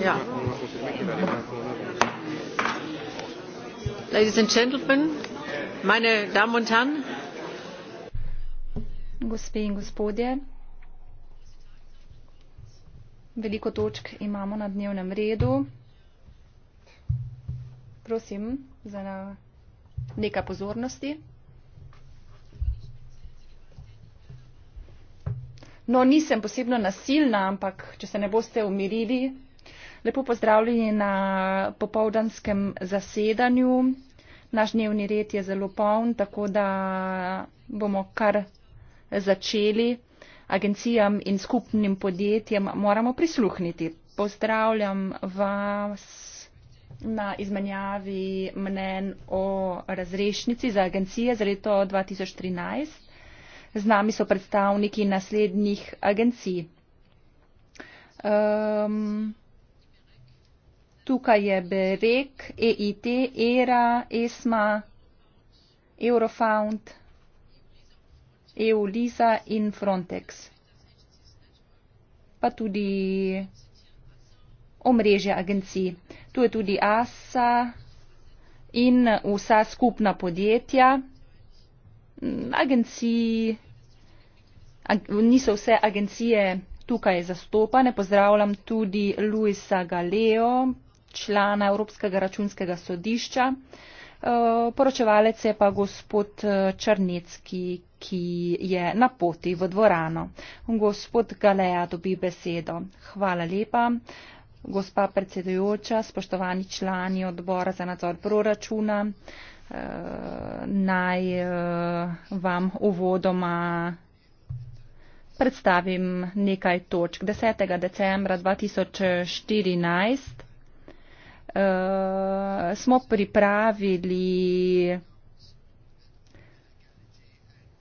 Ja. Ladies and gentlemen, meine Damen und Herren, gospe in gospodje, veliko točk imamo na dnevnem redu. Prosim za nekaj pozornosti. No, nisem posebno nasilna, ampak če se ne boste umirili, Lepo pozdravljeni na popovdanskem zasedanju. Naš dnevni red je zelo poln, tako da bomo kar začeli. Agencijam in skupnim podjetjem moramo prisluhniti. Pozdravljam vas na izmenjavi mnen o razrešnici za agencije za leto 2013. Z nami so predstavniki naslednjih agencij. Um, Tukaj je BEREK, EIT, ERA, ESMA, Eurofound, EULISA in Frontex. Pa tudi omrežje agencij. Tu je tudi ASA in vsa skupna podjetja. Agenciji, ag, niso vse agencije tukaj zastopane. Pozdravljam tudi Luisa Galeo, člana Evropskega računskega sodišča. Eh, poročevalec je pa gospod eh, Črnecki, ki je na poti v dvorano. Gospod Galeja dobi besedo. Hvala lepa. Gospa predsedujoča, spoštovani člani odbora za nadzor proračuna, eh, naj vam uvodoma predstavim nekaj točk. 10. decembra 2014 uh, smo pripravili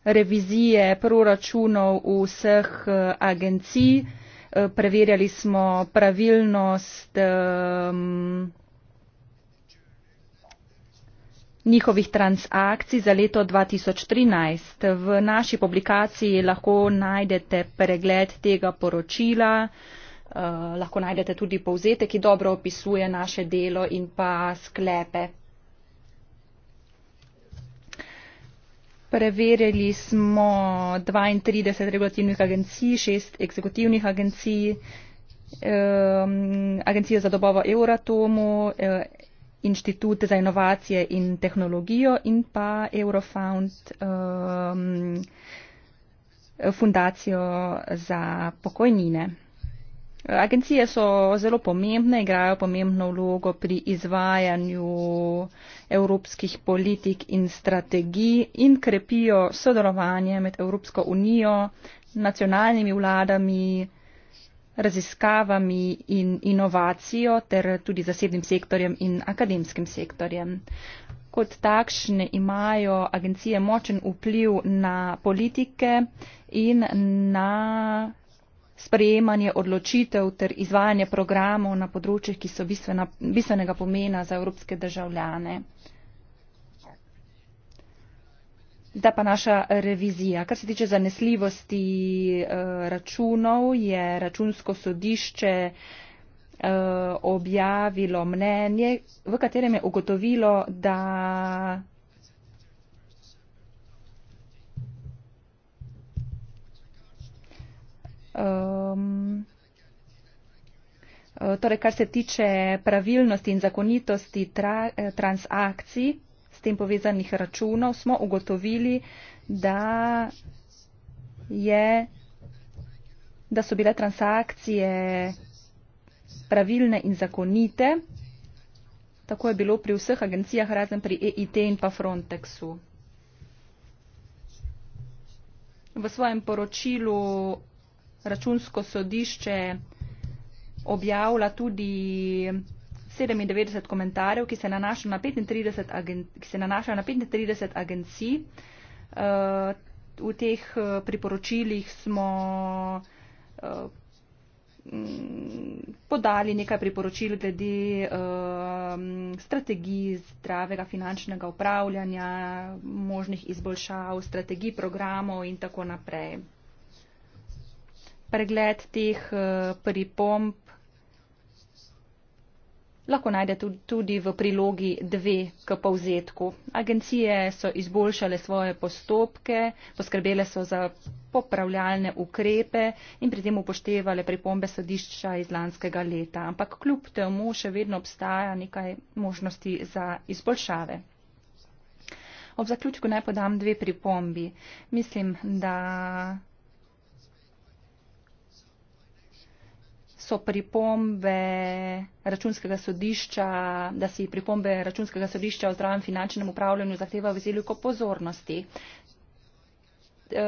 revizije proračunov vseh uh, agencij, uh, preverjali smo pravilnost um, njihovih transakcij za leto 2013. V naši publikaciji lahko najdete pregled tega poročila. Uh, Eh, lahko najdete tudi povzete, ki dobro opisuje naše delo in pa sklepe. Preverili smo 32 regulativnih agencij, 6 eksekutivnih agencij, um, Agencijo za dobavo Euratomu, uh, Inštitut za inovacije in tehnologijo in pa Eurofound, um, Fundacijo za pokojnine. Agencije so zelo pomembne, igrajo pomembno vlogo pri izvajanju evropskih politik in strategij in krepijo sodelovanje med Evropsko unijo, nacionalnimi vladami, raziskavami in inovacijo ter tudi zasebnim sektorjem in akademskim sektorjem. Kot takšne imajo agencije močen vpliv na politike in na sprejemanje odločitev ter izvajanje programov na področjih, ki so bistvena, bistvenega pomena za evropske državljane. Zdaj pa naša revizija. Kar se tiče zanesljivosti eh, računov, je računsko sodišče eh, objavilo mnenje, v katerem je ugotovilo, da Um, uh, torej, kar se tiče pravilnosti in zakonitosti tra, eh, transakcij s tem povezanih računov, smo ugotovili, da, je, da so bile transakcije pravilne in zakonite. Tako je bilo pri vseh agencijah, razen pri EIT in pa Frontexu. V svojem poročilu računsko sodišče objavila tudi 97 komentarjev, ki se nanašajo na 35, agen, ki se nanašajo na 35 agencij. Eh, v teh eh, priporočilih smo eh, mm, podali nekaj priporočil glede strategij zdravega finančnega upravljanja, možnih izboljšav, strategij programov in tako naprej pregled teh eh, pripomb lahko najde tudi v prilogi dve k povzetku. Agencije so izboljšale svoje postopke, poskrbele so za popravljalne ukrepe in pri tem upoštevale pripombe sodišča iz lanskega leta. Ampak kljub temu še vedno obstaja nekaj možnosti za izboljšave. Ob zaključku naj podam dve pripombi. Mislim, da so pripombe računskega sodišča, da si pripombe računskega sodišča o zdravem finančnem upravljanju zahteva veliko pozornosti. E,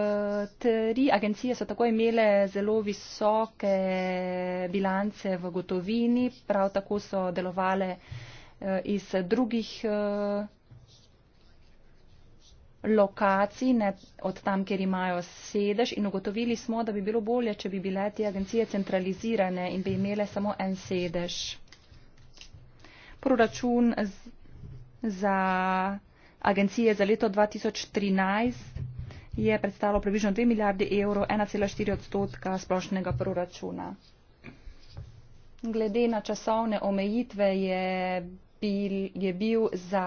tri agencije so tako imele zelo visoke bilance v gotovini, prav tako so delovale e, iz drugih e, lokacij, ne, od tam, kjer imajo sedež in ugotovili smo, da bi bilo bolje, če bi bile te agencije centralizirane in bi imele samo en sedež. Proračun z, za agencije za leto 2013 je predstavilo približno 2 milijardi evrov, 1,4 odstotka splošnega proračuna. Glede na časovne omejitve je bil, je bil za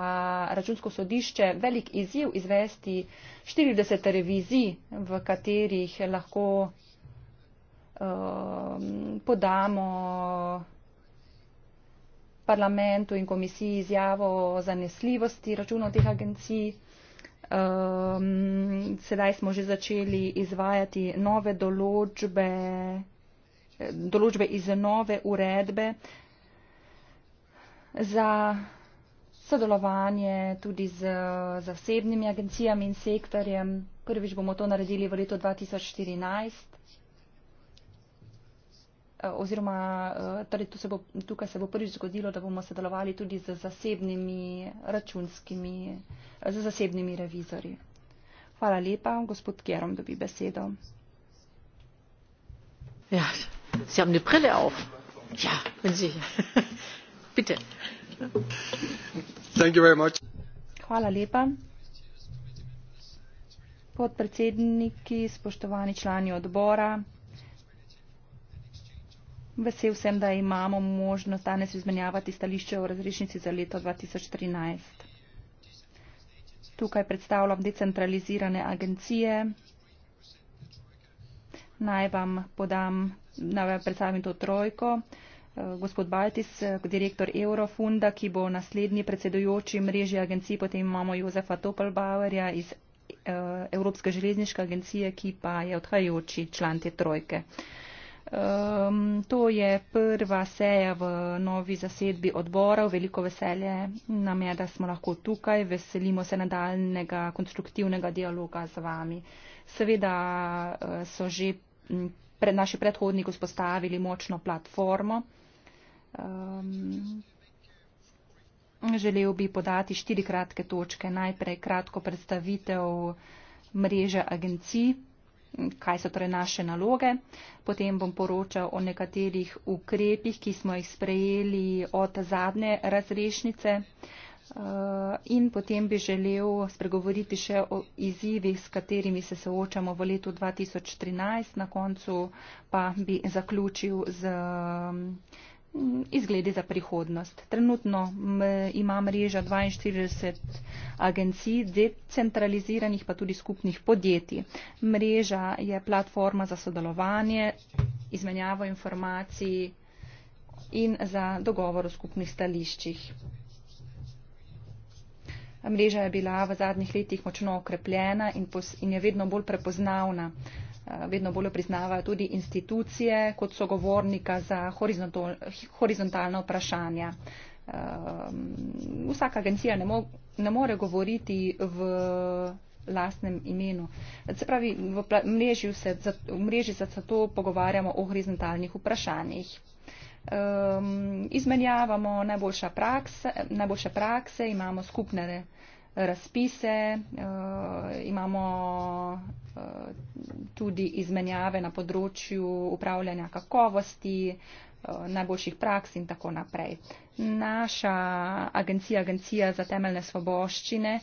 računsko sodišče velik izziv izvesti 40 revizij, v katerih lahko um, podamo parlamentu in komisiji izjavo o zanesljivosti računov teh agencij. Um, sedaj smo že začeli izvajati nove določbe, določbe iz nove uredbe, za sodelovanje tudi z zasebnimi agencijami in sektorjem. Prvič bomo to naredili v letu 2014. Eh, oziroma, eh, torej tu se bo, tukaj se bo prvič zgodilo, da bomo sodelovali tudi z zasebnimi računskimi, eh, z zasebnimi revizori. Hvala lepa, gospod Kjerom dobi besedo. Ja, si vam ne prele av? Ja, vedi. Hvala lepa. Podpredsedniki, spoštovani člani odbora, vesel sem, da imamo možnost danes izmenjavati stališče o razrešnici za leto 2013. Tukaj predstavljam decentralizirane agencije. Naj vam podam, naj vam predstavim to trojko. Eh, gospod Baltis, eh, direktor Eurofunda, ki bo naslednji predsedujoči mreži agencij, potem imamo Jozefa Topelbauerja iz eh, Evropske železniške agencije, ki pa je odhajajoči član te trojke. Um, to je prva seja v novi zasedbi odborov. Veliko veselje nam je, da smo lahko tukaj. Veselimo se nadaljnega konstruktivnega dialoga z vami. Seveda so že pred naši predhodniki vzpostavili močno platformo. Um, želel bi podati štiri kratke točke. Najprej kratko predstavitev mreže agencij, kaj so torej naše naloge. Potem bom poročal o nekaterih ukrepih, ki smo jih sprejeli od zadnje razrešnice. In potem bi želel spregovoriti še o izzivih, s katerimi se soočamo v letu 2013, na koncu pa bi zaključil z izgledi za prihodnost. Trenutno ima mreža 42 agencij, decentraliziranih pa tudi skupnih podjetij. Mreža je platforma za sodelovanje, izmenjavo informacij in za dogovor o skupnih stališčih. Mreža je bila v zadnjih letih močno okrepljena in, pos, in je vedno bolj prepoznavna. Uh, Eh, vedno bolj priznavajo tudi institucije kot sogovornika za horizontalna vprašanja. Eh, vsaka agencija ne, mo ne more govoriti v lastnem imenu. Se pravi, v mreži se, v mreži se zato pogovarjamo o horizontalnih vprašanjih. Um, izmenjavamo najboljša prakse, najboljše prakse, imamo skupne uh, razpise, eh, imamo eh, tudi izmenjave na področju upravljanja kakovosti, eh, najboljših praks in tako naprej. Naša agencija, Agencija za temeljne svoboščine,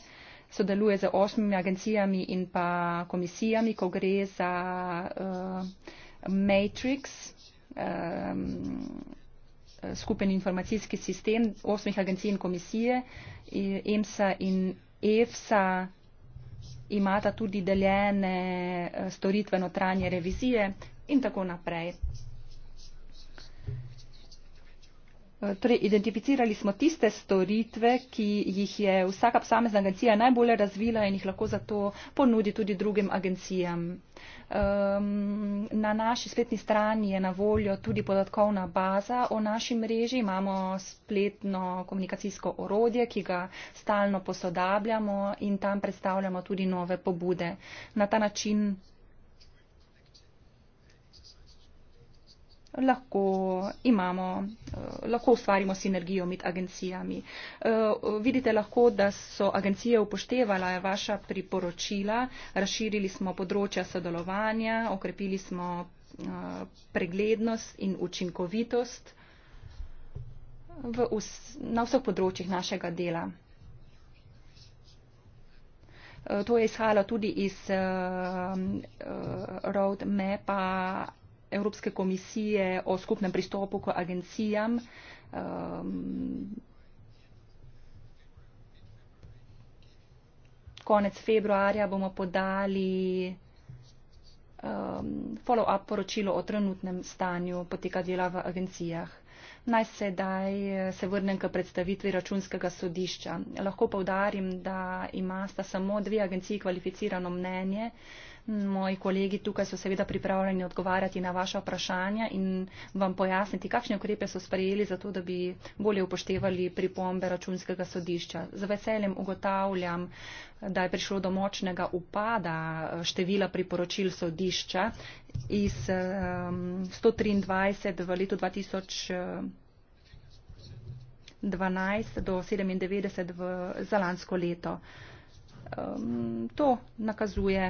sodeluje z osmimi agencijami in pa komisijami, ko gre za uh, Matrix. Um, skupen informacijski sistem osmih agencij in komisije, e, EMSA in EFSA imata tudi deljene e, storitve notranje revizije in tako naprej. Eh, torej, identificirali smo tiste storitve, ki jih je vsaka posamezna agencija najbolje razvila in jih lahko zato ponudi tudi drugim agencijam. Na naši spletni strani je na voljo tudi podatkovna baza o naši mreži. Imamo spletno komunikacijsko orodje, ki ga stalno posodabljamo in tam predstavljamo tudi nove pobude. Na ta način lahko imamo, eh, lahko ustvarimo sinergijo med agencijami. Eh, vidite lahko, da so agencije upoštevala vaša priporočila, razširili smo področja sodelovanja, okrepili smo eh, preglednost in učinkovitost v, na vseh področjih našega dela. To je izhajalo tudi iz uh, uh, roadmapa Evropske komisije o skupnem pristopu k agencijam. Um, konec februarja bomo podali um, follow-up poročilo o trenutnem stanju poteka dela v agencijah. Naj sedaj eh, se vrnem k predstavitvi računskega sodišča. Lahko povdarim, da ima sta samo dve agenciji kvalificirano mnenje. Uh, Moji kolegi tukaj so seveda pripravljeni odgovarjati na vaše vprašanja in vam pojasniti, kakšne ukrepe so sprejeli za to, da bi bolje upoštevali pripombe računskega sodišča. Z veseljem ugotavljam, da je prišlo do močnega upada eh, števila priporočil sodišča iz 123 ehm, v letu 2000. 12 eh, do 97 v, za lansko leto. Um, to nakazuje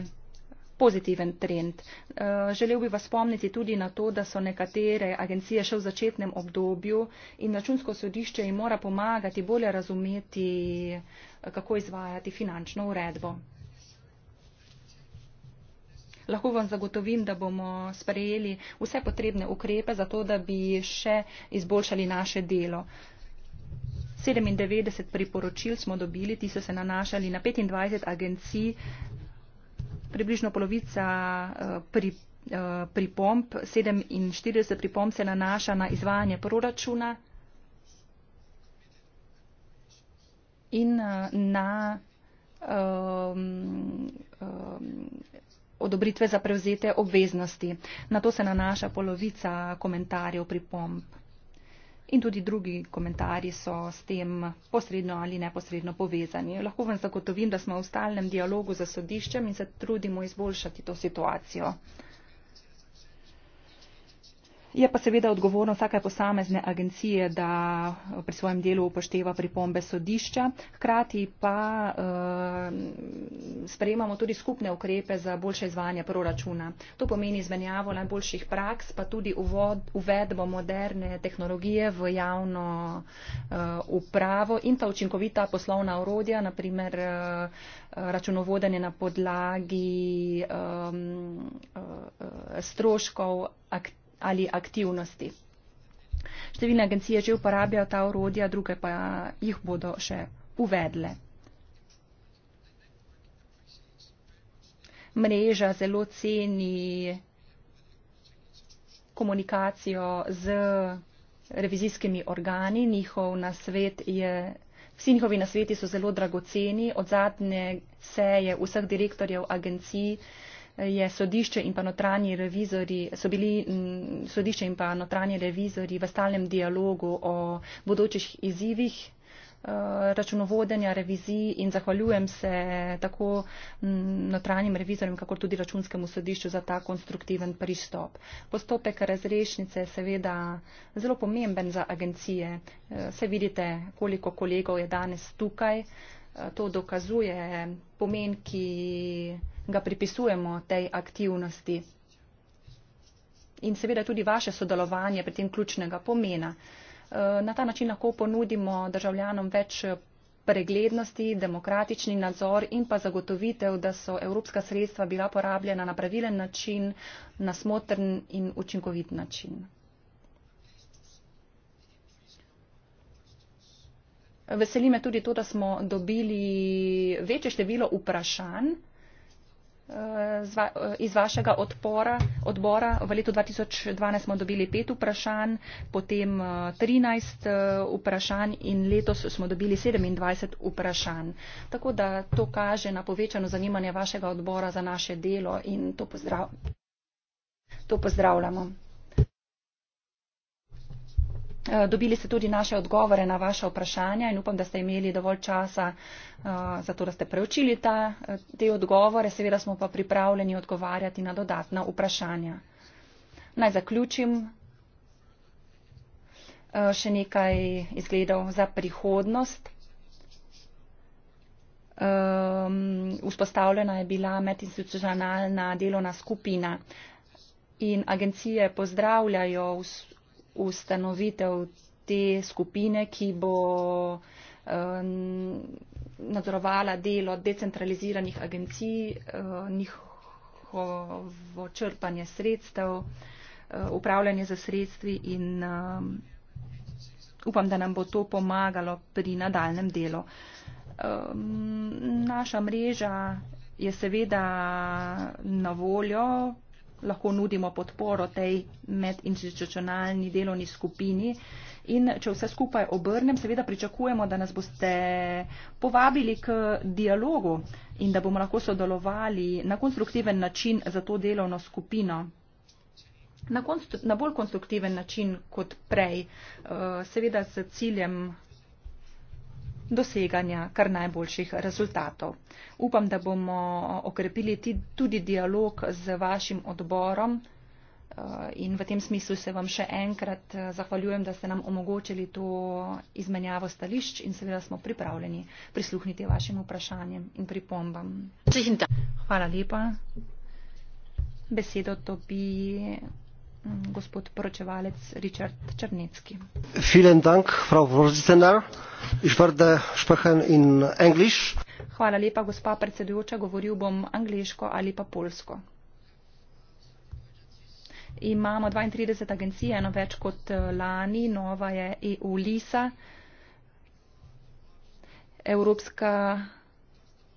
pozitiven trend. Eh, želel bi vas spomniti tudi na to, da so nekatere agencije še v začetnem obdobju in računsko sodišče jim mora pomagati bolje razumeti, eh, kako izvajati finančno uredbo. Lahko vam zagotovim, da bomo sprejeli vse potrebne ukrepe za to, da bi še izboljšali naše delo. 97 priporočil smo dobili, ti so se nanašali na 25 agencij približno polovica eh, pri, pripomp, 47 pripomp se nanaša na izvajanje proračuna in eh, na um, um, odobritve za prevzete obveznosti. Na to se nanaša polovica komentarjev pripomp in tudi drugi komentarji so s tem posredno ali neposredno povezani. Lahko vam zagotovim, da smo v stalnem dialogu za sodiščem in se trudimo izboljšati to situacijo. Je pa seveda odgovorno vsake posamezne agencije, da eh, pri svojem delu upošteva pripombe sodišča, hkrati pa eh, sprejemamo tudi skupne ukrepe za boljše izvajanje proračuna. To pomeni izmenjavo najboljših praks, pa tudi uvod, uvedbo moderne tehnologije v javno eh, upravo in pa učinkovita poslovna orodja, naprimer eh, računovodanje na podlagi eh, eh, stroškov aktivnosti ali aktivnosti. Številne agencije že uporabljajo ta orodja, druge pa jih bodo še uvedle. Mreža zelo ceni komunikacijo z revizijskimi organi. Njihov nasvet je, vsi njihovi nasveti so zelo dragoceni. Od zadnje seje vseh direktorjev agencij je sodišče in pa notranji revizori, so bili sodišče in pa notranji revizori v stalnem dialogu o bodočih izzivih eh, računovodenja revizij in zahvaljujem se tako notranjim revizorjem, kako tudi računskemu sodišču za ta konstruktiven pristop. Postopek razrešnice je seveda zelo pomemben za agencije. Eh, se vidite, koliko kolegov je danes tukaj. Eh, to dokazuje pomen, ki ga pripisujemo tej aktivnosti. In seveda tudi vaše sodelovanje pri tem ključnega pomena. E, na ta način lahko ponudimo državljanom več e, preglednosti, demokratični nadzor in pa zagotovitev, da so evropska sredstva bila porabljena na pravilen način, na smotrn in učinkovit način. Veseli me tudi to, da smo dobili večje število vprašanj. Eh, eh, iz vašega odpora, odbora. V letu 2012 smo dobili pet vprašanj, potem 13 eh, vprašanj in letos smo dobili 27 vprašanj. Tako da to kaže na povečano zanimanje vašega odbora za naše delo in to, pozdrav to pozdravljamo. Eh, dobili ste tudi naše odgovore na vaše vprašanja in upam, da ste imeli dovolj časa eh, za to, da ste preučili ta, eh, te odgovore. Seveda smo pa pripravljeni odgovarjati na dodatna vprašanja. Naj zaključim še nekaj izgledov za prihodnost. Um, vzpostavljena je bila medinstitucionalna delovna skupina in agencije pozdravljajo ustanovitev te skupine, ki bo eh, nadzorovala delo decentraliziranih agencij, eh, njihovo črpanje sredstev, eh, upravljanje za sredstvi in upam, da nam bo to pomagalo pri nadaljem delu. Naša mreža je seveda na voljo lahko nudimo podporo tej medinstitucionalni delovni skupini. In če vse skupaj obrnem, seveda pričakujemo, da nas boste povabili k dialogu in da bomo lahko sodelovali na konstruktiven način za to delovno skupino. Na, konstru na bolj konstruktiven način kot prej, eh, seveda s ciljem doseganja kar najboljših rezultatov. Upam, da bomo okrepili tudi dialog z vašim odborom eh, in v tem smislu se vam še enkrat eh, zahvaljujem, da ste nam omogočili to izmenjavo stališč in seveda smo pripravljeni prisluhniti vašim vprašanjem in pripombam. Hvala lepa. Besedo dobi Mm, gospod poročevalec Richard Črnecki. Hvala lepa, gospa predsedujoča, govoril bom angliško ali pa polsko. Imamo 32 agencij, eno več kot eh, lani, nova je EU LISA, Evropska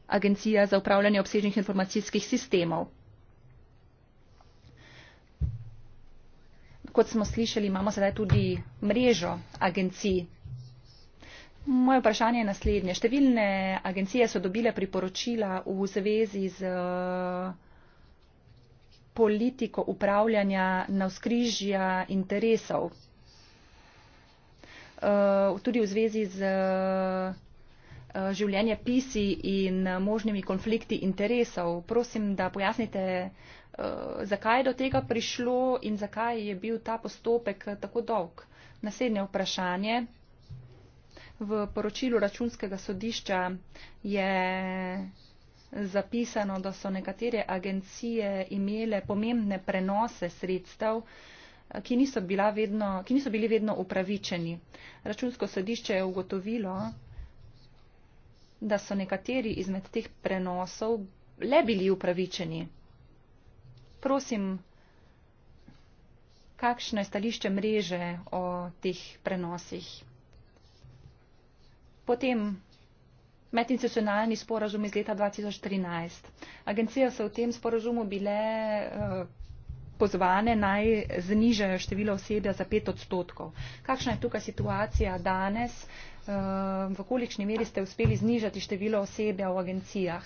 agencija za upravljanje obsežnih informacijskih sistemov. kot smo slišali, imamo sedaj tudi mrežo agencij. Moje vprašanje je naslednje. Številne agencije so dobile priporočila v zvezi z eh, politiko upravljanja na vzkrižja interesov. Eh, tudi v zvezi z eh, življenje pisi in možnimi konflikti interesov. Prosim, da pojasnite, Eh, zakaj je do tega prišlo in zakaj je bil ta postopek tako dolg. Naslednje vprašanje. V poročilu računskega sodišča je zapisano, da so nekatere agencije imele pomembne prenose sredstev, eh, ki niso, vedno, ki niso bili vedno upravičeni. Računsko sodišče je ugotovilo, da so nekateri izmed teh prenosov le bili upravičeni prosim, kakšno je stališče mreže o teh prenosih? Potem medinstitucionalni sporazum iz leta 2013. Agencije so v tem sporazumu bile eh, pozvane naj znižajo število osebja za pet odstotkov. Kakšna je tukaj situacija danes, eh, v kolikšni meri ste uspeli znižati število osebja v agencijah?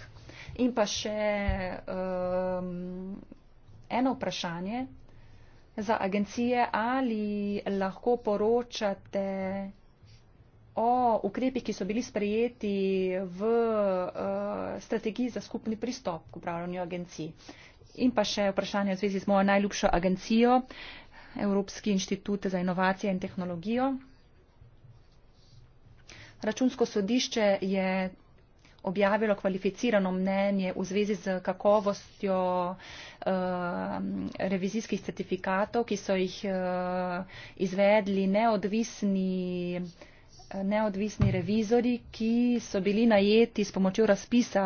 In pa še eh, eno vprašanje za agencije, ali lahko poročate o ukrepih, ki so bili sprejeti v uh, strategiji za skupni pristop k upravljanju agencij. In pa še vprašanje v zvezi z mojo najljubšo agencijo, Evropski inštitut za inovacije in tehnologijo. Računsko sodišče je objavilo kvalificirano mnenje v zvezi z kakovostjo uh, revizijskih certifikatov, ki so jih uh, izvedli neodvisni eh, neodvisni revizori, ki so bili najeti s pomočjo razpisa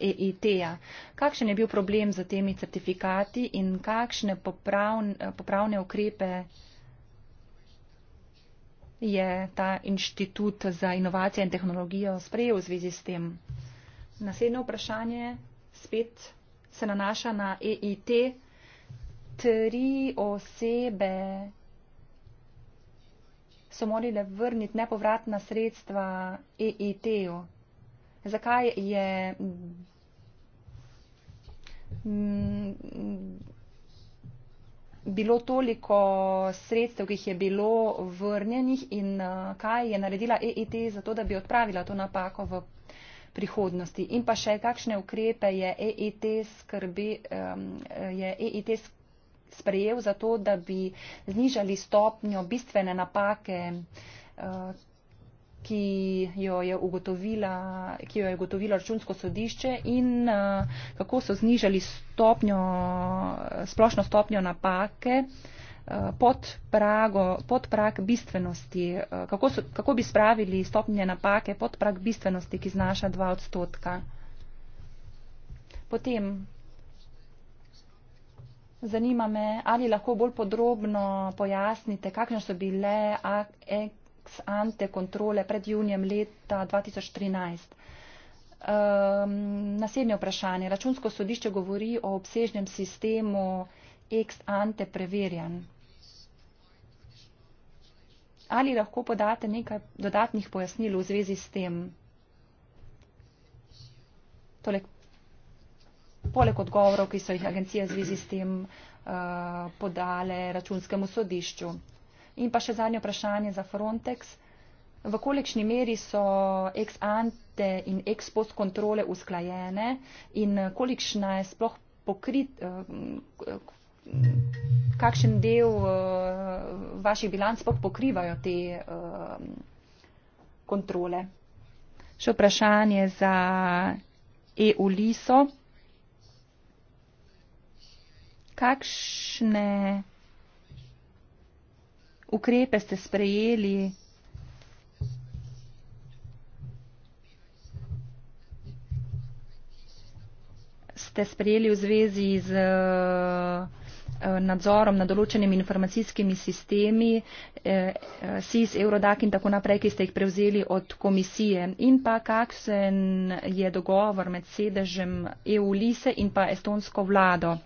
EIT-ja. Kakšen je bil problem z temi certifikati in kakšne popravne, popravne ukrepe je ta inštitut za inovacije in tehnologijo sprejel v zvezi s tem. Naslednje vprašanje spet se nanaša na EIT. Tri osebe so morile vrniti nepovratna sredstva EIT-ju. Zakaj je mm, bilo toliko sredstev, ki jih je bilo vrnjenih in uh, kaj je naredila EET za to, da bi odpravila to napako v prihodnosti. In pa še kakšne ukrepe je EET, skrbi, um, je EET sprejel za to, da bi znižali stopnjo bistvene napake uh, ki jo je ugotovila, ki jo je ugotovila računsko sodišče in eh, kako so znižali stopnjo, splošno stopnjo napake eh, pod, prago, pod prag bistvenosti, eh, kako, so, kako bi spravili stopnje napake pod prag bistvenosti, ki znaša 2 odstotka. Potem zanima me, ali lahko bolj podrobno pojasnite, kakšne so bile ex-ante kontrole pred junijem leta 2013. Um, ehm, naslednje vprašanje. Računsko sodišče govori o obsežnem sistemu ex-ante preverjan. Ali lahko podate nekaj dodatnih pojasnil v zvezi s tem? Tole, poleg odgovorov, ki so jih agencije v zvezi s tem uh, podale računskemu sodišču. In pa še zadnje vprašanje za Frontex. V kolikšni meri so ex ante in ex post kontrole usklajene in kolikšna je sploh pokrit, eh, kakšen del eh, vaših bilanc sploh pokrivajo te eh, kontrole? Še vprašanje za EU LISO. Kakšne ukrepe ste sprejeli? Ste sprejeli v zvezi z eh, nadzorom nad določenimi informacijskimi sistemi, eh, SIS, Eurodac in tako naprej, ki ste jih prevzeli od komisije. In pa kakšen je dogovor med sedežem EU-lise e in pa estonsko vlado?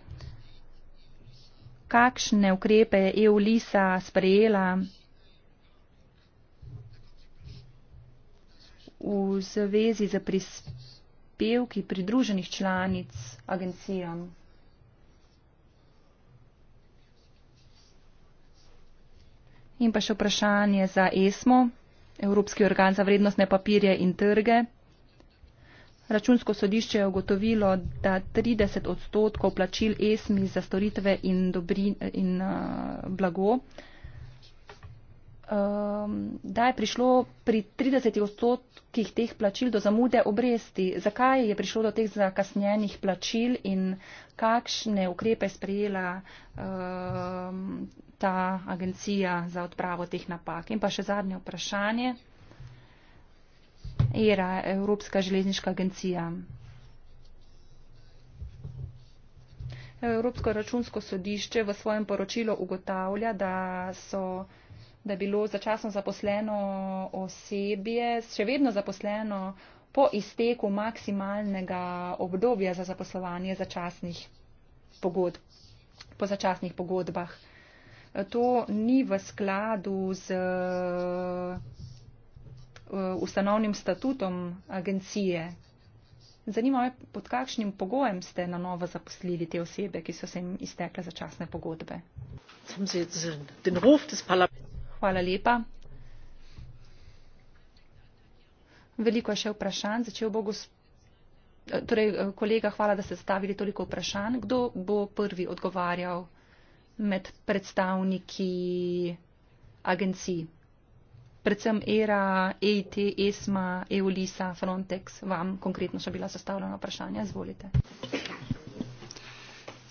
kakšne ukrepe je EU-LISA sprejela v zvezi z prispevki pridruženih članic agencijam. In pa še vprašanje za ESMO, Evropski organ za vrednostne papirje in trge. Računsko sodišče je ugotovilo, da 30 odstotkov plačil ESMI za storitve in, dobri, in uh, blago, um, da je prišlo pri 30 odstotkih teh plačil do zamude obresti. Zakaj je prišlo do teh zakasnjenih plačil in kakšne ukrepe je sprejela um, ta agencija za odpravo teh napak? In pa še zadnje vprašanje. ERA, Evropska železniška agencija. Evropsko računsko sodišče v svojem poročilu ugotavlja, da so da je bilo začasno zaposleno osebje, še vedno zaposleno po izteku maksimalnega obdobja za zaposlovanje začasnih pogodb, po začasnih pogodbah. To ni v skladu z Eh, ustanovnim statutom agencije. Zanima me, pod kakšnim pogojem ste na novo zaposlili te osebe, ki so se jim iztekle začasne pogodbe. Hvala lepa. Veliko je še vprašanj. Začel bo eh, torej, eh, kolega, hvala, da ste stavili toliko vprašanj. Kdo bo prvi odgovarjal med predstavniki agencij? predvsem ERA, EIT, ESMA, EULISA, Frontex, vam konkretno so bila zastavljena vprašanja. Izvolite.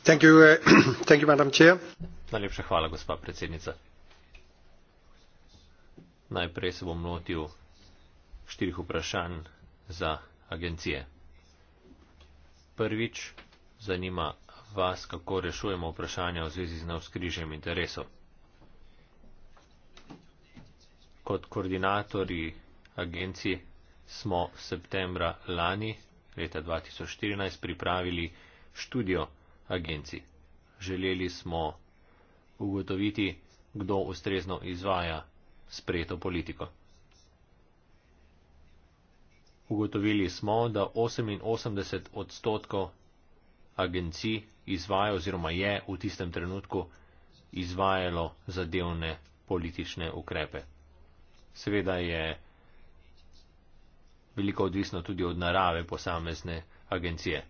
Thank you, uh, thank you, Madam Chair. Najlepša hvala, gospa predsednica. Najprej se bom lotil štirih vprašanj za agencije. Prvič, zanima vas, kako rešujemo vprašanja v zvezi z navskrižjem interesov kot koordinatori agencij smo v septembra lani leta 2014 pripravili študijo agencij. Želeli smo ugotoviti, kdo ustrezno izvaja sprejeto politiko. Ugotovili smo, da 88 odstotkov agencij izvaja oziroma je v tistem trenutku izvajalo zadevne politične ukrepe. Seveda je veliko odvisno tudi od narave posamezne agencije.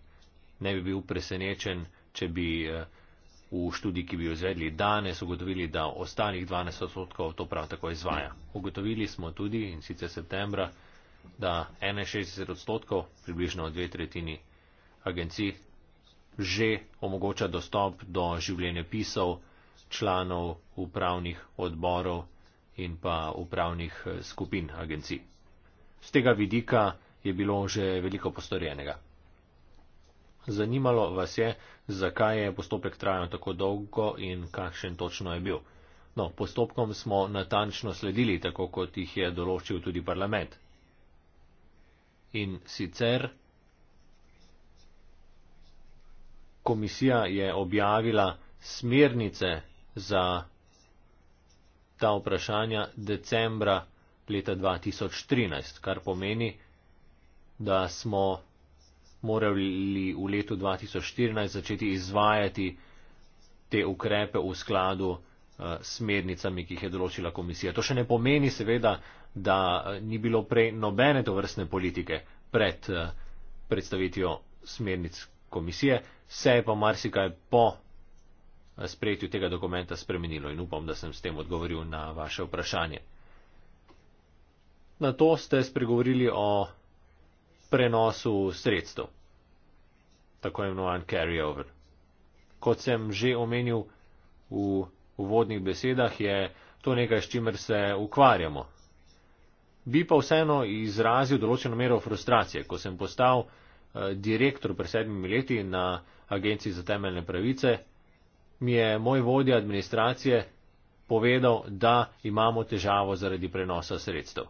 Ne bi bil presenečen, če bi eh, v študiji, ki bi jo izvedli danes, ugotovili, da ostalih 12 odstotkov to prav tako izvaja. Ugotovili smo tudi, in sicer septembra, da 61 odstotkov, približno dve tretjini agencij, že omogoča dostop do življenja pisov članov upravnih odborov in pa upravnih eh, skupin agencij. Z tega vidika je bilo že veliko postorjenega. Zanimalo vas je, zakaj je postopek trajal tako dolgo in kakšen točno je bil. No, postopkom smo natančno sledili, tako kot jih je določil tudi parlament. In sicer komisija je objavila smernice za ta vprašanja decembra leta 2013, kar pomeni, da smo morali v letu 2014 začeti izvajati te ukrepe v skladu eh, s smernicami, ki jih je določila komisija. To še ne pomeni, seveda, da eh, ni bilo prej nobene to vrstne politike pred eh, predstavitvijo smernic komisije, se je pa marsikaj po sprejetju tega dokumenta spremenilo in upam, da sem s tem odgovoril na vaše vprašanje. Na to ste spregovorili o prenosu sredstev, tako imenovan carryover. Kot sem že omenil v uvodnih besedah, je to nekaj, s čimer se ukvarjamo. Bi pa vseeno izrazil določeno mero frustracije, ko sem postal eh, direktor pred sedmimi leti na Agenciji za temeljne pravice mi je moj vodja administracije povedal, da imamo težavo zaradi prenosa sredstev.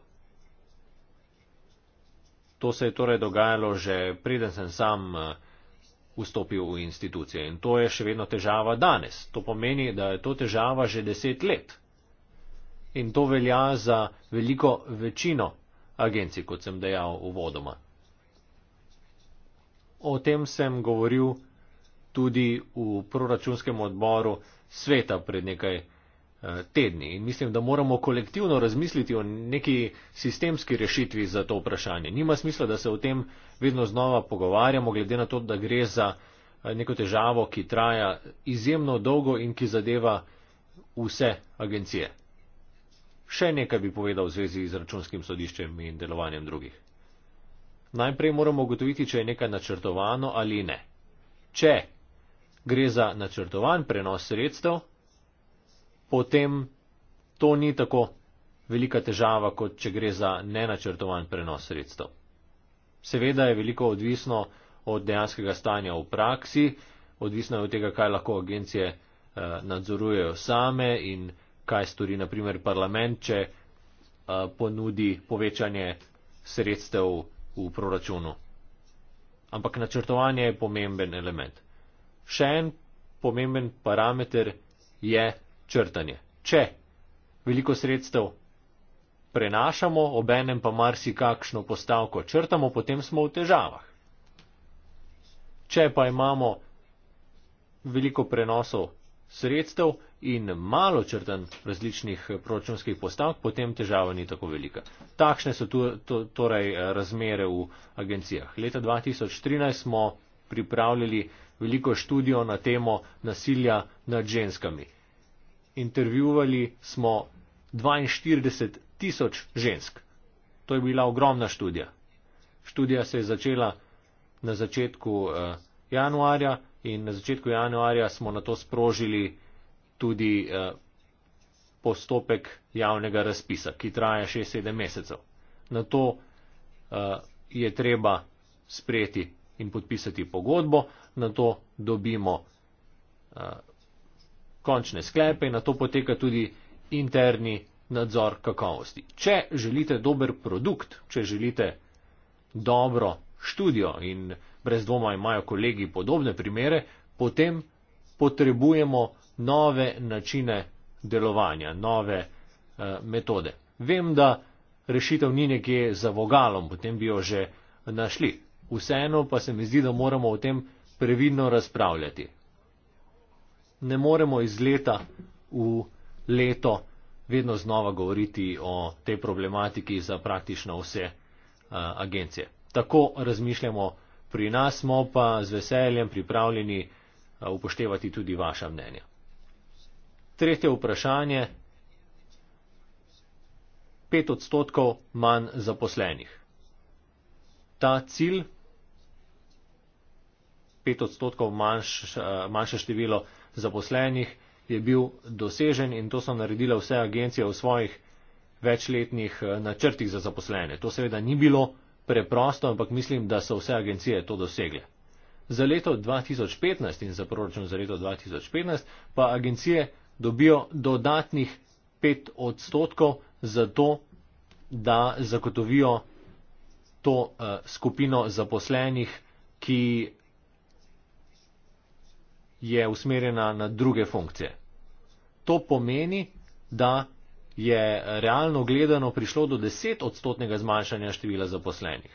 To se je torej dogajalo že preden sem sam eh, vstopil v institucije in to je še vedno težava danes. To pomeni, da je to težava že deset let. In to velja za veliko večino agencij, kot sem dejal uvodoma. O tem sem govoril tudi v proračunskem odboru sveta pred nekaj eh, tedni. In mislim, da moramo kolektivno razmisliti o neki sistemski rešitvi za to vprašanje. Nima smisla, da se o tem vedno znova pogovarjamo, glede na to, da gre za eh, neko težavo, ki traja izjemno dolgo in ki zadeva vse agencije. Še nekaj bi povedal v zvezi z računskim sodiščem in delovanjem drugih. Najprej moramo ugotoviti, če je nekaj načrtovano ali ne. Če gre za načrtovan prenos sredstev, potem to ni tako velika težava, kot če gre za nenačrtovan prenos sredstev. Seveda je veliko odvisno od dejanskega stanja v praksi, odvisno je od tega, kaj lahko agencije eh, nadzorujejo same in kaj stori naprimer parlament, če eh, ponudi povečanje sredstev v proračunu. Ampak načrtovanje je pomemben element še en pomemben parameter je črtanje. Če veliko sredstev prenašamo, obenem pa marsikakšno postavko črtamo, potem smo v težavah. Če pa imamo veliko prenosov sredstev in malo črtan različnih proračunskih postavk, potem težava ni tako velika. Takšne so tu, to, torej razmere v agencijah. Leta 2013 smo pripravljali veliko študijo na temo nasilja nad ženskami. Intervjuvali smo 42 tisoč žensk. To je bila ogromna študija. Študija se je začela na začetku eh, januarja in na začetku januarja smo na to sprožili tudi eh, postopek javnega razpisa, ki traja 6-7 mesecev. Na to eh, je treba sprejeti in podpisati pogodbo, na to dobimo uh, končne sklepe in na to poteka tudi interni nadzor kakovosti. Če želite dober produkt, če želite dobro študijo in brez dvoma imajo kolegi podobne primere, potem potrebujemo nove načine delovanja, nove uh, metode. Vem, da rešitev ni nekje za vogalom, potem bi jo že našli. Vseeno pa se mi zdi, da moramo o tem previdno razpravljati. Ne moremo iz leta v leto vedno znova govoriti o tej problematiki za praktično vse uh, agencije. Tako razmišljamo pri nas, smo pa z veseljem pripravljeni uh, upoštevati tudi vaša mnenja. Tretje vprašanje. 5 odstotkov manj zaposlenih. Ta cilj pet odstotkov manjš, eh, manjše število zaposlenih je bil dosežen in to so naredile vse agencije v svojih večletnih eh, načrtih za zaposlene. To seveda ni bilo preprosto, ampak mislim, da so vse agencije to dosegle. Za leto 2015 in za proračun za leto 2015 pa agencije dobijo dodatnih pet odstotkov za to, da zagotovijo to uh, skupino zaposlenih, ki je usmerjena na druge funkcije. To pomeni, da je realno gledano prišlo do 10 odstotnega zmanjšanja števila zaposlenih.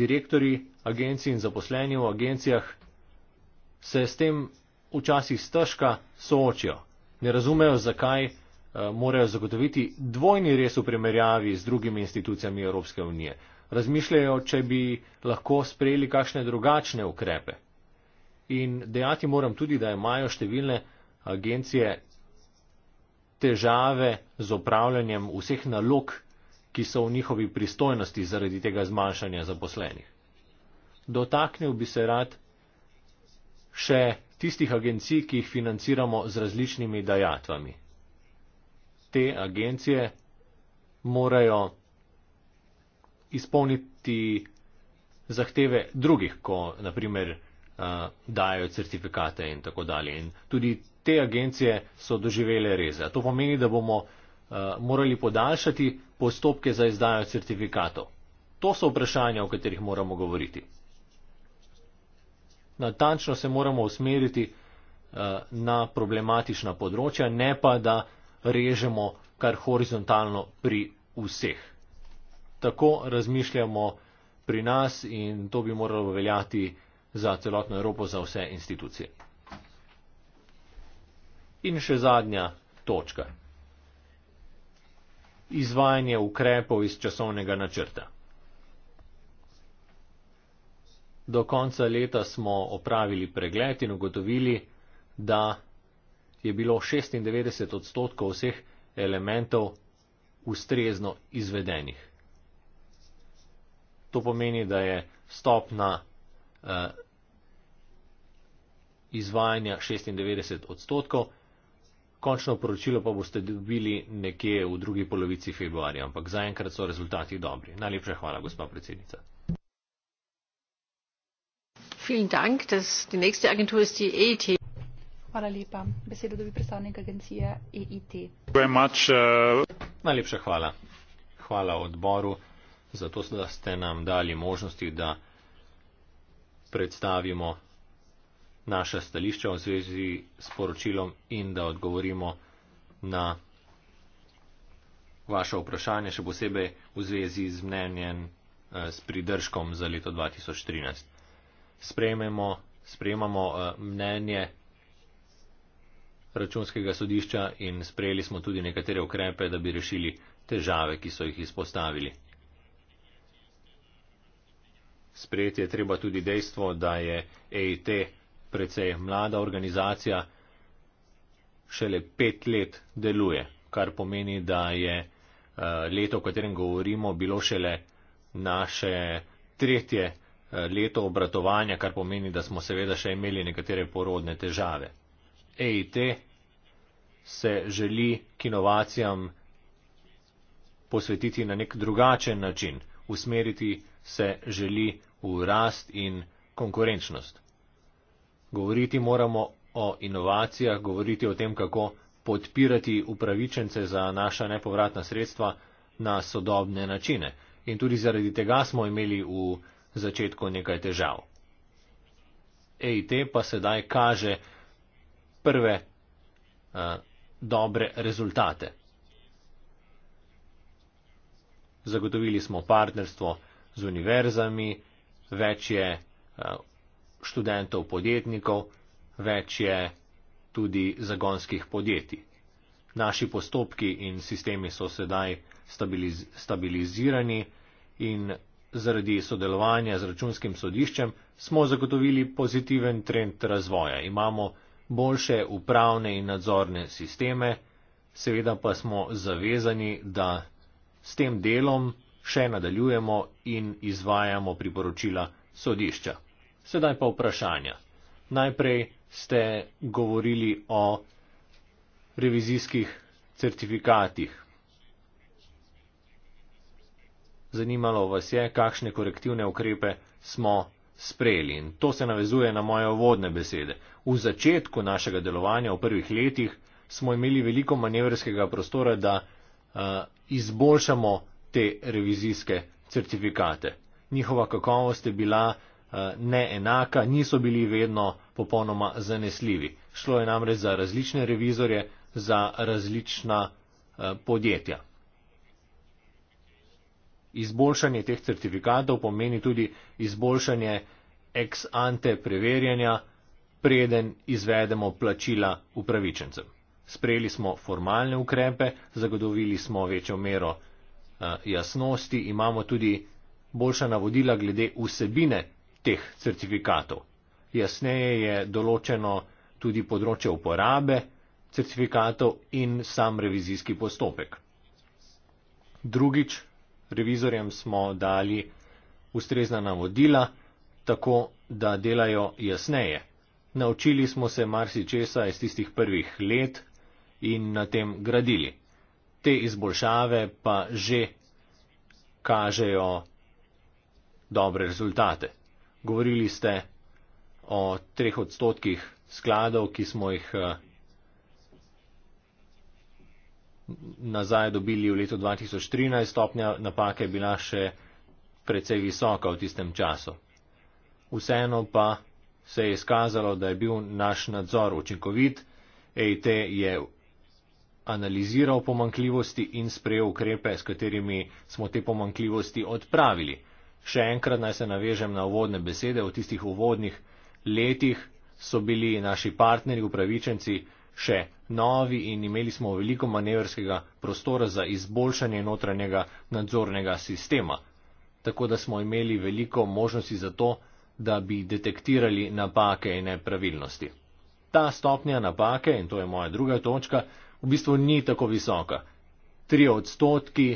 Direktori agencij in zaposleni v agencijah se s tem včasih stežka soočijo. Ne razumejo, zakaj eh, morajo zagotoviti dvojni res v primerjavi z drugimi institucijami Evropske unije. Razmišljajo, če bi lahko sprejeli kakšne drugačne ukrepe. In dejati moram tudi, da imajo številne agencije težave z opravljanjem vseh nalog, ki so v njihovi pristojnosti zaradi tega zmanjšanja zaposlenih. Dotaknil bi se rad še tistih agencij, ki jih financiramo z različnimi dajatvami. Te agencije morajo izpolniti zahteve drugih, ko naprimer uh, dajo certifikate in tako dalje. In tudi te agencije so doživele reze. To pomeni, da bomo uh, morali podaljšati postopke za izdajo certifikatov. To so vprašanja, o katerih moramo govoriti. Natančno se moramo usmeriti uh, na problematična področja, ne pa da režemo kar horizontalno pri vseh. Tako razmišljamo pri nas in to bi moralo veljati za celotno Evropo, za vse institucije. In še zadnja točka. Izvajanje ukrepov iz časovnega načrta. Do konca leta smo opravili pregled in ugotovili, da je bilo 96 odstotkov vseh elementov ustrezno izvedenih. To pomeni, da je stopna Eh, izvajanja 96 odstotkov. Končno poročilo pa boste dobili nekje v drugi polovici februarja, ampak zaenkrat so rezultati dobri. Najlepša hvala, gospa predsednica. E hvala lepa. Besedo dobi predstavnik agencije EIT. Much, uh... Najlepša hvala. Hvala odboru za to, da ste nam dali možnosti, da predstavimo naša stališča v zvezi s poročilom in da odgovorimo na vaše vprašanje, še posebej v zvezi z mnenjem eh, s pridržkom za leto 2013. Sprejmemo, sprejmamo eh, mnenje računskega sodišča in sprejeli smo tudi nekatere ukrepe, da bi rešili težave, ki so jih izpostavili. Sprejeti je treba tudi dejstvo, da je EIT precej mlada organizacija, šele pet let deluje, kar pomeni, da je eh, leto, o katerem govorimo, bilo šele naše tretje eh, leto obratovanja, kar pomeni, da smo seveda še imeli nekatere porodne težave. EIT se želi k inovacijam posvetiti na nek drugačen način usmeriti se želi v rast in konkurenčnost. Govoriti moramo o inovacijah, govoriti o tem, kako podpirati upravičence za naša nepovratna sredstva na sodobne načine. In tudi zaradi tega smo imeli v začetku nekaj težav. EIT pa sedaj kaže prve a, eh, dobre rezultate. zagotovili smo partnerstvo z univerzami, več je eh, študentov podjetnikov, več je tudi zagonskih podjetij. Naši postopki in sistemi so sedaj stabiliz stabilizirani in zaradi sodelovanja z računskim sodiščem smo zagotovili pozitiven trend razvoja. Imamo boljše upravne in nadzorne sisteme, seveda pa smo zavezani, da S tem delom še nadaljujemo in izvajamo priporočila sodišča. Sedaj pa vprašanja. Najprej ste govorili o revizijskih certifikatih. Zanimalo vas je, kakšne korektivne ukrepe smo sprejeli in to se navezuje na moje uvodne besede. V začetku našega delovanja v prvih letih smo imeli veliko manevrskega prostora, da izboljšamo te revizijske certifikate. Njihova kakovost je bila neenaka, niso bili vedno popolnoma zanesljivi. Šlo je namreč za različne revizorje, za različna podjetja. Izboljšanje teh certifikatov pomeni tudi izboljšanje ex ante preverjanja, preden izvedemo plačila upravičencem. Sprejeli smo formalne ukrepe, zagotovili smo večjo mero eh, jasnosti, imamo tudi boljša navodila glede vsebine teh certifikatov. Jasneje je določeno tudi področje uporabe certifikatov in sam revizijski postopek. Drugič, revizorjem smo dali ustrezna navodila, tako da delajo jasneje. Naučili smo se marsi česa iz tistih prvih let, in na tem gradili. Te izboljšave pa že kažejo dobre rezultate. Govorili ste o treh odstotkih skladov, ki smo jih eh, nazaj dobili v letu 2013. Stopnja napake je bila še precej visoka v tistem času. Vseeno pa se je izkazalo, da je bil naš nadzor učinkovit. EIT je analiziral pomankljivosti in sprejel ukrepe, s katerimi smo te pomankljivosti odpravili. Še enkrat naj se navežem na uvodne besede. V tistih uvodnih letih so bili naši partnerji upravičenci še novi in imeli smo veliko manevrskega prostora za izboljšanje notranjega nadzornega sistema. Tako da smo imeli veliko možnosti za to, da bi detektirali napake in nepravilnosti. Ta stopnja napake, in to je moja druga točka, v bistvu ni tako visoka. Tri odstotki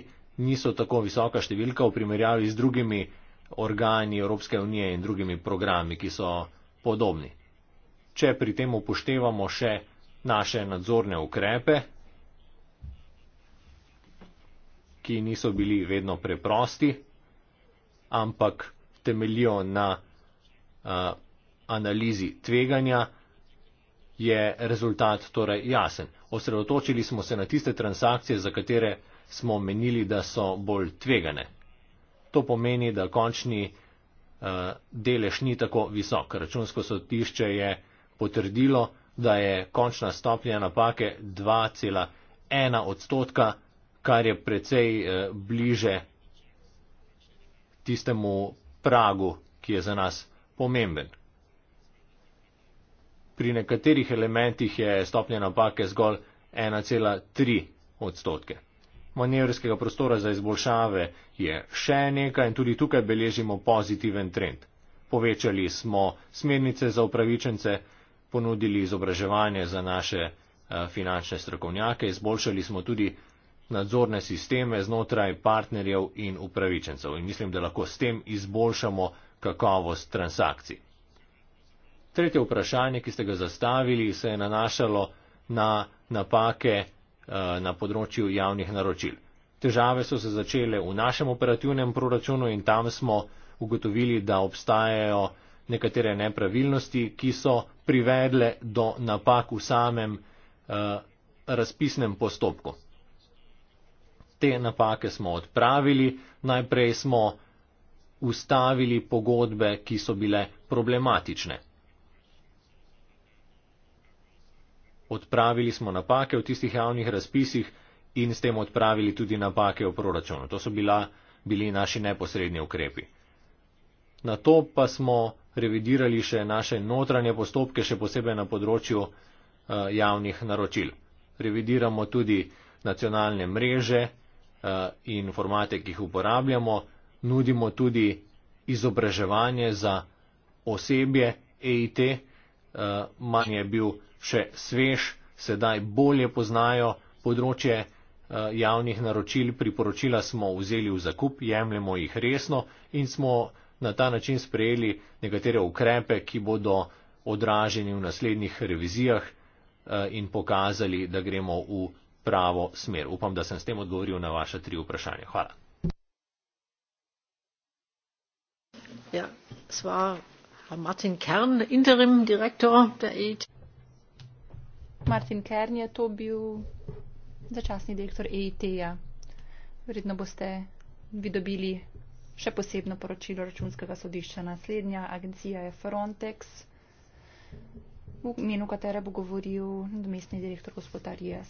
niso tako visoka številka v primerjavi z drugimi organi Evropske unije in drugimi programi, ki so podobni. Če pri tem upoštevamo še naše nadzorne ukrepe, ki niso bili vedno preprosti, ampak temeljijo na uh, analizi tveganja, je rezultat torej jasen. Osredotočili smo se na tiste transakcije, za katere smo menili, da so bolj tvegane. To pomeni, da končni eh, delež ni tako visok. Računsko sodišče je potrdilo, da je končna stopnja napake 2,1 odstotka, kar je precej eh, bliže tistemu pragu, ki je za nas pomemben pri nekaterih elementih je stopnja napake zgolj 1,3 odstotke. Manevrskega prostora za izboljšave je še nekaj in tudi tukaj beležimo pozitiven trend. Povečali smo smernice za upravičence, ponudili izobraževanje za naše eh, finančne strokovnjake, izboljšali smo tudi nadzorne sisteme znotraj partnerjev in upravičencev. In mislim, da lahko s tem izboljšamo kakovost transakcij. Tretje vprašanje, ki ste ga zastavili, se je nanašalo na napake eh, na področju javnih naročil. Težave so se začele v našem operativnem proračunu in tam smo ugotovili, da obstajajo nekatere nepravilnosti, ki so privedle do napak v samem eh, razpisnem postopku. Te napake smo odpravili, najprej smo ustavili pogodbe, ki so bile problematične. odpravili smo napake v tistih javnih razpisih in s tem odpravili tudi napake v proračunu. To so bila, bili naši neposrednji ukrepi. Na to pa smo revidirali še naše notranje postopke, še posebej na področju uh, javnih naročil. Revidiramo tudi nacionalne mreže uh, in formate, ki jih uporabljamo. Nudimo tudi izobraževanje za osebje EIT. Uh, eh, manj je bil še svež, sedaj bolje poznajo področje eh, javnih naročil, priporočila smo vzeli v zakup, jemljemo jih resno in smo na ta način sprejeli nekatere ukrepe, ki bodo odraženi v naslednjih revizijah eh, in pokazali, da gremo v pravo smer. Upam, da sem s tem odgovoril na vaše tri vprašanja. Hvala. Ja, sva Martin Kern, interim direktor der IT. E Martin Kern je to bil začasni direktor EIT-ja. Verjetno boste vi dobili še posebno poročilo računskega sodišča. Naslednja agencija je Frontex, v imenu katere bo govoril domestni direktor gospod Arias.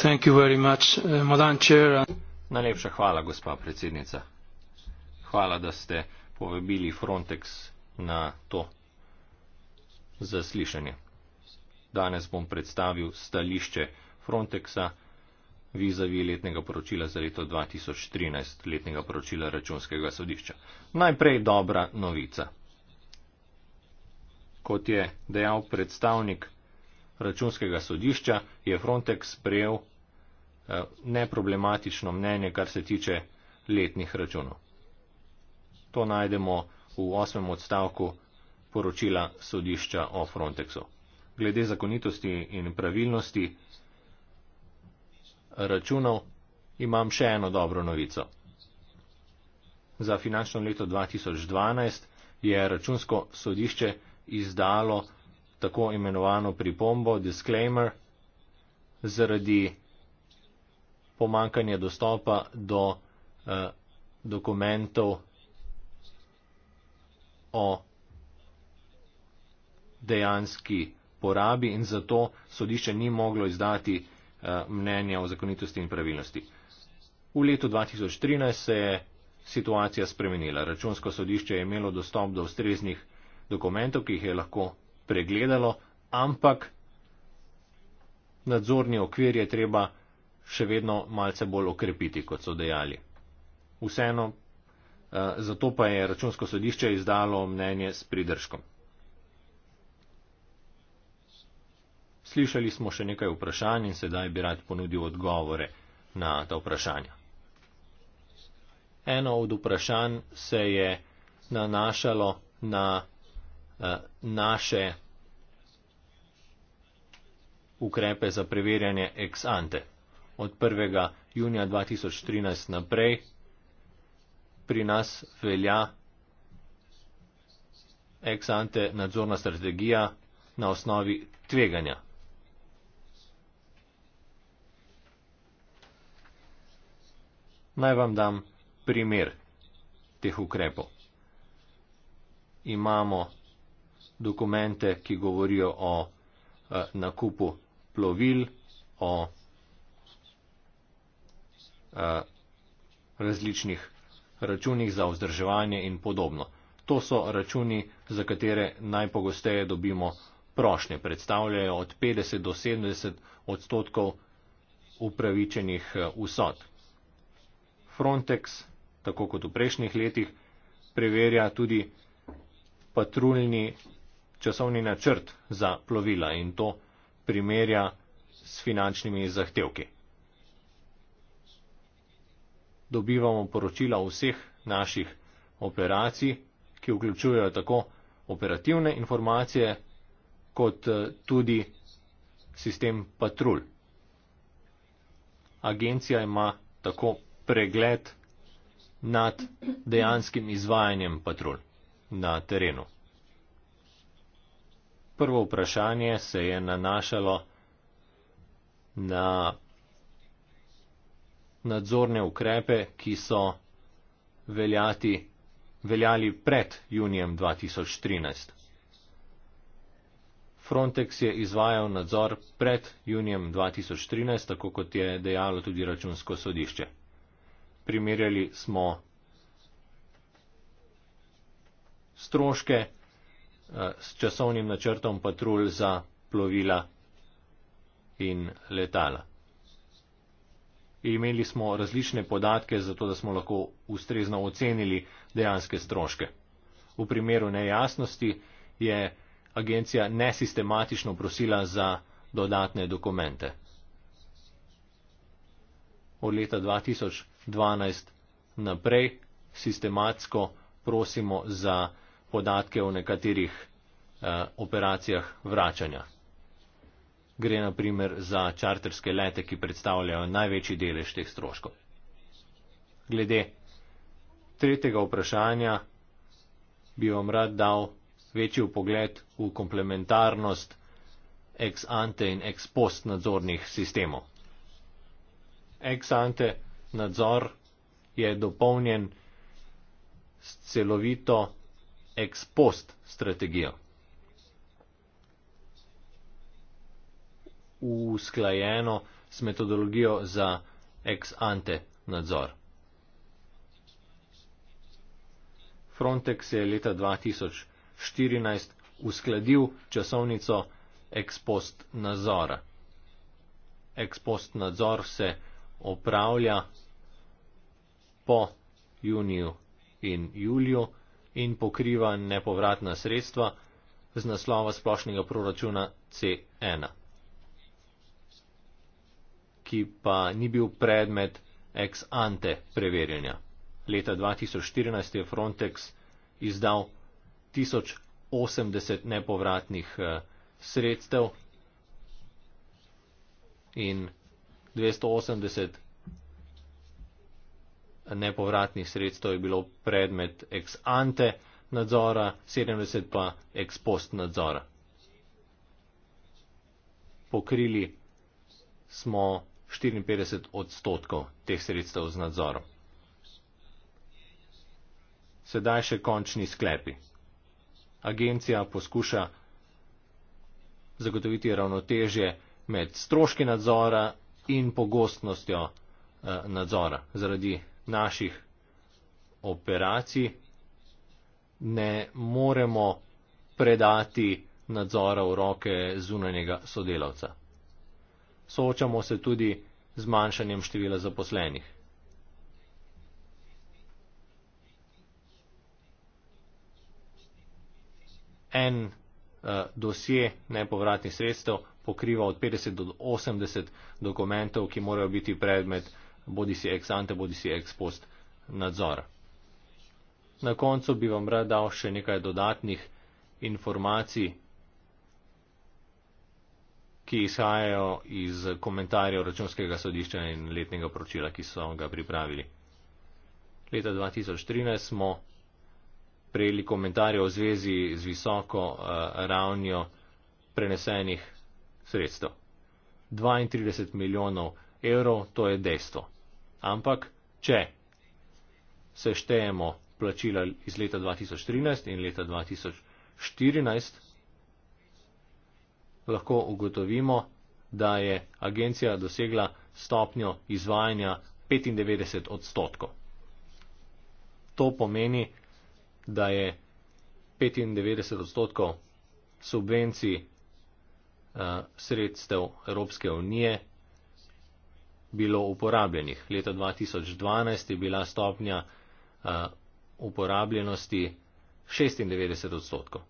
Thank you very much, eh, Madam Chair. Najlepša hvala, gospa predsednica. Hvala, da ste povabili Frontex na to zaslišanje. Danes bom predstavil stališče Frontexa vizavi letnega poročila za leto 2013, letnega poročila računskega sodišča. Najprej dobra novica. Kot je dejal predstavnik računskega sodišča, je Frontex sprejel eh, neproblematično mnenje, kar se tiče letnih računov. To najdemo v osmem odstavku poročila sodišča o Frontexu glede zakonitosti in pravilnosti računov, imam še eno dobro novico. Za finančno leto 2012 je računsko sodišče izdalo tako imenovano pripombo disclaimer zaradi pomankanja dostopa do eh, dokumentov o dejanski porabi in zato sodišče ni moglo izdati eh, mnenja o zakonitosti in pravilnosti. V letu 2013 se je situacija spremenila. Računsko sodišče je imelo dostop do ustreznih dokumentov, ki jih je lahko pregledalo, ampak nadzorni okvir je treba še vedno malce bolj okrepiti, kot so dejali. Vseeno, eh, zato pa je računsko sodišče izdalo mnenje s pridržkom. Slišali smo še nekaj vprašanj in sedaj bi rad ponudil odgovore na ta vprašanja. Eno od vprašanj se je nanašalo na eh, naše ukrepe za preverjanje ex ante. Od 1. junija 2013 naprej pri nas velja ex ante nadzorna strategija na osnovi tveganja. Naj vam dam primer teh ukrepov. Imamo dokumente, ki govorijo o eh, nakupu plovil, o eh, različnih računih za vzdrževanje in podobno. To so računi, za katere najpogosteje dobimo prošnje. Predstavljajo od 50 do 70 odstotkov upravičenih usod. Eh, Frontex, tako kot v prejšnjih letih, preverja tudi patruljni časovni načrt za plovila in to primerja s finančnimi zahtevki. Dobivamo poročila vseh naših operacij, ki vključujejo tako operativne informacije kot eh, tudi sistem patrulj. Agencija ima tako pregled nad dejanskim izvajanjem patrol na terenu. Prvo vprašanje se je nanašalo na nadzorne ukrepe, ki so veljati, veljali pred junijem 2013. Frontex je izvajal nadzor pred junijem 2013, tako kot je dejalo tudi računsko sodišče primerjali smo stroške eh, s časovnim načrtom patrulj za plovila in letala. Imeli smo različne podatke, zato da smo lahko ustrezno ocenili dejanske stroške. V primeru nejasnosti je agencija nesistematično prosila za dodatne dokumente. Od leta 2000 12 naprej sistematsko prosimo za podatke o nekaterih eh, operacijah vračanja. Gre naprimer za čarterske lete, ki predstavljajo največji delež teh stroškov. Glede tretjega vprašanja bi vam rad dal večji pogled v komplementarnost ex ante in ex post nadzornih sistemov. Ex ante nadzor je dopolnjen s celovito ex post strategijo. Usklajeno s metodologijo za ex ante nadzor. Frontex je leta 2014 uskladil časovnico ex post nadzora. Ex post nadzor se opravlja po juniju in juliju in pokriva nepovratna sredstva z naslova splošnega proračuna C1, ki pa ni bil predmet ex ante preverjanja. Leta 2014 je Frontex izdal 1080 nepovratnih eh, sredstev in 280 nepovratnih sredstev je bilo predmet ex ante nadzora, 70 pa ex post nadzora. Pokrili smo 54 odstotkov teh sredstev z nadzorom. Sedaj še končni sklepi. Agencija poskuša zagotoviti ravnotežje med stroški nadzora in pogostnostjo eh, nadzora. Zaradi naših operacij ne moremo predati nadzora v roke zunanjega sodelavca. Soočamo se tudi z manjšanjem števila zaposlenih. En Eh, dosje nepovratnih sredstev pokriva od 50 do 80 dokumentov, ki morajo biti predmet bodi si ex ante, bodi si ex post nadzora. Na koncu bi vam rad dal še nekaj dodatnih informacij, ki izhajajo iz komentarjev računskega sodišča in letnega poročila, ki so ga pripravili. Leta 2013 smo prejeli komentarje v zvezi z visoko eh, ravnjo prenesenih sredstev. 32 milijonov evrov, to je dejstvo. Ampak, če seštejemo plačila iz leta 2013 in leta 2014, lahko ugotovimo, da je agencija dosegla stopnjo izvajanja 95 odstotkov. To pomeni, da je 95 odstotkov subvencij eh, sredstev Evropske unije bilo uporabljenih. Leta 2012 je bila stopnja eh, uporabljenosti 96 odstotkov.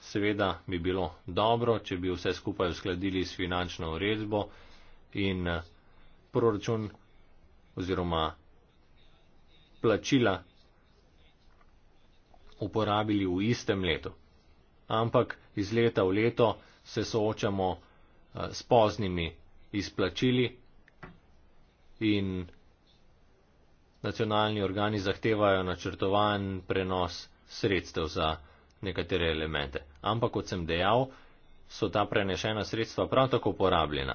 Seveda bi bilo dobro, če bi vse skupaj uskladili s finančno uredbo in eh, proračun oziroma plačila uporabili v istem letu. Ampak iz leta v leto se soočamo eh, s poznimi izplačili in nacionalni organi zahtevajo načrtovan prenos sredstev za nekatere elemente. Ampak, kot sem dejal, so ta prenešena sredstva prav tako porabljena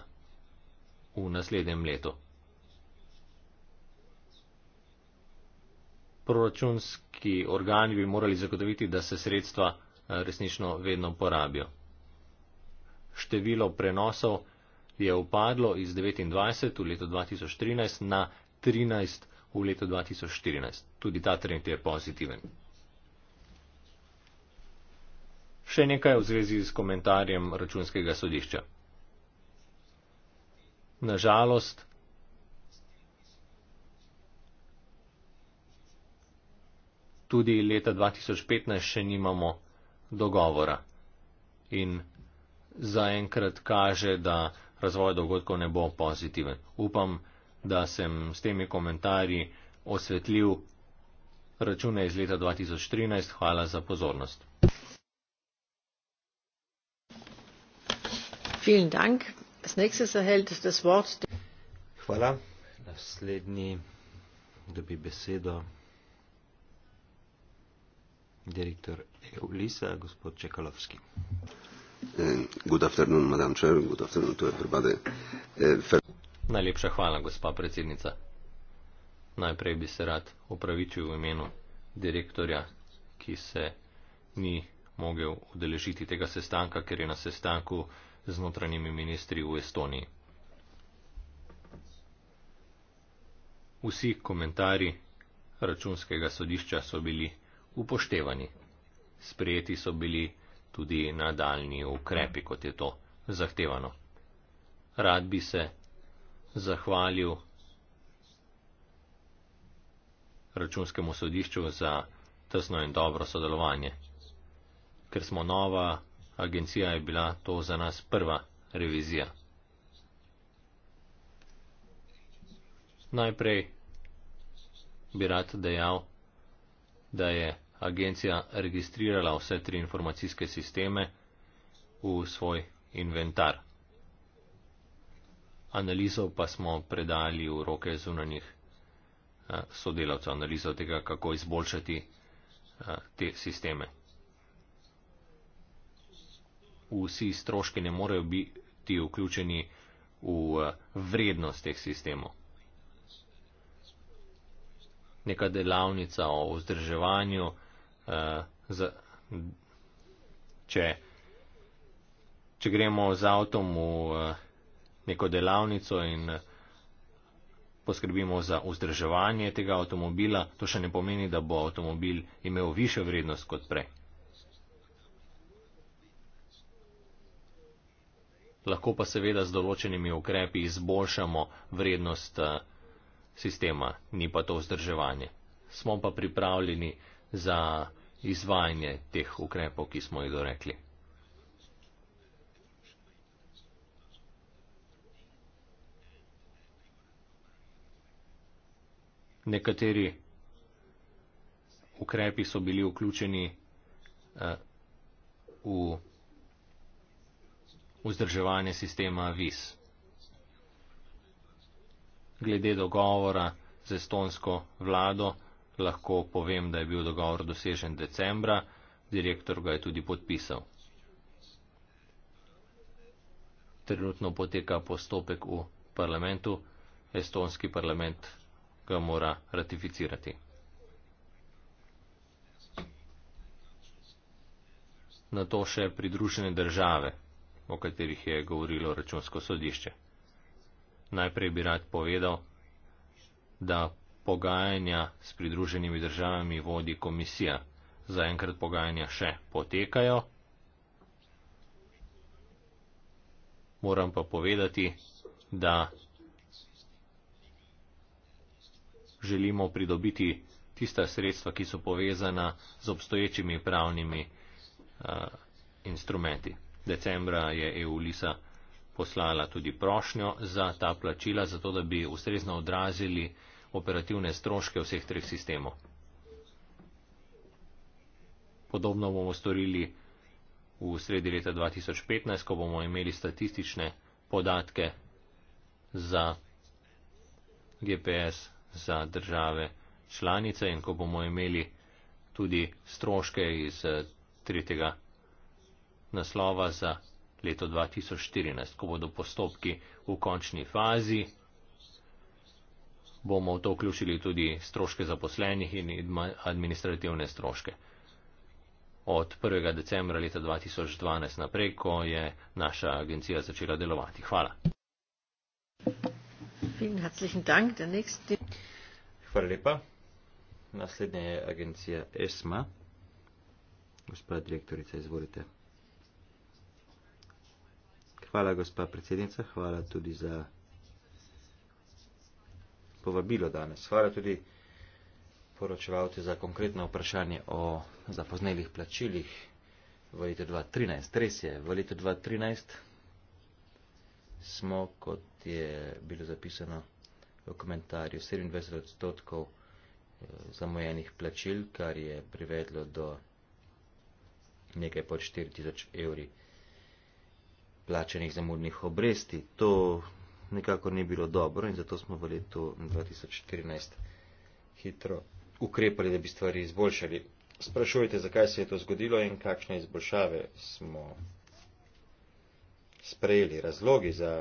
v naslednjem letu. proračunski organi bi morali zagotoviti, da se sredstva eh, resnično vedno porabijo. Število prenosov je upadlo iz 29 v letu 2013 na 13 v letu 2014. Tudi ta trend je pozitiven. Še nekaj v zvezi s komentarjem računskega sodišča. Nažalost, tudi leta 2015 še nimamo dogovora. In zaenkrat kaže, da razvoj dogodkov ne bo pozitiven. Upam, da sem s temi komentarji osvetljiv račune iz leta 2013. Hvala za pozornost. Hvala. Naslednji dobi besedo. Direktor EULISA, gospod Čekalovski. E, good afternoon, madam chair, good afternoon to everybody. E, Najlepša hvala, gospa predsednica. Najprej bi se rad opravičil v imenu direktorja, ki se ni mogel udeležiti tega sestanka, ker je na sestanku z notranjimi ministri v Estoniji. Vsi komentari računskega sodišča so bili upoštevani. Sprejeti so bili tudi nadaljni ukrepi, kot je to zahtevano. Rad bi se zahvalil računskemu sodišču za tesno in dobro sodelovanje. Ker smo nova agencija, je bila to za nas prva revizija. Najprej bi rad dejal, da je agencija registrirala vse tri informacijske sisteme v svoj inventar. Analizo pa smo predali v roke zunanjih eh, sodelavcev, analizo tega, kako izboljšati eh, te sisteme. Vsi stroški ne morejo biti vključeni v eh, vrednost teh sistemov. Neka delavnica o vzdrževanju, uh, z, če, če gremo z avtom v uh, neko delavnico in eh, poskrbimo za vzdrževanje tega avtomobila, to še ne pomeni, da bo avtomobil imel više vrednost kot prej. Lahko pa seveda z določenimi ukrepi izboljšamo vrednost sistema, ni pa to vzdrževanje. Smo pa pripravljeni za izvajanje teh ukrepov, ki smo jih dorekli. Nekateri ukrepi so bili vključeni eh, v vzdrževanje sistema VIS. Glede dogovora z estonsko vlado, Lahko povem, da je bil dogovor dosežen decembra, direktor ga je tudi podpisal. Trenutno poteka postopek v parlamentu, estonski parlament ga mora ratificirati. Na to še pridružene države, o katerih je govorilo računsko sodišče. Najprej bi rad povedal, da pogajanja s pridruženimi državami vodi komisija. Zaenkrat pogajanja še potekajo. Moram pa povedati, da želimo pridobiti tista sredstva, ki so povezana z obstoječimi pravnimi uh, instrumenti. Decembra je EU-Lisa poslala tudi prošnjo za ta plačila, zato da bi ustrezno odrazili operativne stroške vseh treh sistemov. Podobno bomo storili v sredi leta 2015, ko bomo imeli statistične podatke za GPS za države članice in ko bomo imeli tudi stroške iz eh, tretjega naslova za leto 2014, ko bodo postopki v končni fazi bomo v to vključili tudi stroške zaposlenih in administrativne stroške. Od 1. decembra leta 2012 naprej, ko je naša agencija začela delovati. Hvala. Hvala lepa. Naslednja je agencija ESMA. Gospa direktorica, izvolite. Hvala, gospa predsednica. Hvala tudi za povabilo danes. Hvala tudi poročevalci za konkretno vprašanje o zapoznelih plačilih v letu 2013. Res je, v letu 2013 smo, kot je bilo zapisano v komentarju, 27 odstotkov eh, zamojenih plačil, kar je privedlo do nekaj pod 4000 evri plačenih zamudnih obresti. To nikakor ni bilo dobro in zato smo v letu 2014 hitro ukrepali, da bi stvari izboljšali. Sprašujete, zakaj se je to zgodilo in kakšne izboljšave smo sprejeli. Razlogi za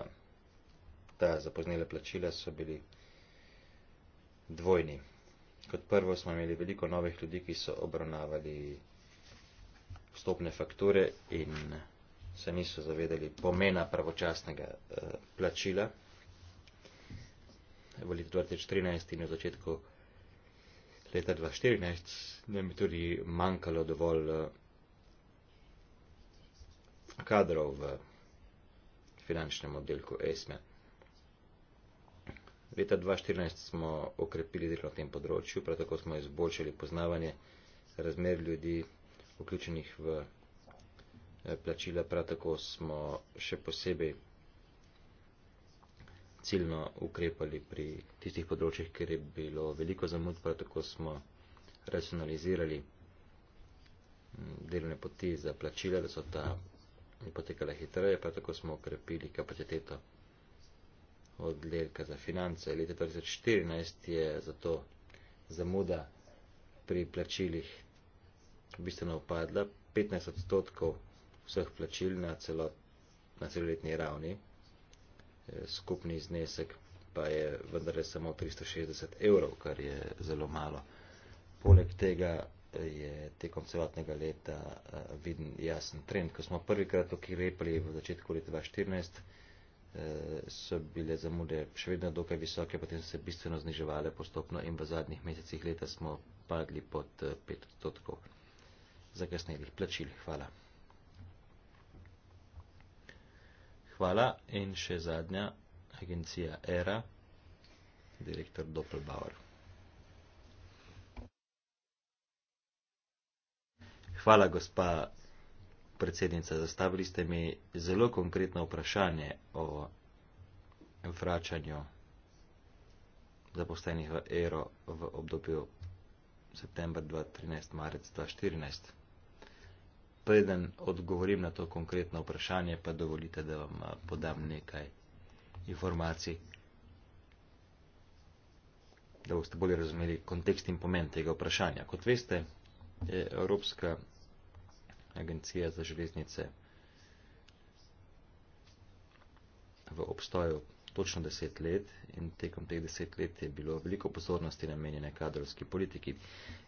ta zapoznele plačila so bili dvojni. Kot prvo smo imeli veliko novih ljudi, ki so obravnavali vstopne fakture in se niso zavedali pomena pravočasnega uh, plačila. V letu 2013 in v začetku leta 2014 nam je tudi manjkalo dovolj uh, kadrov v finančnem oddelku ESME. Leta 2014 smo okrepili delo na tem področju, prav tako smo izboljšali poznavanje razmer ljudi, vključenih v Eh, plačila, prav tako smo še posebej ciljno ukrepali pri tistih področjih, kjer je bilo veliko zamud, prav tako smo racionalizirali mm, delovne poti za plačila, da so ta potekala hitreje, prav tako smo ukrepili kapaciteto oddelka za finance. Leta 2014 je zato zamuda pri plačilih bistveno upadla, 15 odstotkov vseh plačil na, celo, na celoletni ravni. E, skupni znesek pa je vendarle samo 360 evrov, kar je zelo malo. Poleg tega je tekom celotnega leta e, viden jasen trend. Ko smo prvikrat ukrepali v začetku leta 2014, e, so bile zamude še vedno dokaj visoke, potem so se bistveno zniževale postopno in v zadnjih mesecih leta smo padli pod 5 odstotkov zakasnelih plačil. Hvala. Hvala. In še zadnja, agencija ERA, direktor Doppelbauer. Hvala, gospa predsednica. Zastavili ste mi zelo konkretno vprašanje o vračanju zaposlenih v ERO v obdobju september 2013-2014 preden odgovorim na to konkretno vprašanje, pa dovolite, da vam eh, podam nekaj informacij, da boste bolje razumeli kontekst in pomen tega vprašanja. Kot veste, je Evropska agencija za železnice v obstoju točno deset let in tekom teh deset let je bilo veliko pozornosti namenjene kadrovski politiki.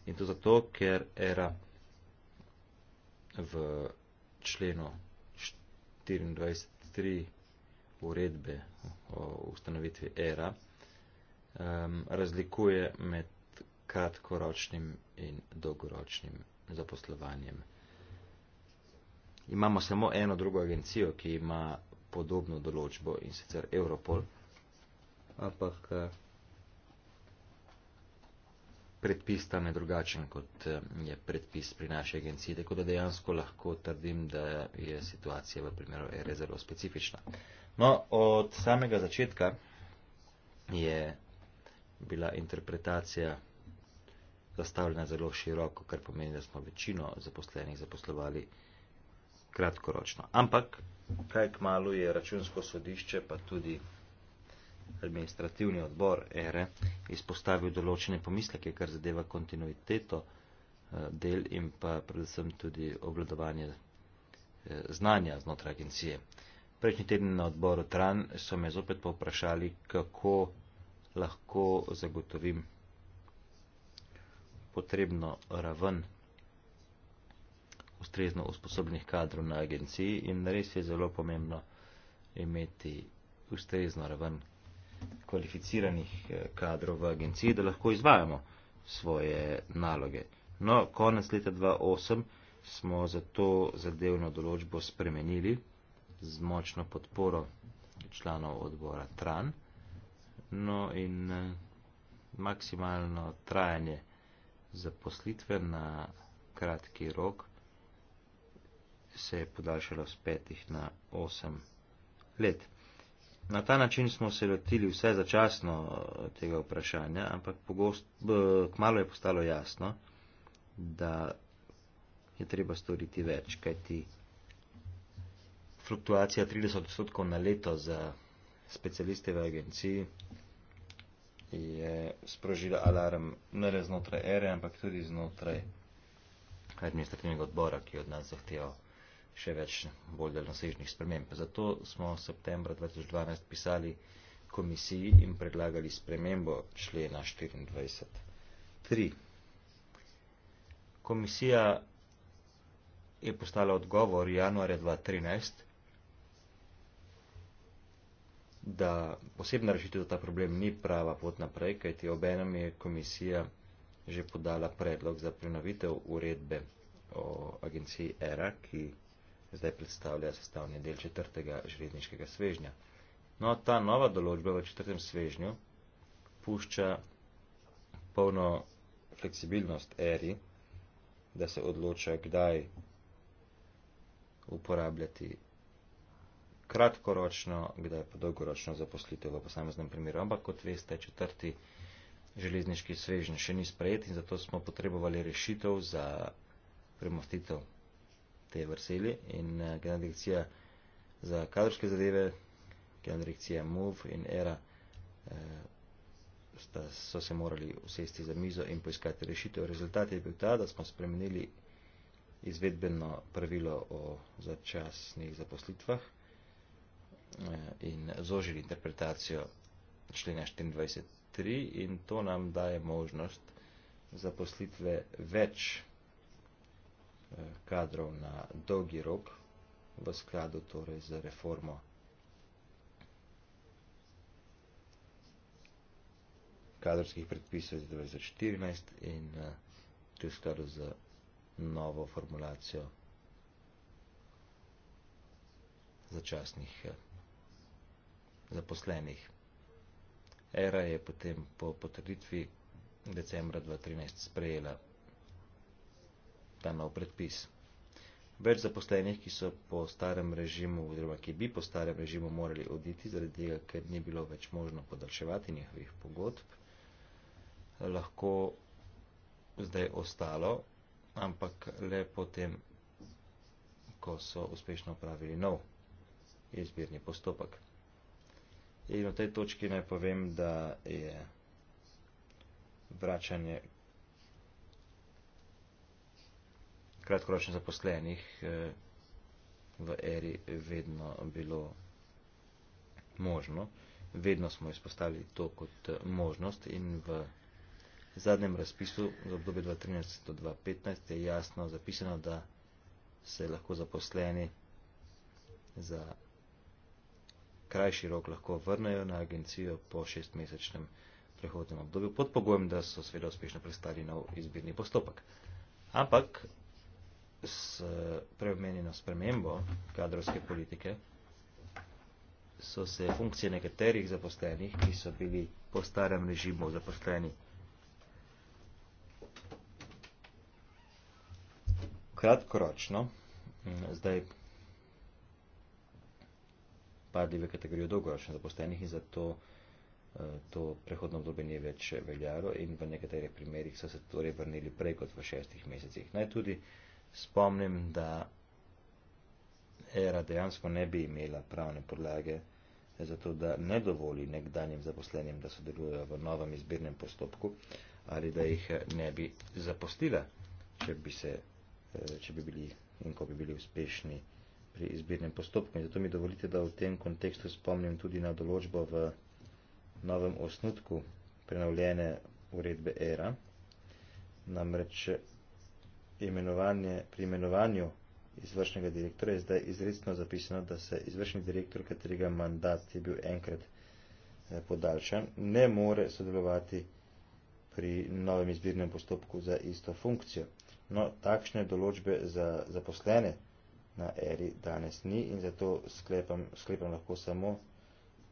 In to zato, ker era v členu 24.3 uredbe o ustanovitvi era um, razlikuje med kratkoročnim in dolgoročnim zaposlovanjem. Imamo samo eno drugo agencijo, ki ima podobno določbo in sicer Europol, ampak predpis tam je drugačen, kot eh, je predpis pri naši agenciji, tako da dejansko lahko trdim, da je situacija v primeru ERE zelo specifična. No, od samega začetka je bila interpretacija zastavljena zelo široko, kar pomeni, da smo večino zaposlenih zaposlovali kratkoročno. Ampak, kaj k malu je računsko sodišče, pa tudi administrativni odbor ere izpostavil določene pomisleke, kar zadeva kontinuiteto eh, del in pa predvsem tudi obladovanje eh, znanja znotraj agencije. Prejšnji teden na odboru TRAN so me zopet povprašali, kako lahko zagotovim potrebno raven ustrezno usposobnih kadrov na agenciji in res je zelo pomembno imeti ustrezno raven kvalificiranih eh, kadrov v agenciji, da lahko izvajamo svoje naloge. No, konec leta 2008 smo zato zadevno določbo spremenili z močno podporo članov odbora TRAN. No in eh, maksimalno trajanje zaposlitve na kratki rok se je podaljšalo z petih na osem let. Na ta način smo se lotili vse začasno eh, tega vprašanja, ampak pogost, b, eh, kmalo je postalo jasno, da je treba storiti več, kajti fluktuacija 30 odstotkov na leto za specialiste v agenciji je sprožila alarm ne le znotraj ere, ampak tudi znotraj administrativnega odbora, ki je od nas zahteval še več bolj daljnosežnih sprememb. Zato smo v septembra 2012 pisali komisiji in predlagali spremembo člena 24.3. Komisija je postala odgovor januarja 2013, da posebna rešitev za ta problem ni prava pot naprej, kajti obenem je komisija že podala predlog za prenovitev uredbe o agenciji ERA, ki zdaj predstavlja sestavni del četrtega železniškega svežnja. No, ta nova določba v četrtem svežnju pušča polno fleksibilnost eri, da se odloča, kdaj uporabljati kratkoročno, kdaj pa dolgoročno zaposlitev v posameznem primeru. Ampak, kot veste, četrti železniški svežnj še ni sprejet in zato smo potrebovali rešitev za premostitev te vrseli in uh, Generalna direkcija za kadrovske zadeve, Generalna direkcija MOV in ERA uh, eh, sta, so se morali usesti za mizo in poiskati rešitev. Rezultat je bil ta, da smo spremenili izvedbeno pravilo o začasnih zaposlitvah uh, in zožili interpretacijo člena 24.3 in to nam daje možnost zaposlitve več. Eh, kadrov na dolgi rok v skladu torej z reformo. kadrovskih predpisov iz 2014 in eh, tudi v skladu z novo formulacijo začasnih eh, zaposlenih. ERA je potem po potrditvi decembra 2013 sprejela ta nov predpis. Več zaposlenih, ki so po starem režimu, oziroma ki bi po starem režimu morali oditi, zaradi tega, ker ni bilo več možno podaljševati njihovih pogodb, lahko zdaj ostalo, ampak le potem, ko so uspešno upravili nov izbirni postopek. In v tej točki naj povem, da je vračanje kratkoročnih zaposlenih eh, v eri vedno bilo možno. Vedno smo izpostavili to kot eh, možnost in v zadnjem razpisu za obdobje 2013 do 2015 je jasno zapisano, da se lahko zaposleni za krajši rok lahko vrnejo na agencijo po šestmesečnem prehodnem obdobju, pod pogojem, da so seveda uspešno prestali nov izbirni postopek. Ampak s preomenjeno spremembo kadrovske politike so se funkcije nekaterih zaposlenih, ki so bili po starem režimu zaposleni kratkoročno, mm, zdaj padli v kategorijo dolgoročno zaposlenih in zato eh, to prehodno obdobje ni več veljalo in v nekaterih primerih so se torej vrnili prej kot v šestih mesecih. Naj tudi spomnim, da era dejansko ne bi imela pravne podlage, zato da ne dovoli nekdanjem zaposlenim, da sodelujejo v novem izbirnem postopku ali da jih ne bi zapostila, če bi, se, eh, če bi bili in ko bi bili uspešni pri izbirnem postopku. In zato mi dovolite, da v tem kontekstu spomnim tudi na določbo v novem osnutku prenovljene uredbe ERA. Namreč imenovanje, pri imenovanju izvršnega direktora je zdaj izredno zapisano, da se izvršni direktor, katerega mandat je bil enkrat eh, podaljšan, ne more sodelovati pri novem izbirnem postopku za isto funkcijo. No, takšne določbe za zaposlene na eri danes ni in zato sklepam, sklepam lahko samo,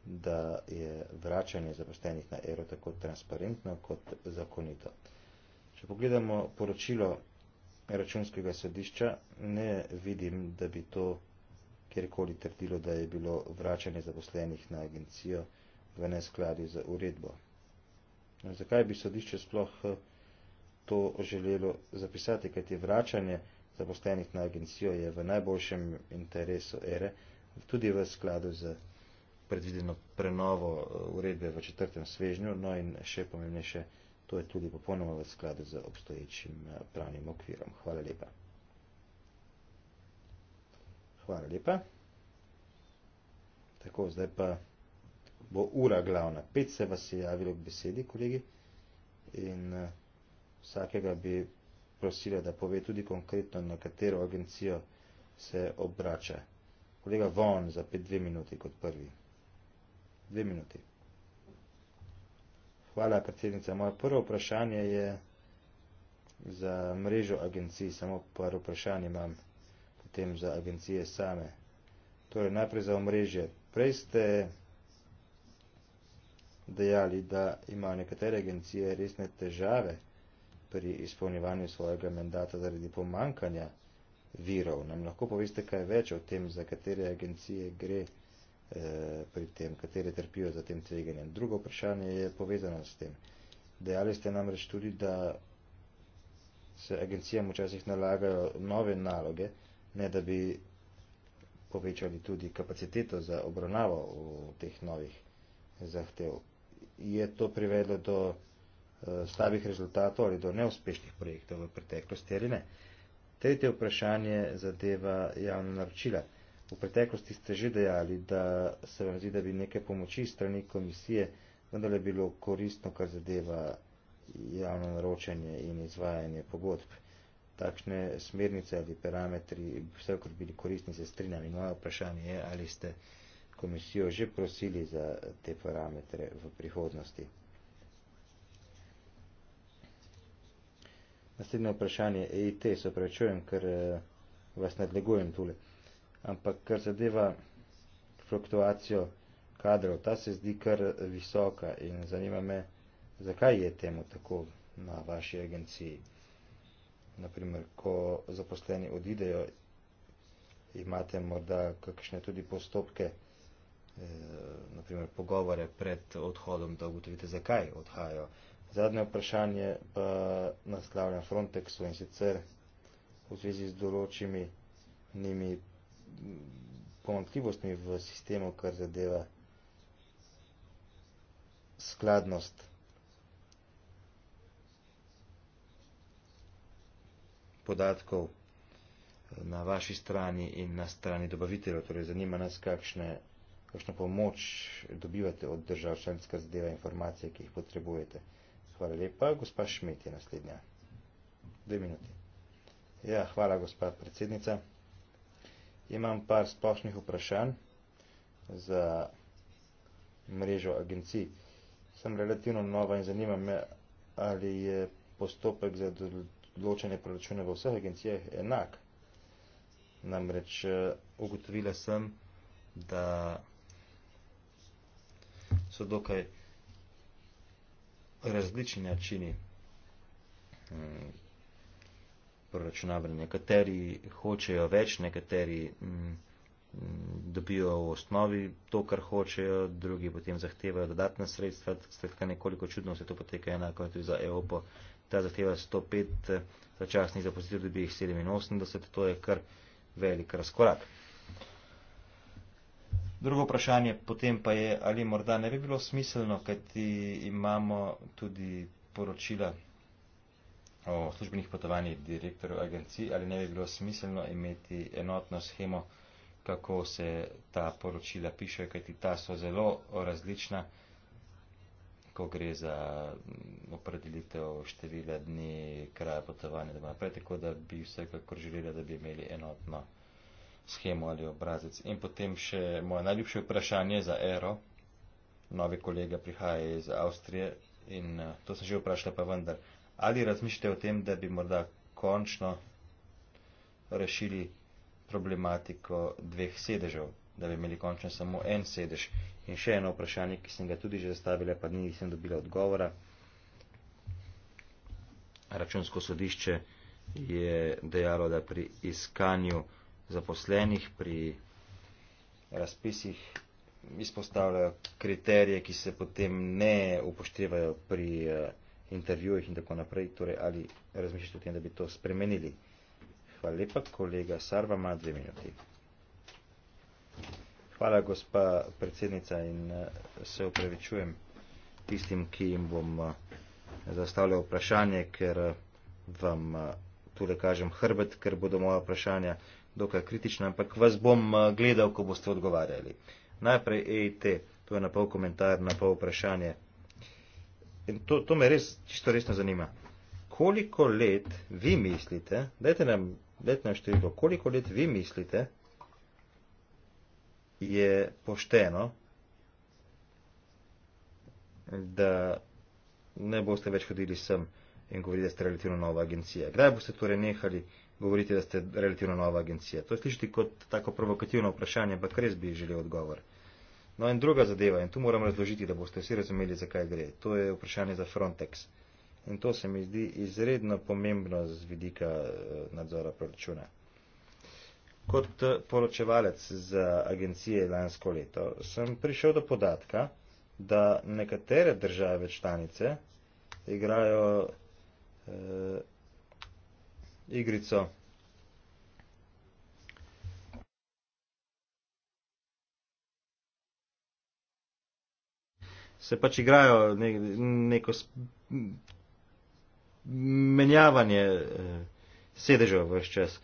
da je vračanje zaposlenih na ero tako transparentno kot zakonito. Če pogledamo poročilo računskega sodišča, ne vidim, da bi to kjerkoli trdilo, da je bilo vračanje zaposlenih na agencijo v neskladju za uredbo. No, zakaj bi sodišče sploh eh, to želelo zapisati, kajti vračanje zaposlenih na agencijo je v najboljšem interesu ere, tudi v skladu z predvideno prenovo eh, uredbe v četrtem svežnju, no in še pomembnejše. To je tudi popolnoma v skladu z obstoječim eh, pravnim okvirom. Hvala lepa. Hvala lepa. Tako, zdaj pa bo ura glavna. Pet se vas je javilo k besedi, kolegi, in eh, vsakega bi prosila, da pove tudi konkretno, na katero agencijo se obrača. Kolega Von, za pet dve minuti kot prvi. Dve minuti. Hvala, predsednica. Moje prvo vprašanje je za mrežo agencij. Samo prvo vprašanje imam potem za agencije same. Torej, najprej za omrežje. Prej ste dejali, da imajo nekatere agencije resne težave pri izpolnjevanju svojega mandata zaradi pomankanja virov. Nam lahko poveste kaj več o tem, za katere agencije gre? Eh, pri tem, katere trpijo za tem tveganjem. Drugo vprašanje je povezano s tem. Dejali ste namreč tudi, da se agencijam včasih nalagajo nove naloge, ne da bi povečali tudi kapaciteto za obravnavo v teh novih zahtev. Je to privedlo do uh, slabih rezultatov ali do neuspešnih projektov v preteklosti ali ne? Tretje vprašanje zadeva javna naročila. Uh, V preteklosti ste že dejali, da se vam zdi, da bi neke pomoči strani komisije vendarle bilo koristno, kar zadeva javno naročanje in izvajanje pogodb. Takšne smernice ali parametri bi vse kot bili koristni, se strinjam. In moje vprašanje je, ali ste komisijo že prosili za te parametre v prihodnosti. Naslednje vprašanje EIT, se pravičujem, ker eh, vas nadlegujem tukaj ampak kar zadeva fluktuacijo kadrov, ta se zdi kar visoka in zanima me, zakaj je temu tako na vaši agenciji. Naprimer, ko zaposleni odidejo, imate morda kakšne tudi postopke, eh, naprimer pogovore pred odhodom, da ugotovite, zakaj odhajajo. Zadnje vprašanje pa naslavljam Frontexu in sicer v zvezi z določimi nimi pomankljivostmi v sistemu, kar zadeva skladnost. podatkov eh, na vaši strani in na strani dobaviteljev. Torej, zanima nas, kakšne, kakšno pomoč dobivate od držav članska zadeva informacije, ki jih potrebujete. Hvala lepa. Gospa Šmet je naslednja. Dve minuti. Ja, hvala, gospa predsednica. Imam par splošnih vprašanj za mrežo agencij. Sem relativno nova in zanima me, ali je postopek za določanje proračuna v vseh agencijah enak. Namreč eh, ugotovila sem, da so dokaj različni načini hm, proračunavali. Nekateri hočejo več, nekateri m, mm, m, mm, dobijo v osnovi to, kar hočejo, drugi potem zahtevajo dodatne sredstva. Skratka, nekoliko čudno se to poteka enako tudi za EOPO. Ta zahteva 105 eh, začasnih zaposlitev, dobi jih 87, to je kar velik razkorak. Drugo vprašanje potem pa je, ali morda ne bi bilo smiselno, kajti imamo tudi poročila o službenih potovanjih direktorjev agencij, ali ne bi bilo smiselno imeti enotno schemo, kako se ta poročila piše, kajti ta so zelo različna, ko gre za mm, opredelitev števila dni, kraja potovanja, da naprej, tako da bi vsekakor želela, da bi imeli enotno schemo ali obrazec. In potem še moje najljubše vprašanje za Ero. Novi kolega prihaja iz Avstrije in eh, to sem že vprašala, pa vendar ali razmišljate o tem, da bi morda končno rešili problematiko dveh sedežev, da bi imeli končno samo en sedež. In še eno vprašanje, ki sem ga tudi že zastavila, pa nisem dobila odgovora. Računsko sodišče je dejalo, da pri iskanju zaposlenih, pri razpisih izpostavljajo kriterije, ki se potem ne upoštevajo pri eh, intervjujih in tako naprej, torej ali razmišljate o tem, da bi to spremenili. Hvala lepa, kolega Sarva, ima dve minuti. Hvala, gospa predsednica, in se upravičujem tistim, ki jim bom zastavljal vprašanje, ker vam tule kažem hrbet, ker bodo moja vprašanja dokaj kritična, ampak vas bom gledal, ko boste odgovarjali. Najprej EIT, to je napol komentar, napol vprašanje in to, to me res čisto resno zanima. Koliko let vi mislite, dajte nam, dajte nam številko, koliko let vi mislite, je pošteno, da ne boste več hodili sem in govorili, da ste relativno nova agencija? Kdaj boste torej nehali govoriti, da ste relativno nova agencija? To slišite kot tako provokativno vprašanje, ampak res bi želel odgovor. No in druga zadeva, in tu moram razložiti, da boste vsi razumeli, zakaj gre, to je vprašanje za Frontex. In to se mi zdi izredno pomembno z vidika eh, nadzora proračuna. Kot eh, poročevalec za agencije lansko leto sem prišel do podatka, da nekatere države članice igrajo eh, igrico se pač igrajo ne, neko menjavanje eh, sedežev v vse čas.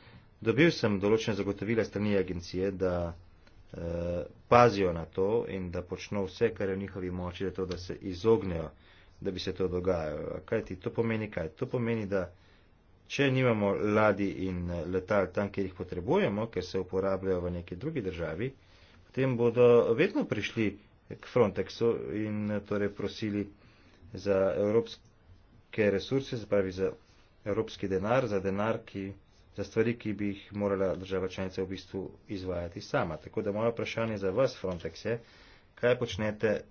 Dobil sem določene zagotovile strani agencije, da eh, pazijo na to in da počnejo vse, kar je v njihovi moči, da, to, da se izognejo, da bi se to dogajalo. Kaj ti to pomeni? Kaj? To pomeni, da če nimamo ladi in eh, letal tam, kjer jih potrebujemo, ker se uporabljajo v neki drugi državi, potem bodo vedno prišli k Frontexu in eh, torej prosili za evropske resurse, zapravi za evropski denar, za denar, ki, za stvari, ki bi jih morala država članica v bistvu izvajati sama. Tako da moje vprašanje za vas, Frontex, je, kaj počnete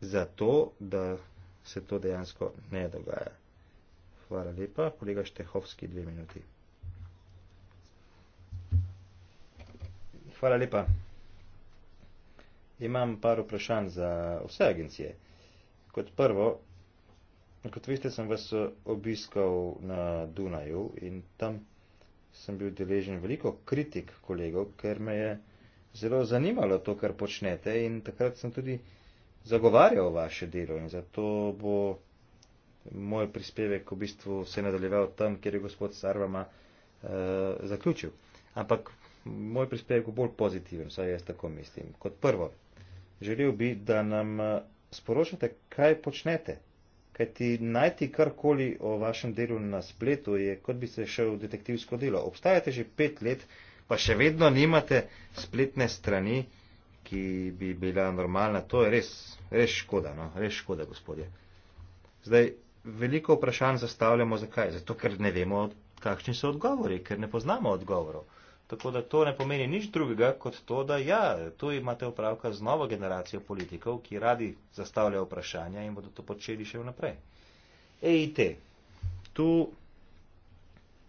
za to, da se to dejansko ne dogaja. Hvala lepa. Kolega Štehovski, dve minuti. Hvala lepa imam par vprašanj za vse agencije. Kot prvo, kot veste, sem vas obiskal na Dunaju in tam sem bil deležen veliko kritik kolegov, ker me je zelo zanimalo to, kar počnete in takrat sem tudi zagovarjal vaše delo in zato bo moj prispevek v bistvu se nadaljeval tam, kjer je gospod Sarvama eh, zaključil. Ampak moj prispevek bo bolj pozitiven, saj jaz tako mislim. Kot prvo, Želel bi, da nam eh, sporočate, kaj počnete. Kaj ti najti karkoli o vašem delu na spletu je, kot bi se šel v detektivsko delo. Obstajate že pet let, pa še vedno nimate spletne strani, ki bi bila normalna. To je res, res škoda, no? res škoda, gospodje. Zdaj, veliko vprašanj zastavljamo, zakaj? Zato, ker ne vemo, kakšni so odgovori, ker ne poznamo odgovorov. Tako da to ne pomeni nič drugega, kot to, da ja, tu imate upravka z novo generacijo politikov, ki radi zastavljajo vprašanja in bodo to počeli še vnaprej. EIT. Tu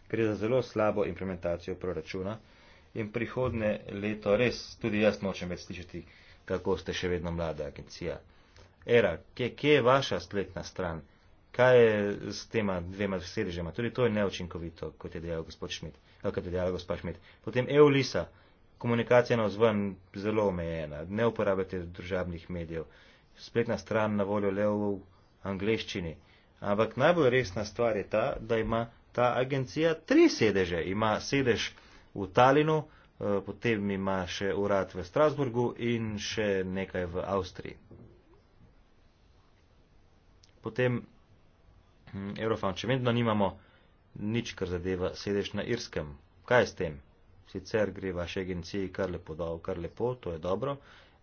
gre za zelo slabo implementacijo proračuna in prihodne leto res tudi jaz nočem več slišati, kako ste še vedno mlada agencija. Era, kje, kje je vaša spletna stran? Kaj je s tema dvema sedežema? Tudi to je neučinkovito, kot je dejal gospod Šmit kot je dejala gospa Šmit. Potem EU-LISA, komunikacija na vzven zelo omejena, ne uporabljate družabnih medijev, spletna stran na voljo le v angleščini. Ampak najbolj resna stvar je ta, da ima ta agencija tri sedeže. Ima sedež v Talinu, eh, potem ima še urad v Strasburgu in še nekaj v Avstriji. Potem hm, Eurofound, če vedno nimamo nič, kar zadeva sedež na Irskem. Kaj s tem? Sicer gre vaše agenciji kar lepo, dal, kar lepo, to je dobro.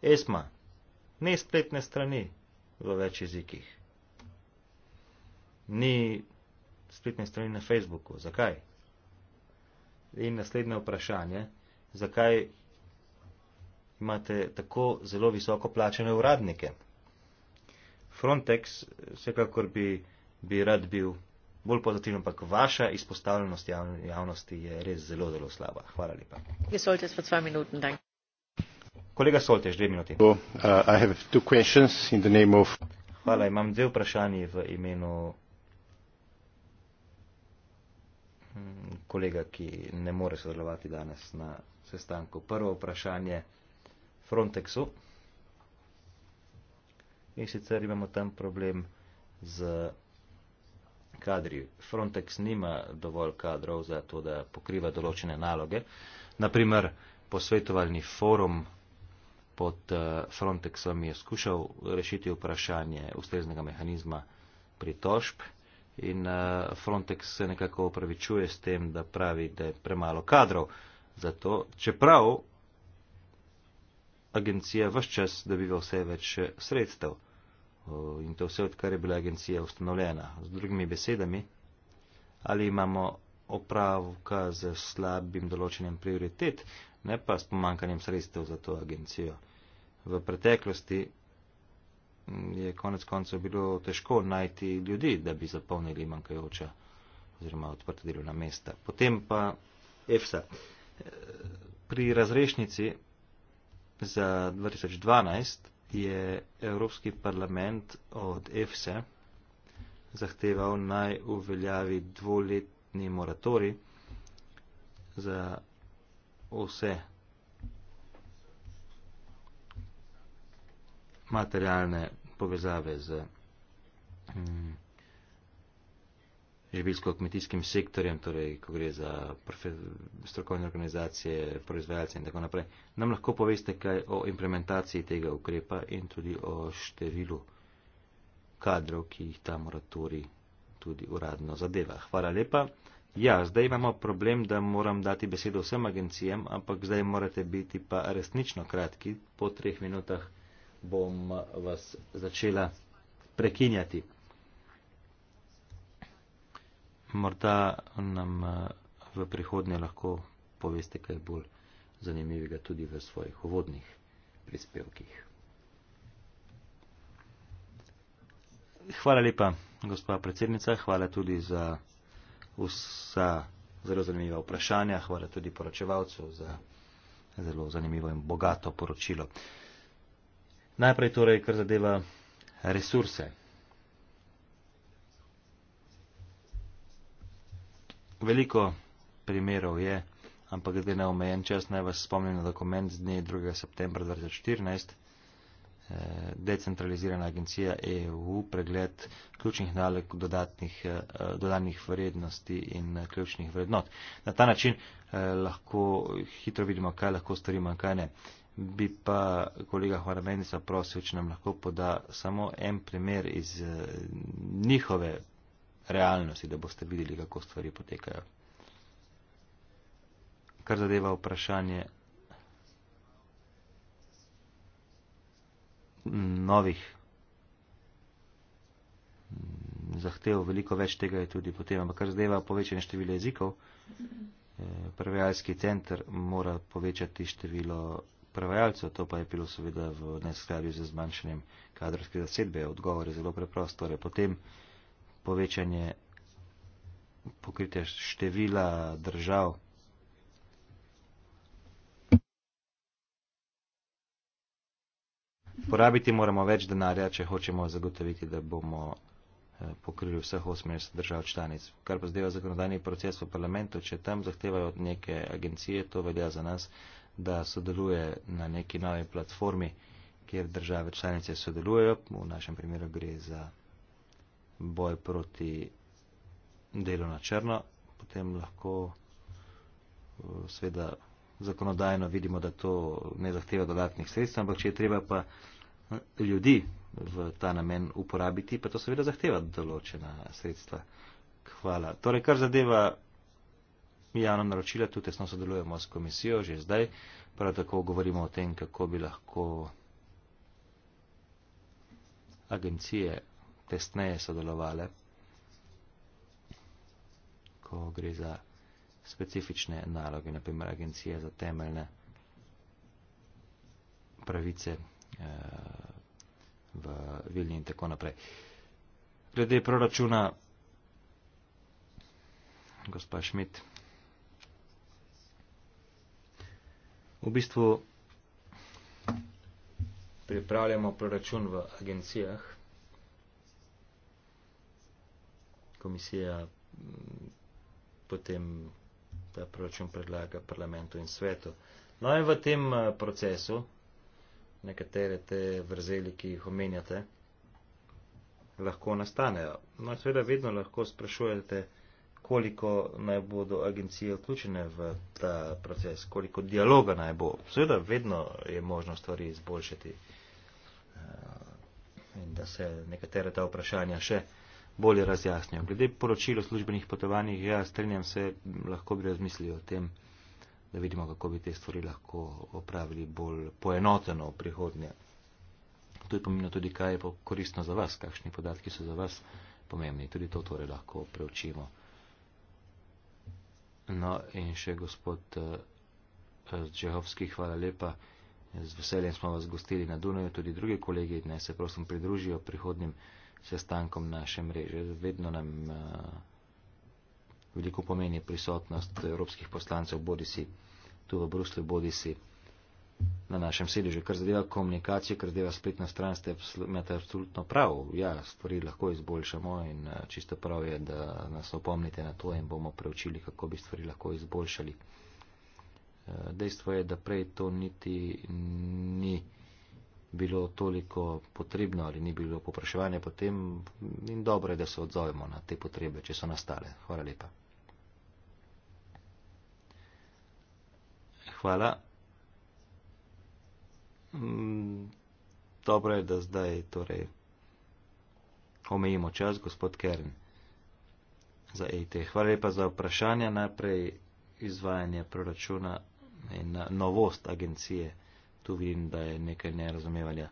ESMA, ne spletne strani v več jezikih. Ni spletne strani na Facebooku. Zakaj? In naslednje vprašanje, zakaj imate tako zelo visoko plačene uradnike? Frontex, vsekakor bi, bi rad bil bolj pozitivno, ampak vaša izpostavljenost javnosti je res zelo, zelo slaba. Hvala lepa. Kolega Soltež, dve minuti. Uh, Hvala, imam dve vprašanji v imenu hmm, kolega, ki ne more sodelovati danes na sestanku. Prvo vprašanje Frontexu. In sicer imamo tam problem z kadri. Frontex nima dovolj kadrov za to, da pokriva določene naloge. Naprimer, posvetovalni forum pod eh, Frontexom je skušal rešiti vprašanje ustreznega mehanizma pritožb in eh, Frontex se nekako upravičuje s tem, da pravi, da je premalo kadrov za to, čeprav agencija vse čas dobiva vse več eh, sredstev. Eh, in to vse, odkar je bila agencija ustanovljena. Z drugimi besedami, ali imamo opravka z slabim določenjem prioritet, ne pa s pomankanjem sredstev za to agencijo. V preteklosti mm, je konec koncev bilo težko najti ljudi, da bi zapolnili manjkajoča oziroma odprta delovna mesta. Potem pa EFSA. Eh, pri razrešnici za 2012 je Evropski parlament od EFSE zahteval naj uveljavi dvoletni moratori za vse materialne povezave z mm, živilsko-kmetijskim sektorjem, torej ko gre za strokovne organizacije, proizvajalce in tako naprej, nam lahko poveste kaj o implementaciji tega ukrepa in tudi o številu kadrov, ki jih ta moratori tudi uradno zadeva. Hvala lepa. Ja, zdaj imamo problem, da moram dati besedo vsem agencijam, ampak zdaj morate biti pa resnično kratki. Po treh minutah bom vas začela prekinjati morda nam eh, v prihodnje lahko poveste kaj bolj zanimivega tudi v svojih uvodnih prispevkih. Hvala lepa, gospa predsednica, hvala tudi za vsa zelo zanimiva vprašanja, hvala tudi poročevalcu za zelo zanimivo in bogato poročilo. Najprej torej, kar zadeva resurse. Veliko primerov je, ampak glede na omejen čas naj vas spomnim na dokument z dne 2. septembra 2014. Eh, decentralizirana agencija EU, pregled ključnih nalog, dodatnih, eh, dodanih vrednosti in eh, ključnih vrednot. Na ta način lahko hitro vidimo, kaj lahko storimo in kaj ne. Bi pa kolega Hvaramenica prosil, če nam lahko poda samo en primer iz njihove realnosti, da boste videli, kako stvari potekajo. Kar zadeva vprašanje novih zahtev, veliko več tega je tudi potem, ampak kar zadeva povečanje števila jezikov, eh, prevajalski center mora povečati število prevajalcev, to pa je bilo seveda v neskladju z zmanjšanjem kadrovske zasedbe. Odgovor je zelo preprost. Torej, potem, povečanje pokritja števila držav. Porabiti moramo več denarja, če hočemo zagotoviti, da bomo eh, pokrili vseh 80 držav članic. Kar pa zdaj zakonodajni proces v parlamentu, če tam zahtevajo od neke agencije, to velja za nas, da sodeluje na neki novi platformi, kjer države članice sodelujejo, v našem primeru gre za boj proti delu na črno, potem lahko eh, sveda zakonodajno vidimo, da to ne zahteva dodatnih sredstv, ampak če je treba pa eh, ljudi v ta namen uporabiti, pa to seveda zahteva določena sredstva. Hvala. Torej, kar zadeva javno naročila, tu tesno sodelujemo s komisijo že zdaj, prav tako govorimo o tem, kako bi lahko agencije tesneje sodelovale, ko gre za specifične naloge, naprimer agencije za temeljne pravice eh, v Vilni in tako naprej. Glede proračuna, gospa Šmit, v bistvu pripravljamo proračun v agencijah. komisija mm, potem ta proračun predlaga parlamentu in svetu. No in v tem eh, procesu nekatere te vrzeli, ki jih omenjate, lahko nastanejo. No in seveda vedno lahko sprašujete, koliko naj bodo agencije vključene v ta proces, koliko dialoga naj bo. Seveda vedno je možno stvari izboljšati eh, in da se nekatere ta vprašanja še bolje razjasnijo. Glede poročil o službenih potovanjih, ja, strinjam se, lahko bi razmislili o tem, da vidimo, kako bi te stvari lahko opravili bolj poenoteno v prihodnje. To je pomembno tudi, kaj je koristno za vas, kakšni podatki so za vas pomembni. Tudi to torej lahko preučimo. No in še gospod Džehovski, eh, hvala lepa. Z veseljem smo vas gostili na Dunaju, tudi druge kolegi, ne se prosim pridružijo prihodnim sestankom naše mreže. Vedno nam eh, veliko pomeni prisotnost evropskih poslancev, bodi si tu v Bruslju, bodi si na našem sedežu. Kar zadeva komunikacijo, kar zadeva spletno stran, ste imate absolutno prav. Ja, stvari lahko izboljšamo in eh, čisto prav je, da nas opomnite na to in bomo preučili, kako bi stvari lahko izboljšali. Eh, dejstvo je, da prej to niti ni bilo toliko potrebno ali ni bilo popraševanje potem in dobro je, da se odzovemo na te potrebe, če so nastale. Hvala lepa. Hvala. Mm, dobro je, da zdaj torej omejimo čas, gospod Kern. Za e IT. Hvala lepa za vprašanja. Najprej izvajanje proračuna in eh, novost agencije tu vidim, da je nekaj nerazumevanja.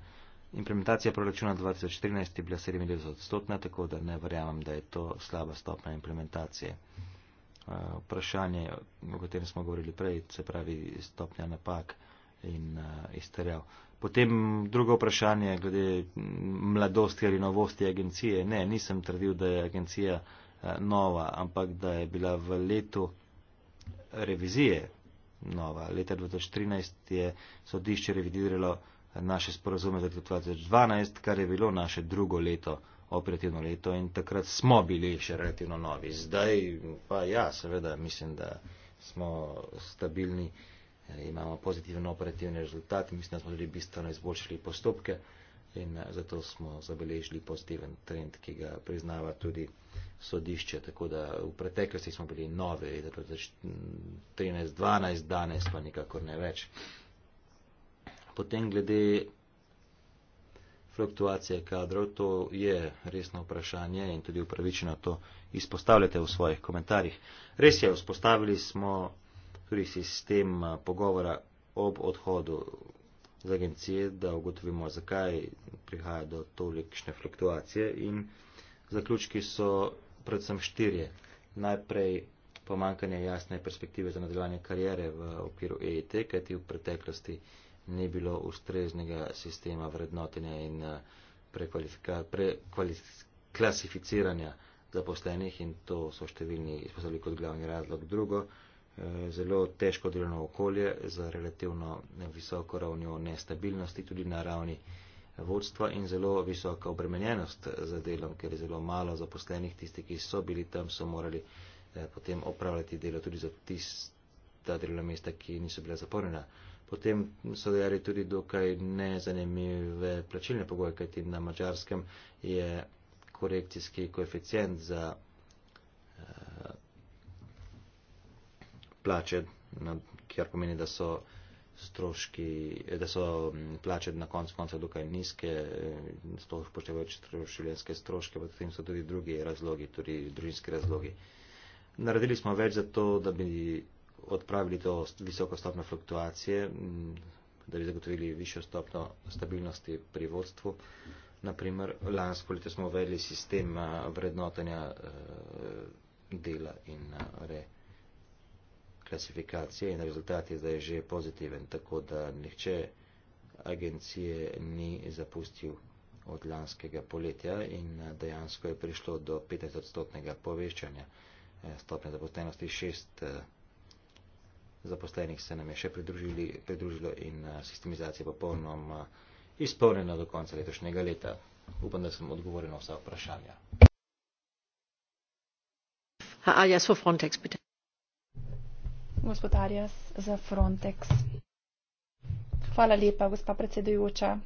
Implementacija proračuna 2014 je bila 97 odstotna, tako da ne verjamem, da je to slaba stopna implementacije. Eh, vprašanje, o katerem smo govorili prej, se pravi stopnja napak in eh, izterjav. Potem drugo vprašanje, glede mm, mladosti ali novosti agencije. Ne, nisem trdil, da je agencija eh, nova, ampak da je bila v letu revizije nova. Leta 2013 je sodišče revidiralo naše sporozume za 2012, kar je bilo naše drugo leto, operativno leto in takrat smo bili še relativno novi. Zdaj pa ja, seveda mislim, da smo stabilni, imamo pozitiven operativni rezultat, mislim, da smo tudi bistveno izboljšali postopke in eh, zato smo zabeležili pozitiven trend, ki ga priznava tudi sodišče, tako da v preteklosti smo bili novi, 13-12, danes pa nikakor ne več. Potem glede fluktuacije kadrov, to je resno vprašanje in tudi upravičeno to izpostavljate v svojih komentarjih. Res je, vzpostavili smo tudi sistem pogovora ob odhodu z agencije, da ugotovimo, zakaj prihaja do tolikšne fluktuacije in zaključki so predvsem štirje. Najprej pomankanje jasne perspektive za nadaljevanje karijere v okviru EIT, kajti v preteklosti ni bilo ustreznega sistema vrednotenja in eh, preklasificiranja pre zaposlenih in to so številni izpostavili kot glavni razlog. Drugo, eh, zelo težko delovno okolje za relativno visoko ravnjo nestabilnosti, tudi na ravni vodstva in zelo visoka obremenjenost za delom, ker je zelo malo zaposlenih, tisti, ki so bili tam, so morali eh, potem opravljati delo tudi za tista delovna mesta, ki niso bila zaporena. Potem so dejali tudi dokaj nezanimive plačilne pogoje, kajti na mačarskem je korekcijski koeficient za eh, plače, na, no, kjer pomeni, da so stroški, da so mm, plače na koncu konca dokaj nizke, eh, sploh upoštevajoč življenjske stroške, potem so tudi drugi razlogi, tudi družinski razlogi. Naredili smo več za to, da bi odpravili to visoko stopno fluktuacije, mm, da bi zagotovili višjo stopno stabilnosti pri vodstvu. Naprimer, lansko leto smo uvedli sistem eh, vrednotenja eh, dela in re klasifikacije in rezultat je zdaj že pozitiven, tako da nihče agencije ni zapustil od lanskega poletja in eh, dejansko je prišlo do 15-odstotnega povečanja eh, stopnje zaposlenosti. Šest eh, zaposlenih se nam je še pridružilo in sistemizacija je popolnoma izpolnjena do konca letošnjega leta. Upam, da sem odgovoril na vsa vprašanja. Ha, ah, yes, for Frontex, bitte gospodarja za Frontex. Hvala lepa, gospa predsedujoča.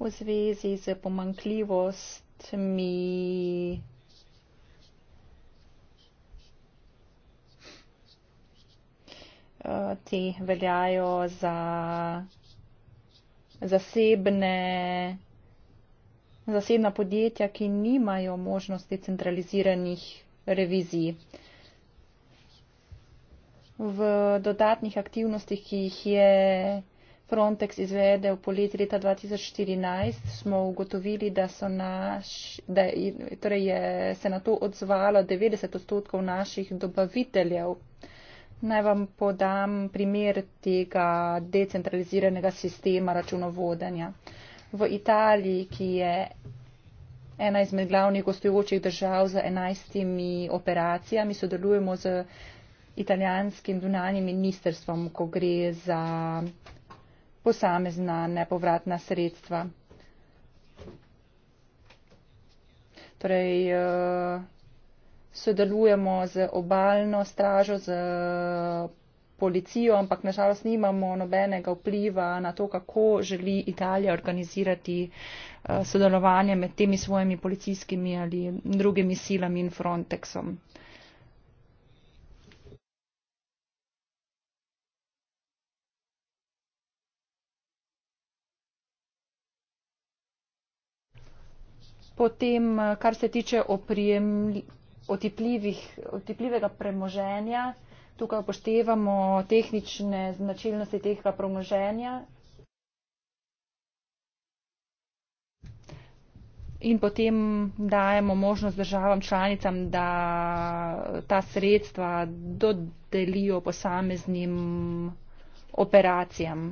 V zvezi z pomankljivostmi te veljajo za zasebne, zasebna podjetja, ki nimajo možnosti centraliziranih revizij v dodatnih aktivnostih, ki jih je Frontex izvedel poleti leta 2014, smo ugotovili, da, naš, da torej je, se na to odzvalo 90 odstotkov naših dobaviteljev. Naj vam podam primer tega decentraliziranega sistema računovodanja. V Italiji, ki je ena izmed glavnih gostujočih držav z 11 operacijami, sodelujemo z italijanskim dunanjim ministrstvom, ko gre za posamezna nepovratna sredstva. Torej, eh, sodelujemo z obalno stražo, z eh, policijo, ampak nažalost nimamo nobenega vpliva na to, kako želi Italija organizirati eh, sodelovanje med temi svojimi policijskimi ali drugimi silami in Frontexom. Potem, eh, kar se tiče oprijem, otipljivega premoženja, tukaj upoštevamo tehnične značilnosti tega premoženja. In potem dajemo možnost državam članicam, da eh, ta sredstva dodelijo posameznim operacijam.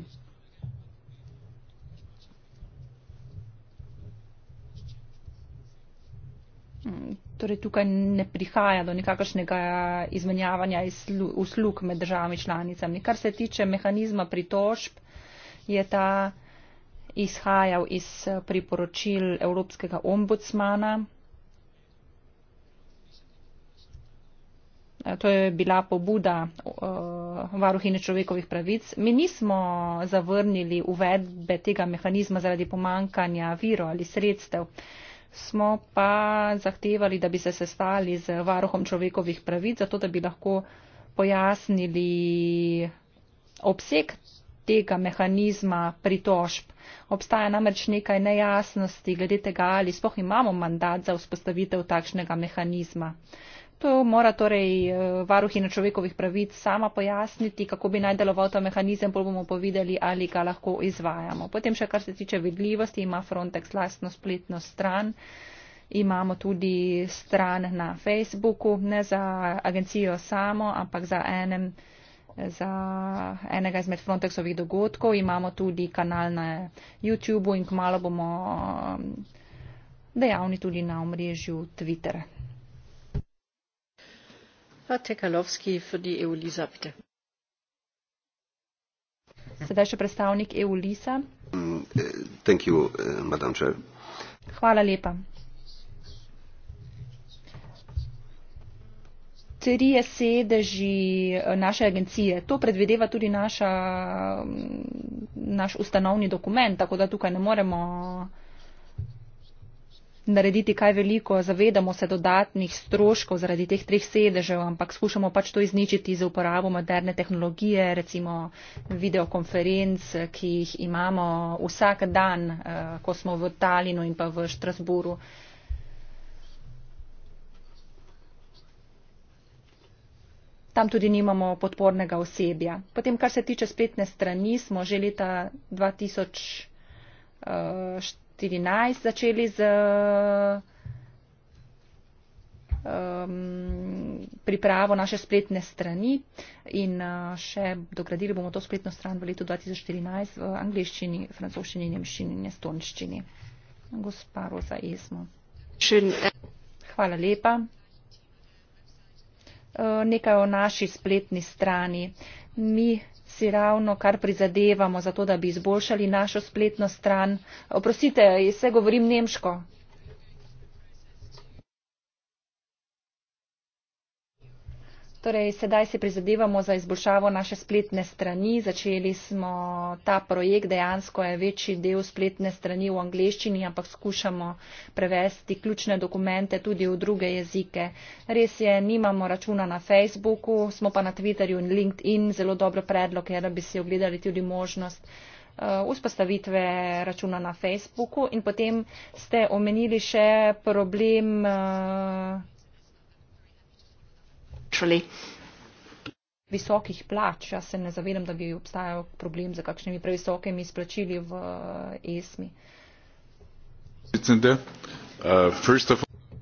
Torej tukaj ne prihaja do nekakšnega izmenjavanja uslug med državami članicami. Kar se tiče mehanizma pritožb, je ta izhajal iz eh, priporočil Evropskega ombudsmana. Eh, to je bila pobuda eh, varuhine človekovih pravic. Mi nismo zavrnili uvedbe tega mehanizma zaradi pomankanja virov ali sredstev smo pa zahtevali, da bi se sestali z varuhom človekovih pravic, zato da bi lahko pojasnili obseg tega mehanizma pritožb. Obstaja namreč nekaj nejasnosti glede tega, ali spoh imamo mandat za vzpostavitev takšnega mehanizma mora torej eh, varuhina človekovih pravic sama pojasniti, kako bi naj deloval ta mehanizem, pol bomo povedali, ali ga lahko izvajamo. Potem še kar se tiče vidljivosti, ima Frontex lastno spletno stran. Imamo tudi stran na Facebooku, ne za agencijo samo, ampak za, enem, za enega izmed Frontexovih dogodkov. Imamo tudi kanal na YouTubeu in kmalo bomo mm, dejavni tudi na omrežju Twitter. E Sedaj še predstavnik EU Lisa. Mm, eh, eh, Hvala lepa. Trije sedeži eh, naše agencije. To predvideva tudi naša, mm, naš ustanovni dokument, tako da tukaj ne moremo narediti kaj veliko, zavedamo se dodatnih stroškov zaradi teh treh sedežev, ampak skušamo pač to izničiti z uporabo moderne tehnologije, recimo videokonferenc, ki jih imamo vsak dan, eh, ko smo v Talinu in pa v Štrasburu. Tam tudi nimamo podpornega osebja. Potem, kar se tiče spletne strani, smo že leta 2014. 2013 začeli z um, pripravo naše spletne strani in uh, še dogradili bomo to spletno stran v letu 2014 v angliščini, francoščini, nemščini in estonščini. Gospa Roza Esmo. Hvala lepa. Uh, nekaj o naši spletni strani. Mi si ravno kar prizadevamo za to, da bi izboljšali našo spletno stran. Oprostite, vse govorim nemško. Torej, sedaj si prizadevamo za izboljšavo naše spletne strani. Začeli smo ta projekt, dejansko je večji del spletne strani v angleščini, ampak skušamo prevesti ključne dokumente tudi v druge jezike. Res je, nimamo računa na Facebooku, smo pa na Twitterju in LinkedIn. Zelo dobro predlog je, da bi si ogledali tudi možnost eh, vzpostavitve računa na Facebooku. In potem ste omenili še problem. Uh, naučili. Visokih plač, jaz se ne zavedam, da bi obstajal problem za kakšnimi previsokimi izplačili v eh, ESMI. Eh,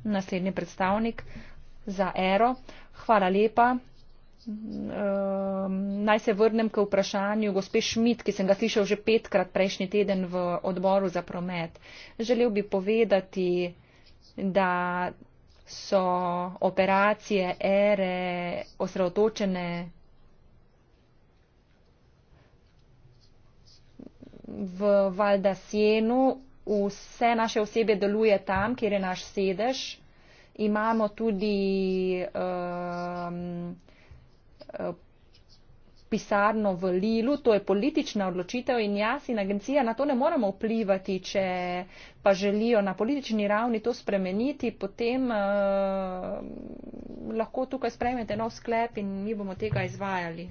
Naslednji predstavnik za ERO. Hvala lepa. Um, naj se vrnem k vprašanju gospe Šmit, ki sem ga slišal že petkrat prejšnji teden v odboru za promet. Želel bi povedati, da so operacije ere osredotočene v Valdasienu. Vse naše osebe deluje tam, kjer je naš sedež. Imamo tudi um, pisarno v Lilu, to je politična odločitev in jaz in agencija na to ne moremo vplivati, če pa želijo na politični ravni to spremeniti, potem uh, lahko tukaj sprejmete nov sklep in mi bomo tega izvajali.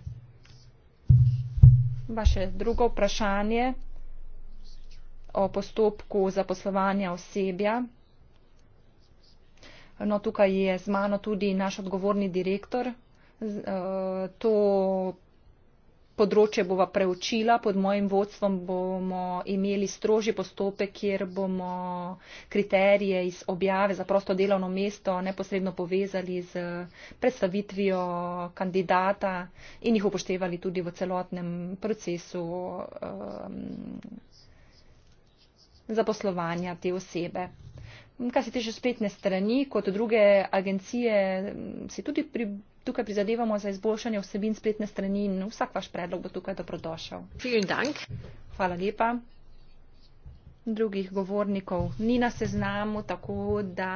Vaše drugo vprašanje o postopku zaposlovanja osebja. No, tukaj je z mano tudi naš odgovorni direktor. Eh, to področje bova preučila, pod mojim vodstvom bomo imeli strožji postopek, kjer bomo kriterije iz objave za prosto delovno mesto neposredno povezali z predstavitvijo kandidata in jih upoštevali tudi v celotnem procesu um, zaposlovanja te osebe. Kar se tiče spletne strani, kot druge agencije, se tudi pri tukaj prizadevamo za izboljšanje vsebin spletne strani in vsak vaš predlog bo tukaj dobrodošel. Hvala lepa. Drugih govornikov ni na seznamu, tako da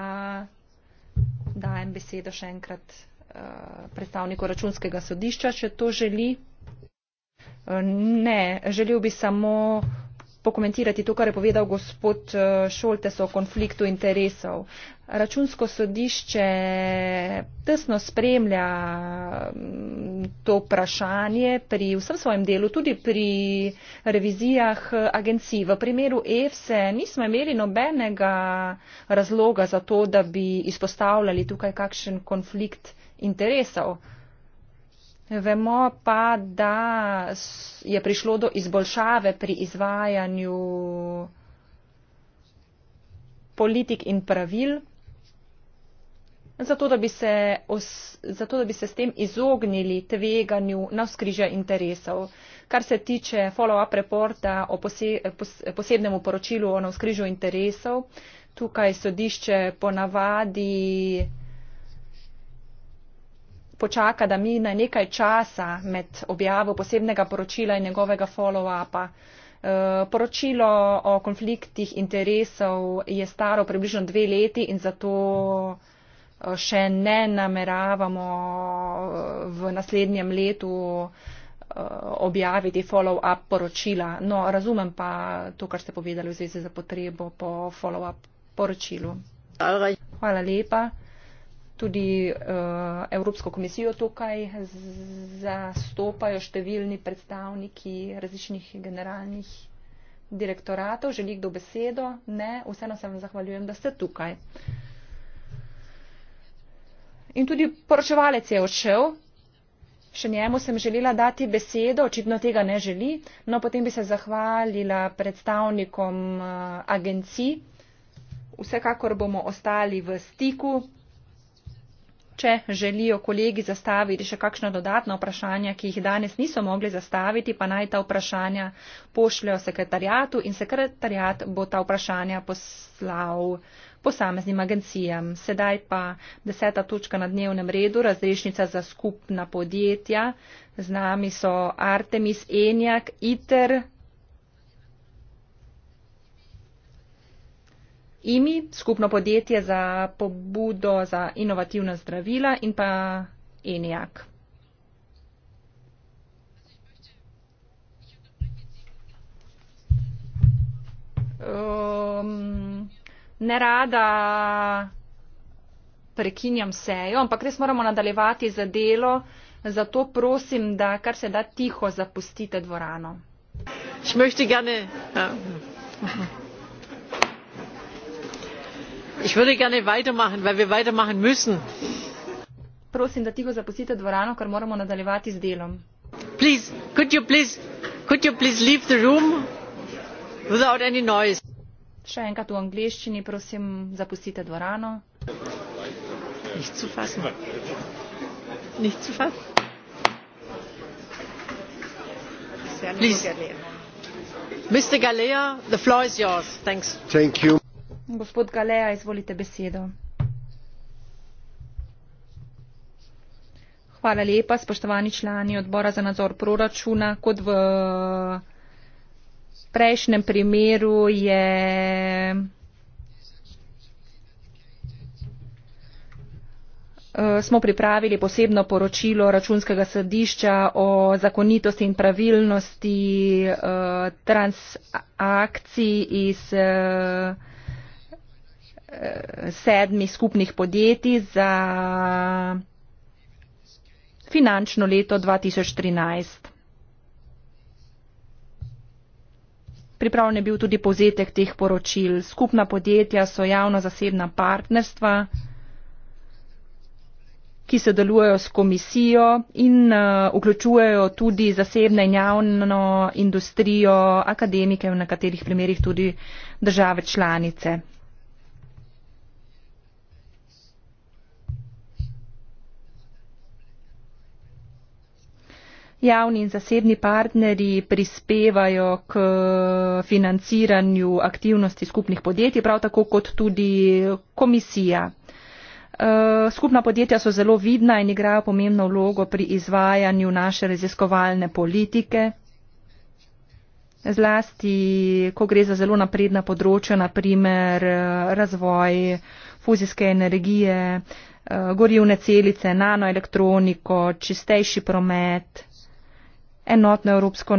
dajem besedo še enkrat eh, predstavniku računskega sodišča, če to želi. Eh, ne, želel bi samo pokomentirati to, kar je povedal gospod eh, Šoltes o konfliktu interesov računsko sodišče tesno spremlja mm, to vprašanje pri vsem svojem delu, tudi pri revizijah agencij. V primeru EFSE nismo imeli nobenega razloga za to, da bi izpostavljali tukaj kakšen konflikt interesov. Vemo pa, da je prišlo do izboljšave pri izvajanju politik in pravil zato da bi se, os, zato, da bi se s tem izognili tveganju navskrižja interesov. Kar se tiče follow-up reporta o pose, posebnemu poročilu o navskrižju interesov, tukaj sodišče ponavadi počaka, da mine nekaj časa med objavo posebnega poročila in njegovega follow-upa. Eh, poročilo o konfliktih interesov je staro približno dve leti in zato še ne nameravamo v naslednjem letu eh, objaviti follow-up poročila. No, razumem pa to, kar ste povedali v zvezi za potrebo po follow-up poročilu. Hvala lepa. Tudi eh, Evropsko komisijo tukaj zastopajo številni predstavniki različnih generalnih direktoratov. Želi kdo besedo? Ne, vseeno se vam zahvaljujem, da ste tukaj in tudi poročevalec je odšel. Še njemu sem želela dati besedo, očitno tega ne želi, no potem bi se zahvalila predstavnikom eh, agencij. Vsekakor bomo ostali v stiku. Če želijo kolegi zastaviti še kakšno dodatno vprašanje, ki jih danes niso mogli zastaviti, pa naj ta vprašanja pošljajo sekretarjatu in sekretarjat bo ta vprašanja poslal posameznim agencijam. Sedaj pa deseta točka na dnevnem redu, razrešnica za skupna podjetja. Z nami so Artemis, Enjak, ITER, IMI, skupno podjetje za pobudo za inovativna zdravila in pa Enjak. Um, nerada prekinjam sejo, ampak res moramo nadaljevati za delo, zato prosim, da kar se da tiho zapustite dvorano. Ja. Ich würde gerne weitermachen, weil wir weitermachen müssen. Prosim, da tiho zapustite dvorano, ker moramo nadaljevati z delom. Please, could you please, could you please leave the room without any noise? Še enkrat v angliščini, prosim, zapustite dvorano. Nicht zu fassen. Nicht zu fassen. Ja Mr. Galea, the floor is yours. Thank you. Gospod Galea, izvolite besedo. Hvala lepa, spoštovani člani odbora za nadzor proračuna. Kot v prejšnjem primeru je smo pripravili posebno poročilo računskega sodišča o zakonitosti in pravilnosti eh, transakcij iz eh, eh, sedmih skupnih podjetij za finančno leto 2013. Pripravljen je bil tudi povzetek teh poročil. Skupna podjetja so javno-zasebna partnerstva, ki se delujejo s komisijo in uh, vključujejo tudi zasebne in javno industrijo, akademike, v nekaterih primerjih tudi države članice. javni in zasebni partnerji prispevajo k financiranju aktivnosti skupnih podjetij, prav tako kot tudi komisija. Eh, skupna podjetja so zelo vidna in igrajo pomembno vlogo pri izvajanju naše raziskovalne politike, zlasti ko gre za zelo napredna področja, naprimer eh, razvoj fuzijske energije, eh, gorivne celice, nanoelektroniko, čistejši promet, enotno evropsko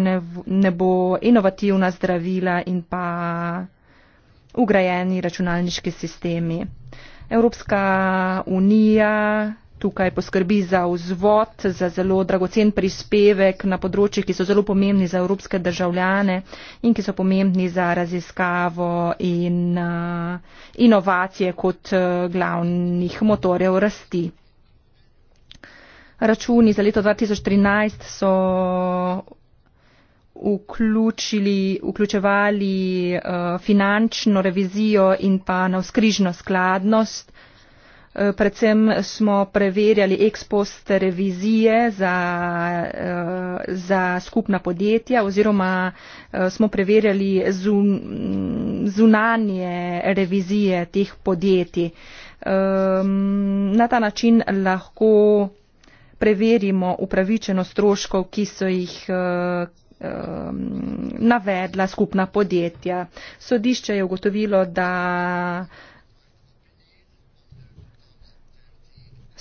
nebo, inovativna zdravila in pa ugrajeni računalniški sistemi. Evropska unija tukaj poskrbi za vzvod, za zelo dragocen prispevek na področjih, ki so zelo pomembni za evropske državljane in ki so pomembni za raziskavo in uh, inovacije kot uh, glavnih motorjev rasti računi za leto 2013 so vključili, vključevali uh, finančno revizijo in pa navskrižno skladnost. Eh, predvsem smo preverjali ekspost revizije za, eh, za skupna podjetja oziroma smo preverjali zun, zunanje revizije teh podjetij. Ehm, na ta način lahko preverimo upravičeno stroškov, ki so jih eh, navedla skupna podjetja. Sodišče je ugotovilo, da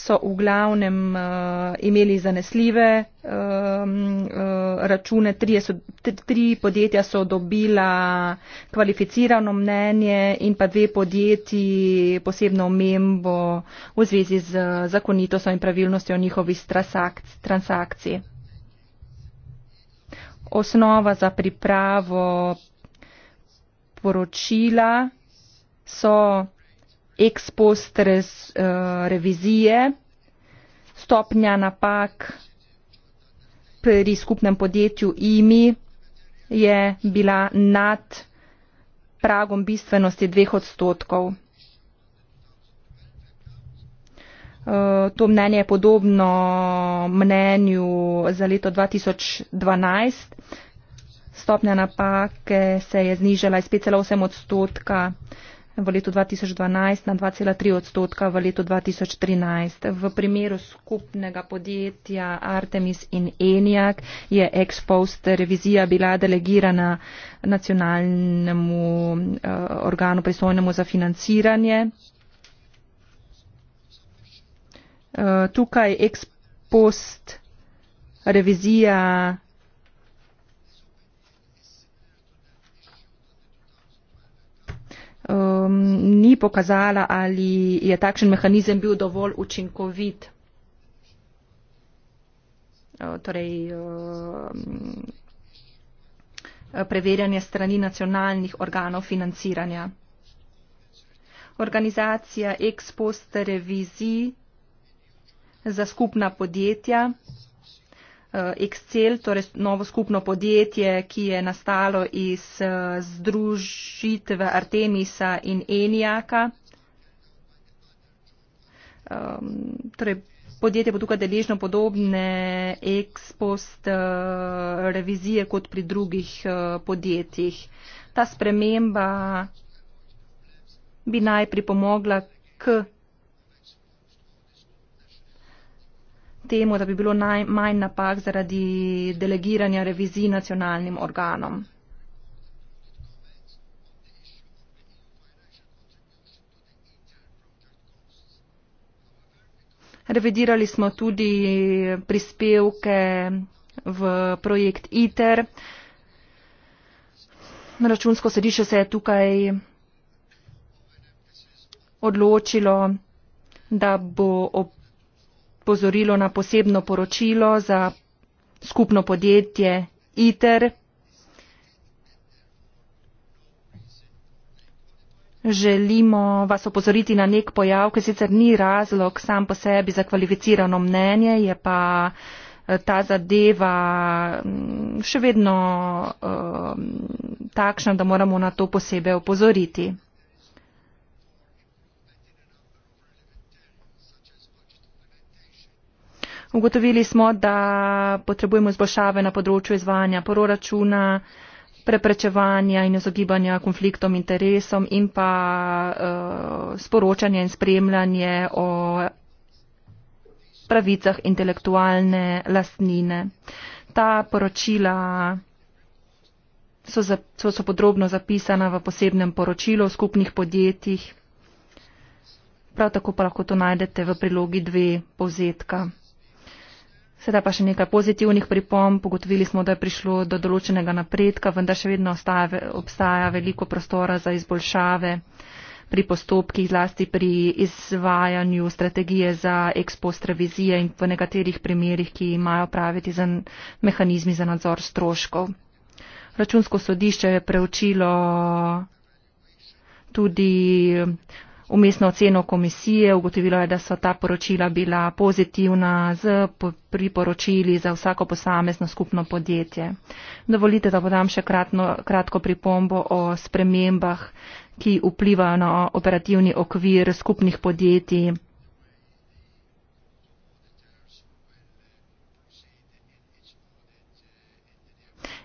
so v glavnem uh, imeli zanesljive uh, uh, račune. Tri, so, tri podjetja so dobila kvalificirano mnenje in pa dve podjetji posebno omembo v zvezi z eh, zakonitostjo in pravilnostjo njihovih transakcij. Osnova za pripravo poročila so ex post res, uh, eh, revizije, stopnja napak pri skupnem podjetju IMI je bila nad pragom bistvenosti dveh odstotkov. Eh, to mnenje je podobno mnenju za leto 2012. Stopnja napake se je znižala iz 5,8 odstotka v letu 2012 na 2,3 odstotka v letu 2013. V primeru skupnega podjetja Artemis in Enijak je ex post revizija bila delegirana nacionalnemu uh, organu pristojnemu za financiranje. Uh, tukaj ex post revizija um, ni pokazala, ali je takšen mehanizem bil dovolj učinkovit. Torej, um, preverjanje strani nacionalnih organov financiranja. Organizacija Expost Revizij za skupna podjetja Eh, Excel, torej novo skupno podjetje, ki je nastalo iz eh, združitve Artemisa in Enijaka. Ehm, torej, podjetje bo tukaj deležno podobne ekspost eh, revizije kot pri drugih podjetjih. Ta sprememba bi naj pripomogla k temu, da bi bilo najmanj napak zaradi delegiranja revizij nacionalnim organom. Revidirali smo tudi prispevke v projekt ITER. Računsko sedišče se je tukaj odločilo, da bo ob pozorilo na posebno poročilo za skupno podjetje ITER. Želimo vas opozoriti na nek pojav, ki sicer ni razlog sam po sebi za kvalificirano mnenje, je pa eh, ta zadeva mm, še vedno uh, takšna, da moramo na to posebej opozoriti. Ugotovili smo, da potrebujemo izboljšave na področju izvajanja proračuna, preprečevanja in izogibanja konfliktom interesom in pa uh, sporočanje in spremljanje o pravicah intelektualne lastnine. Ta poročila so, za, so, so podrobno zapisana v posebnem poročilu o skupnih podjetjih. Prav tako pa lahko to najdete v prilogi dve povzetka. Sedaj pa še nekaj pozitivnih pripomb. Pogotovili smo, da je prišlo do določenega napredka, vendar še vedno ostaja, obstaja veliko prostora za izboljšave pri postopkih, zlasti pri izvajanju strategije za ekspost revizije in v nekaterih primerjih, ki imajo praviti za mehanizmi za nadzor stroškov. Računsko sodišče je preučilo tudi umestno oceno komisije, ugotovilo je, da so ta poročila bila pozitivna z priporočili za vsako posamezno skupno podjetje. Dovolite, da podam še kratno, kratko pripombo o spremembah, ki vplivajo na operativni okvir skupnih podjetij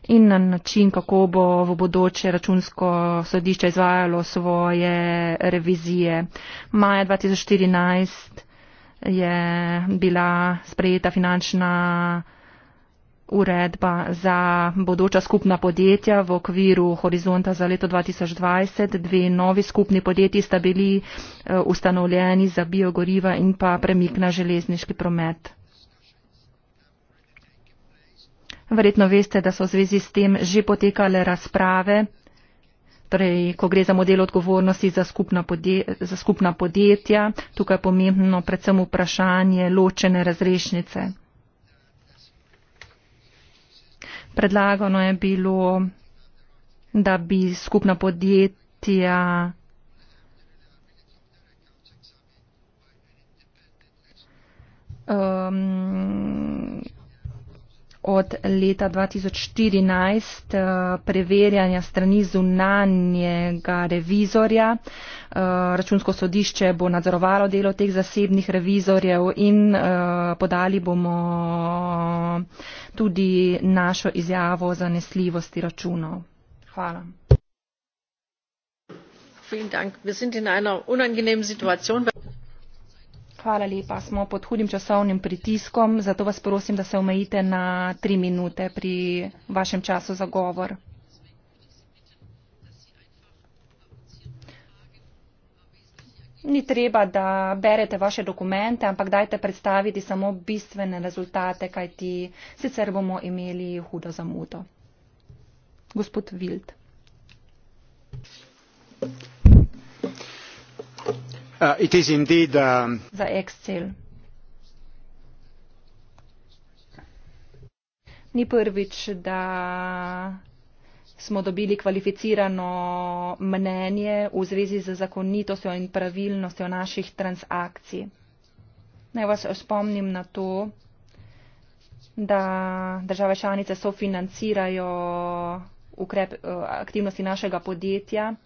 in na način, kako bo v bodoče računsko sodišče izvajalo svoje revizije. Maja 2014 je bila sprejeta finančna uredba za bodoča skupna podjetja v okviru horizonta za leto 2020. Dve novi skupni podjetji sta bili eh, ustanovljeni za biogoriva in pa premik na železniški promet. Verjetno veste, da so v zvezi s tem že potekale razprave, torej, ko gre za model odgovornosti za skupna, podje, za skupna podjetja. Tukaj je pomembno predvsem vprašanje ločene razrešnice. Predlagano je bilo, da bi skupna podjetja. Um, od leta 2014 eh, preverjanja strani zunanjega revizorja. Eh, računsko sodišče bo nadzorovalo delo teh zasebnih revizorjev in eh, podali bomo tudi našo izjavo o zanesljivosti računov. Hvala. Vielen Dank. Wir sind in einer unangenehmen Situation. Hvala lepa. Smo pod hudim časovnim pritiskom, zato vas prosim, da se omejite na tri minute pri vašem času za govor. Ni treba, da berete vaše dokumente, ampak dajte predstaviti samo bistvene rezultate, kajti sicer bomo imeli hudo zamuto. Gospod Vild. Uh, um, za excel ni prvič da smo dobili kvalificirano mnenje v zvezi z zakonitostjo in pravilnostjo naših transakcij naj vas spomnim na to da države članice sofinancirajo ukrep uh, aktivnosti našega podjetja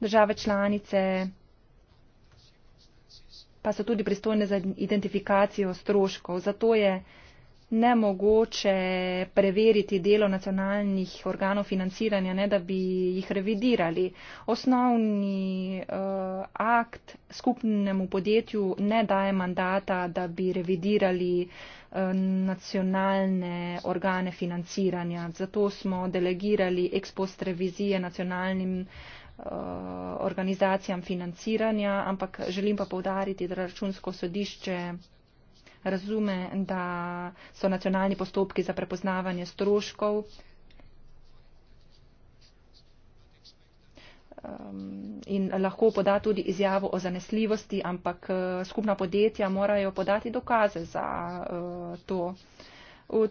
države članice pa so tudi pristojne za identifikacijo stroškov. Zato je nemogoče preveriti delo nacionalnih organov financiranja, ne da bi jih revidirali. Osnovni uh, akt skupnemu podjetju ne daje mandata, da bi revidirali uh, nacionalne organe financiranja. Zato smo delegirali ekspost revizije nacionalnim organom Eh, organizacijam financiranja, ampak želim pa povdariti, da računsko sodišče razume, da so nacionalni postopki za prepoznavanje stroškov ehm, in lahko poda tudi izjavo o zanesljivosti, ampak eh, skupna podjetja morajo podati dokaze za eh, to.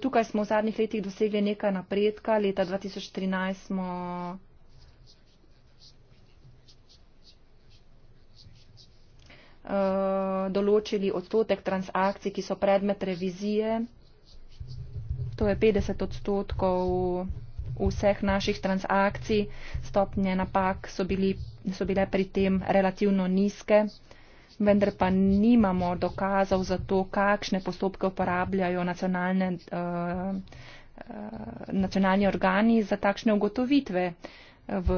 Tukaj smo v zadnjih letih dosegli nekaj napredka. Leta 2013 smo Eh, določili odstotek transakcij, ki so predmet revizije. To je 50 odstotkov vseh naših transakcij. Stopnje napak so, bili, so bile pri tem relativno nizke, vendar pa nimamo dokazov za to, kakšne postopke uporabljajo nacionalne, uh, uh, nacionalni organi za takšne ugotovitve. Uh, v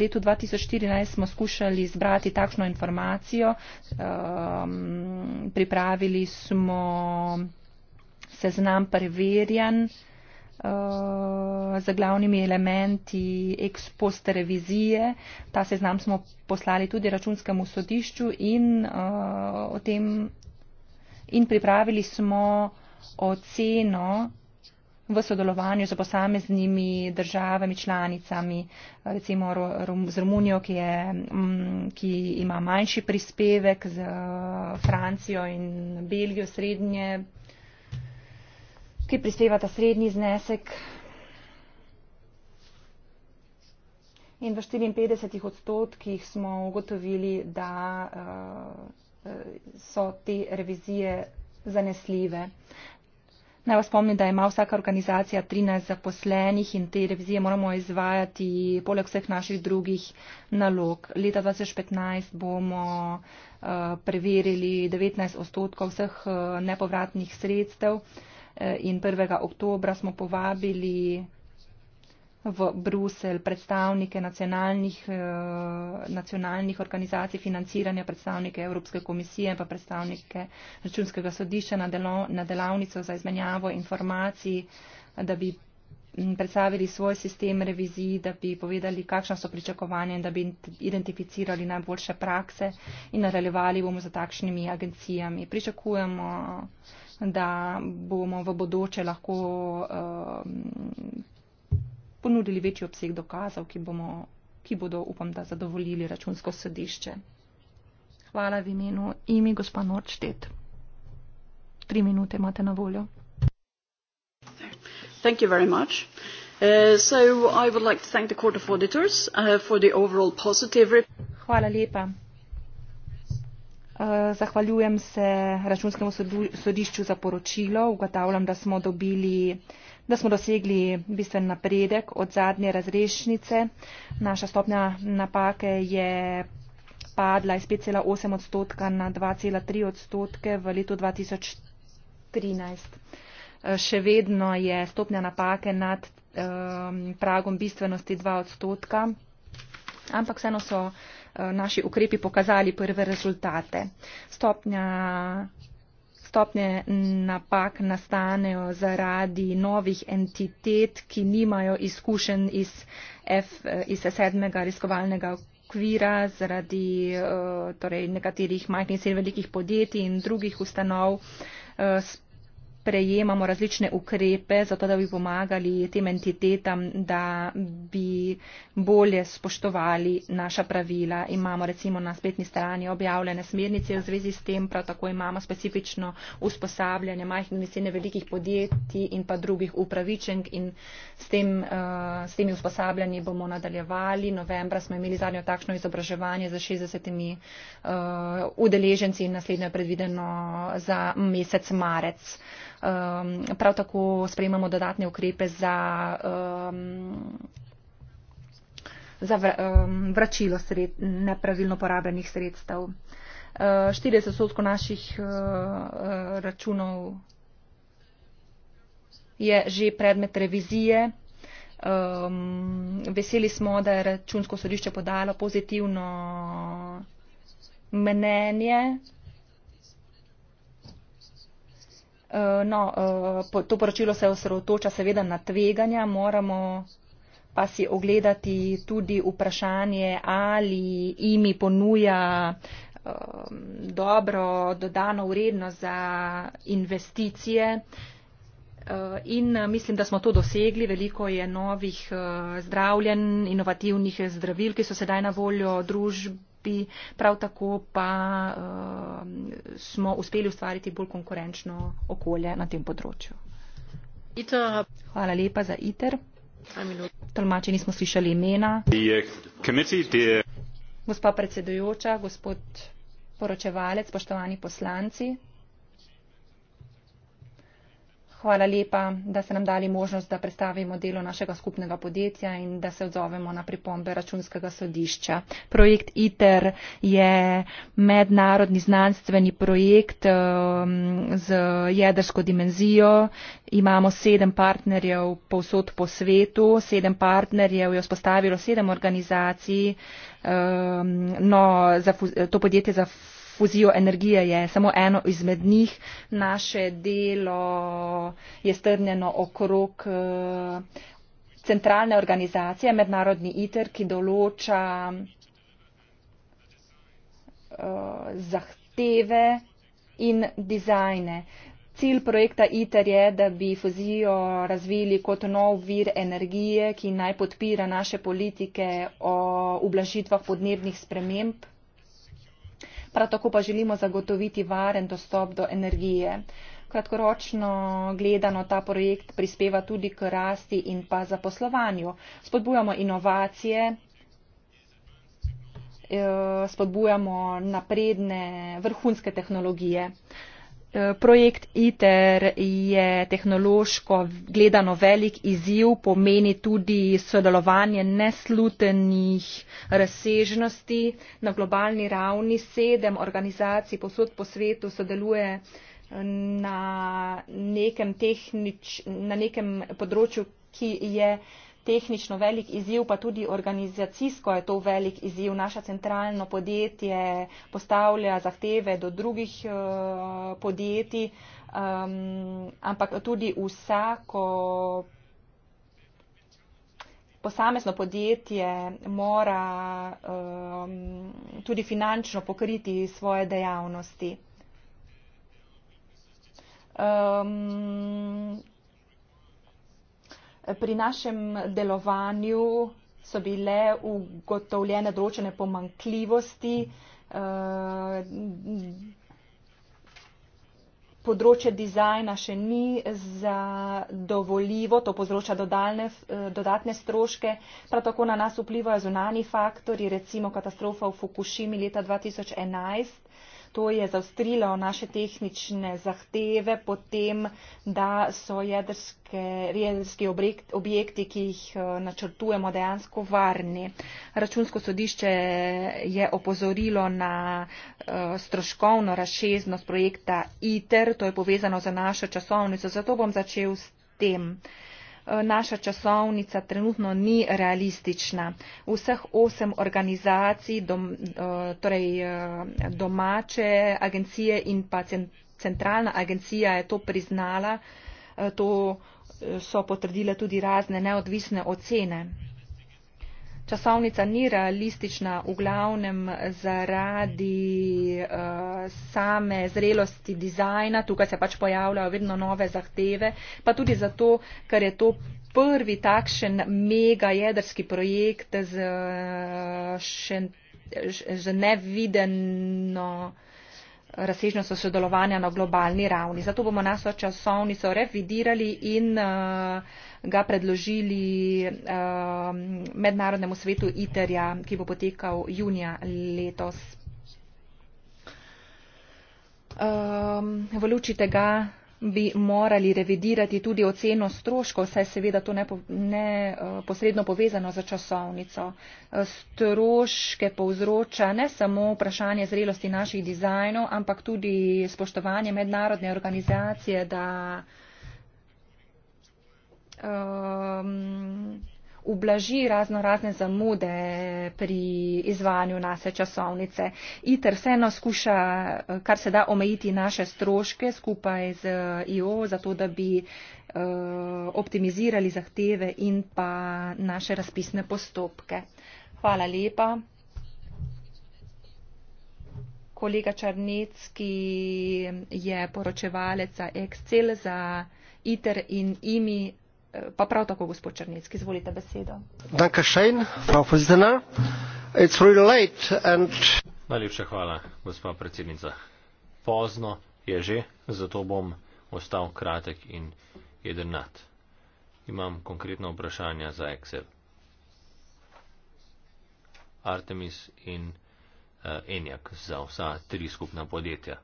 letu 2014 smo skušali zbrati takšno informacijo, um, pripravili smo seznam preverjan uh, eh, za glavnimi elementi ekspost revizije. Ta seznam smo poslali tudi računskemu sodišču in, uh, tem, in pripravili smo oceno v sodelovanju z posameznimi državami, članicami, recimo z Romunijo, ki, je, mm, ki ima manjši prispevek, z Francijo in Belgijo srednje, ki prispevata srednji znesek. In v 54 odstotkih smo ugotovili, da eh, so te revizije zanesljive. Naj vas spomnim, da ima vsaka organizacija 13 zaposlenih in te revizije moramo izvajati poleg vseh naših drugih nalog. Leta 2015 bomo uh, preverili 19 odstotkov vseh uh, nepovratnih sredstev uh, in 1. oktobra smo povabili v Brusel, predstavnike nacionalnih, eh, nacionalnih organizacij financiranja, predstavnike Evropske komisije in pa predstavnike računskega sodišča na, delo, na delavnico za izmenjavo informacij, da bi predstavili svoj sistem revizij, da bi povedali, kakšna so pričakovanja in da bi identificirali najboljše prakse in nadaljevali bomo za takšnimi agencijami. Pričakujemo, da bomo v bodoče lahko eh, ponudili večji obseg dokazov, ki, bomo, ki bodo, upam, da zadovoljili računsko sodišče. Hvala v imenu imi, gospa Norčtet. Tri minute imate na voljo. Thank you very much. Uh, uh, Hvala lepa. Uh, zahvaljujem se računskemu sodišču za poročilo. Ugotavljam, da smo dobili uh, da smo dosegli bistven napredek od zadnje razrešnice. Naša stopnja napake je padla iz 5,8 odstotka na 2,3 odstotke v letu 2013. Še vedno je stopnja napake nad ehm, pragom bistvenosti 2 odstotka, ampak vseeno so eh, naši ukrepi pokazali prve rezultate. Stopnja stopnje napak nastanejo zaradi novih entitet, ki nimajo izkušenj iz, iz sedmega riskovalnega okvira, zaradi eh, torej, nekaterih majhnih in velikih podjetij in drugih ustanov. S eh, prejemamo različne ukrepe, zato da bi pomagali tem entitetam, da bi bolje spoštovali naša pravila. Imamo recimo na spletni strani objavljene smernice v zvezi s tem, prav tako imamo specifično usposabljanje majhnih in srednje velikih podjetij in pa drugih upravičenk in s, tem, uh, s temi usposabljanji bomo nadaljevali. Novembra smo imeli zadnjo takšno izobraževanje za 60 uh, udeleženci in naslednje predvideno za mesec marec. Um, prav tako sprejemamo dodatne ukrepe za. Um, za ehm, vračilo sred, nepravilno porabljenih sredstev. 40 eh, odstotkov naših eh, eh, računov je že predmet revizije. Veseli smo, da je računsko sodišče podalo pozitivno mnenje Eh, no, eh, to poročilo se osredotoča seveda na tveganja, moramo pa si ogledati tudi vprašanje, ali imi ponuja ehm, dobro dodano vrednost za investicije. Eh, in mislim, da smo to dosegli. Veliko je novih zdravljen, inovativnih zdravil, ki so sedaj na voljo družbi Evropi, prav tako pa uh, smo uspeli ustvariti bolj konkurenčno okolje na tem področju. Iter. Hvala lepa za ITER. Tolmači nismo slišali imena. Eh, Gospa predsedujoča, gospod poročevalec, poštovani poslanci. Hvala lepa, da ste nam dali možnost, da predstavimo delo našega skupnega podjetja in da se odzovemo na pripombe računskega sodišča. Projekt ITER je mednarodni znanstveni projekt um, z jedrsko dimenzijo. Imamo sedem partnerjev povsod po svetu, sedem partnerjev je vzpostavilo sedem organizacij, um, no, to podjetje za fuzijo energije je samo eno izmed njih. Naše delo je strnjeno okrog eh, centralne organizacije, mednarodni ITER, ki določa eh, zahteve in dizajne. Cilj projekta ITER je, da bi fuzijo razvili kot nov vir energije, ki naj podpira naše politike o ublažitvah podnebnih sprememb prav tako pa želimo zagotoviti varen dostop do energije. Kratkoročno gledano ta projekt prispeva tudi k rasti in pa zaposlovanju. Spodbujamo inovacije, eh, spodbujamo napredne vrhunske tehnologije. Projekt ITER je tehnološko gledano velik izziv, pomeni tudi sodelovanje neslutenih razsežnosti. Na globalni ravni sedem organizacij posod po svetu sodeluje na nekem, tehnič, na nekem področju, ki je tehnično velik izziv, pa tudi organizacijsko je to velik izziv. Naša centralno podjetje postavlja zahteve do drugih eh, podjetij, ampak tudi vsako posamezno podjetje mora tudi finančno pokriti svoje dejavnosti pri našem delovanju so bile ugotovljene določene pomankljivosti, eh, Področje dizajna še ni zadovoljivo, to povzroča eh, dodatne stroške. Prav tako na nas vplivajo zunani faktori, recimo katastrofa v Fukushimi leta 2011, to je zaustrilo naše tehnične zahteve potem, da so jedrske, jedrski objekt, objekti, ki jih eh, načrtujemo, dejansko varni. Računsko sodišče je opozorilo na uh, stroškovno razšeznost projekta ITER, to je povezano z našo časovnico, zato bom začel s tem. Uh, Eh, naša časovnica trenutno ni realistična. vseh osem organizacij eh, torej eh, domače agencije in pa centralna agencija je to priznala to so potrdile tudi razne neodvisne ocene časovnica ni realistična, v glavnem zaradi uh, same zrelosti dizajna, tukaj se pač pojavljajo vedno nove zahteve, pa tudi zato, ker je to prvi takšen mega jedrski projekt z, uh, še, z nevideno razsežnost sodelovanja na globalni ravni. Zato bomo našo časovnico revidirali in uh, ga predložili uh, mednarodnemu svetu ITER-ja, ki bo potekal junija letos. Um, v luči tega bi morali revidirati tudi oceno stroškov, saj je seveda to neposredno ne, uh, povezano za časovnico. Uh, stroške povzroča ne samo vprašanje zrelosti naših dizajnov, ampak tudi spoštovanje mednarodne organizacije, da uh, Um, ublaži um, razno razne zamude pri izvajanju naše časovnice. ITER vseeno skuša kar se da omejiti naše stroške skupaj z IO, zato da bi uh, optimizirali zahteve in pa naše razpisne postopke. Hvala lepa. Kolega Črnecki je poročevalec za Excel, za ITER in IMI pa prav tako gospod Črnecki, izvolite besedo. Danke Šejn, Frau Fuzina. It's really late and. Najlepša hvala, gospa predsednica. Pozno je že, zato bom ostal kratek in jeden nad. Imam konkretno vprašanje za Excel. Artemis in uh, eh, Enjak za vsa tri skupna podjetja.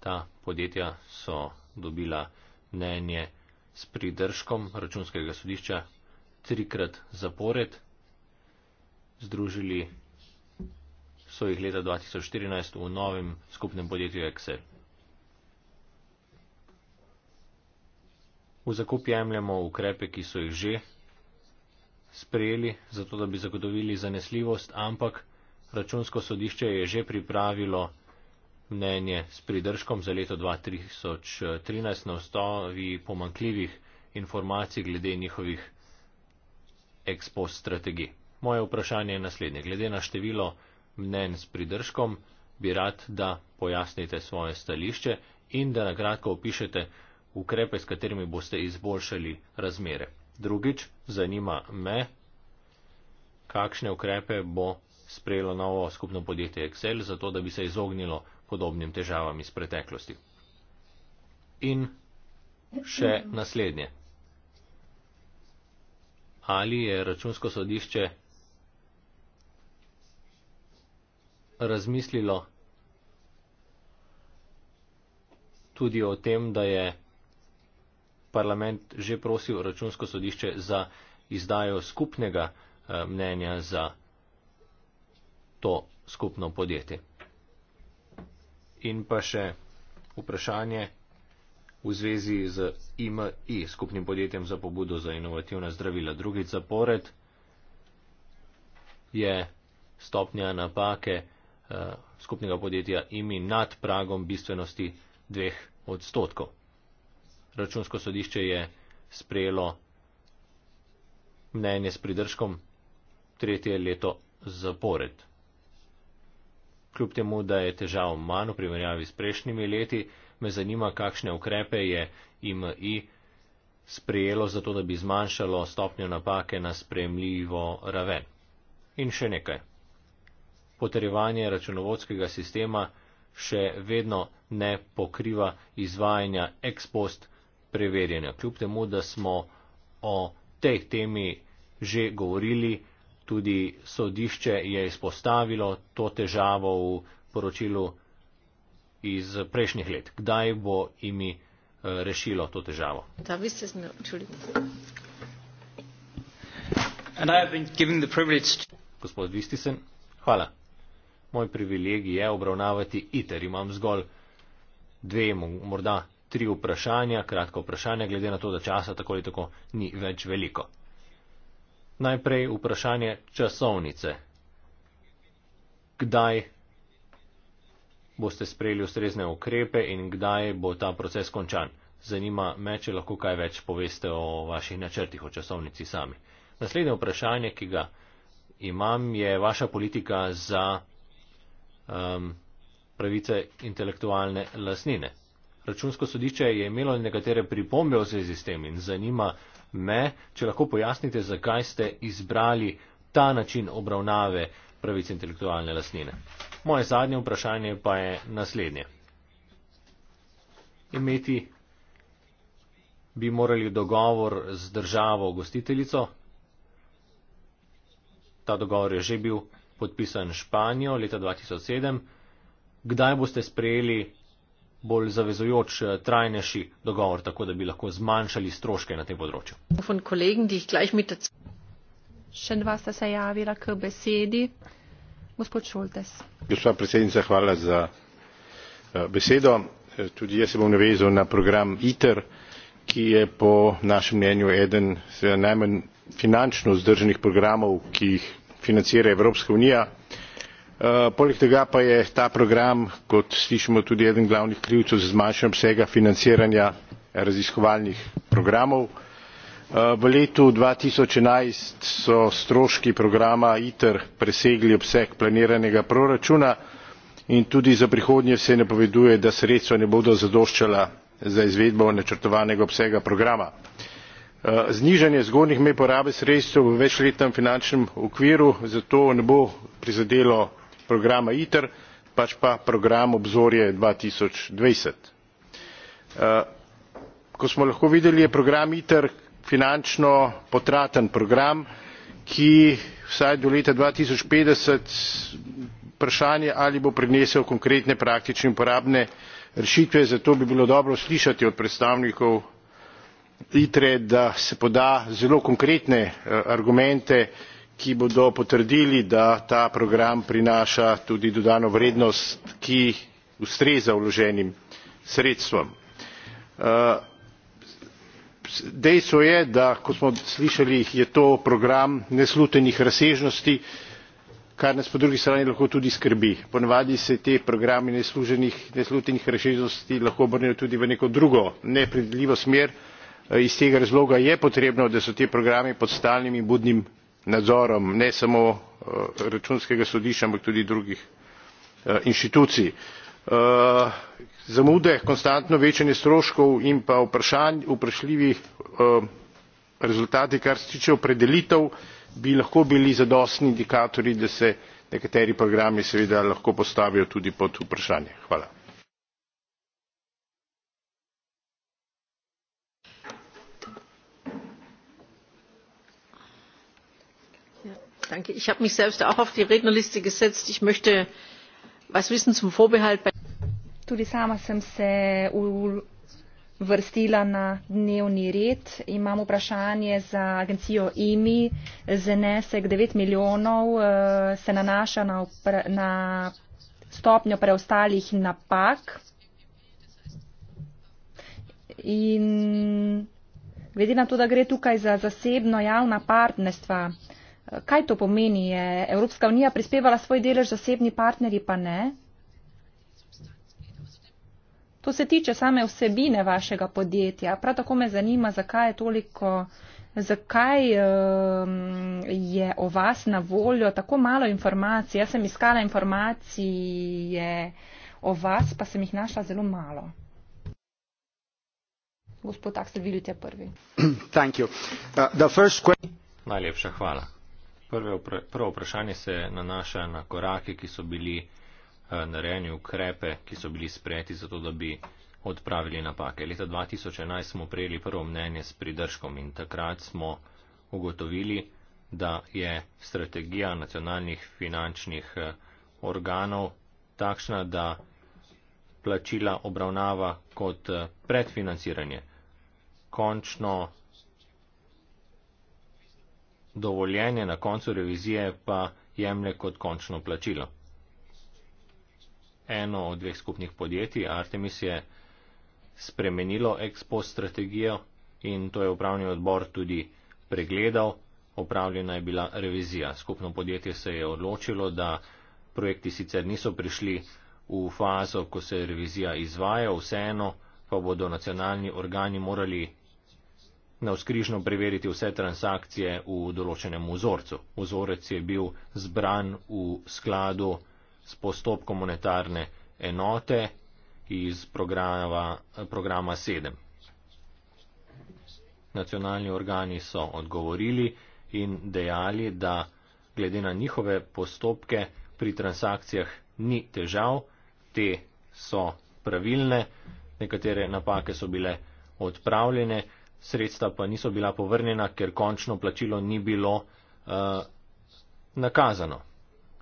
Ta podjetja so dobila mnenje s pridržkom računskega sodišča trikrat zapored. Združili so jih leta 2014 v novem skupnem podjetju Excel. V zakup jemljamo ukrepe, ki so jih že sprejeli, zato da bi zagotovili zanesljivost, ampak računsko sodišče je že pripravilo mnenje s pridržkom za leto 2013 na osnovi pomankljivih informacij glede njihovih ekspost strategij. Moje vprašanje je naslednje. Glede na število mnen s pridržkom bi rad, da pojasnite svoje stališče in da na kratko opišete ukrepe, s katerimi boste izboljšali razmere. Drugič, zanima me, kakšne ukrepe bo sprejelo novo skupno podjetje Excel, zato da bi se izognilo podobnim težavam iz preteklosti. In še naslednje. Ali je računsko sodišče razmislilo tudi o tem, da je parlament že prosil računsko sodišče za izdajo skupnega eh, mnenja za to skupno podjetje? in pa še vprašanje v zvezi z IMI, skupnim podjetjem za pobudo za inovativna zdravila. Drugi zapored je stopnja napake eh, skupnega podjetja IMI nad pragom bistvenosti dveh odstotkov. Računsko sodišče je sprejelo mnenje s pridržkom tretje leto zapored. Kljub temu, da je težav manj v primerjavi s prejšnjimi leti, me zanima, kakšne ukrepe je IMI sprejelo za to, da bi zmanjšalo stopnjo napake na spremljivo raven. In še nekaj. Potrjevanje računovodskega sistema še vedno ne pokriva izvajanja ex post preverjanja. Kljub temu, da smo o tej temi že govorili, tudi sodišče je izpostavilo to težavo v poročilu iz prejšnjih let. Kdaj bo imi eh, rešilo to težavo? Da bi se znali. Gospod Vistisen, hvala. Moj privilegij je obravnavati ITER. Imam zgolj dve, morda tri vprašanja, kratko vprašanje, glede na to, da časa tako ali tako ni več veliko. Najprej vprašanje časovnice. Kdaj boste sprejeli ustrezne ukrepe in kdaj bo ta proces končan? Zanima me, če lahko kaj več poveste o vaših načrtih, o časovnici sami. Naslednje vprašanje, ki ga imam, je vaša politika za um, pravice intelektualne lasnine. Računsko sodišče je imelo nekatere pripombe v zvezi s tem in zanima, me, če lahko pojasnite, zakaj ste izbrali ta način obravnave pravic intelektualne lasnine. Moje zadnje vprašanje pa je naslednje. Imeti bi morali dogovor z državo gostiteljico. Ta dogovor je že bil podpisan Španijo leta 2007. Kdaj boste sprejeli bolj zavezujoč, eh, trajnejši dogovor, tako da bi lahko zmanjšali stroške na tem področju. Še dva sta se javila k besedi. Gospod Šoltes. Gospod predsednica, hvala za eh, besedo. Eh, tudi jaz se bom navezal na program ITER, ki je po našem mnenju eden najmanj finančno vzdržnih programov, ki jih financira Evropska unija. Eh, poleg tega pa je ta program kot slišimo tudi eden glavnih krivcev za zmanjšanje obsega financiranja raziskovalnih programov. Eh, v letu dva tisoč enajst so stroški programa iter presegli obseg planiranega proračuna in tudi za prihodnje se napoveduje da sredstva ne bodo zadoščala za izvedbo načrtovanega obsega programa. Eh, znižanje zgornjih mej porabe sredstev v večletnem finančnem okviru zato ne bo prizadelo programa iter pač pa program obzorje. dva tisoč dvajset eh, kot smo lahko videli je program iter finančno potraten program ki vsaj do leta dva tisoč petdeset vprašanje ali bo prinesel konkretne praktične in uporabne rešitve zato bi bilo dobro slišati od predstavnikov itre da se poda zelo konkretne eh, argumente ki bodo potrdili da ta program prinaša tudi dodano vrednost ki ustreza vloženim sredstvom. Eh, dejstvo je da kot smo slišali je to program neslutenih razsežnosti kar nas po drugi strani lahko tudi skrbi. ponavadi se ti programi neslutenih razsežnosti lahko obrnejo tudi v neko drugo nepredvidljivo smer. Eh, iz tega razloga je potrebno da so ti programi pod stalnim in budnim nadzorom ne samo eh, računskega sodišča ampak tudi drugih eh, inštitucij. Eh, zamude konstantno večanje stroškov in pa vprašljivi rezultati kar se tiče opredelitev bi lahko bili zadostni indikatorji da se nekateri programi seveda lahko postavijo tudi pod vprašanje. ich habe mich selbst auch auf die rednerliste gesetzt. ich möchte etwas wissen zum vorbehalt bei Tudi sama sem se uvrstila na dnevni red. Imam vprašanje za agencijo IMI. E Zenesek 9 milijonov eh, se nanaša na, na stopnjo preostalih napak. In glede na to, da gre tukaj za zasebno javna partnerstva, Kaj to pomeni? Je Evropska unija prispevala svoj delež, zasebni partnerji pa ne? To se tiče same vsebine vašega podjetja. Prav tako me zanima, zakaj je toliko, zakaj um, je o vas na voljo tako malo informacij. Jaz sem iskala informacije o vas, pa sem jih našla zelo malo. Gospod Aksel, vidite prvi. Uh, Najlepša hvala prve, prvo vprašanje se nanaša na korake, ki so bili eh, narejeni, ukrepe, ki so bili sprejeti zato, da bi odpravili napake. Leta 2011 smo prejeli prvo mnenje s pridržkom in takrat smo ugotovili, da je strategija nacionalnih finančnih eh, organov takšna, da plačila obravnava kot eh, predfinanciranje. Končno dovoljenje na koncu revizije pa jemlje kot končno plačilo. Eno od dveh skupnih podjetij, Artemis, je spremenilo ekspost strategijo in to je upravni odbor tudi pregledal, opravljena je bila revizija. Skupno podjetje se je odločilo, da projekti sicer niso prišli v fazo, ko se revizija izvaja, vseeno pa bodo nacionalni organi morali navskrižno preveriti vse transakcije v določenem vzorcu. Vzorec je bil zbran v skladu s postopkom monetarne enote iz programa, programa 7. Nacionalni organi so odgovorili in dejali, da glede na njihove postopke pri transakcijah ni težav, te so pravilne, nekatere napake so bile odpravljene sredstva pa niso bila povrnjena, ker končno plačilo ni bilo uh, nakazano.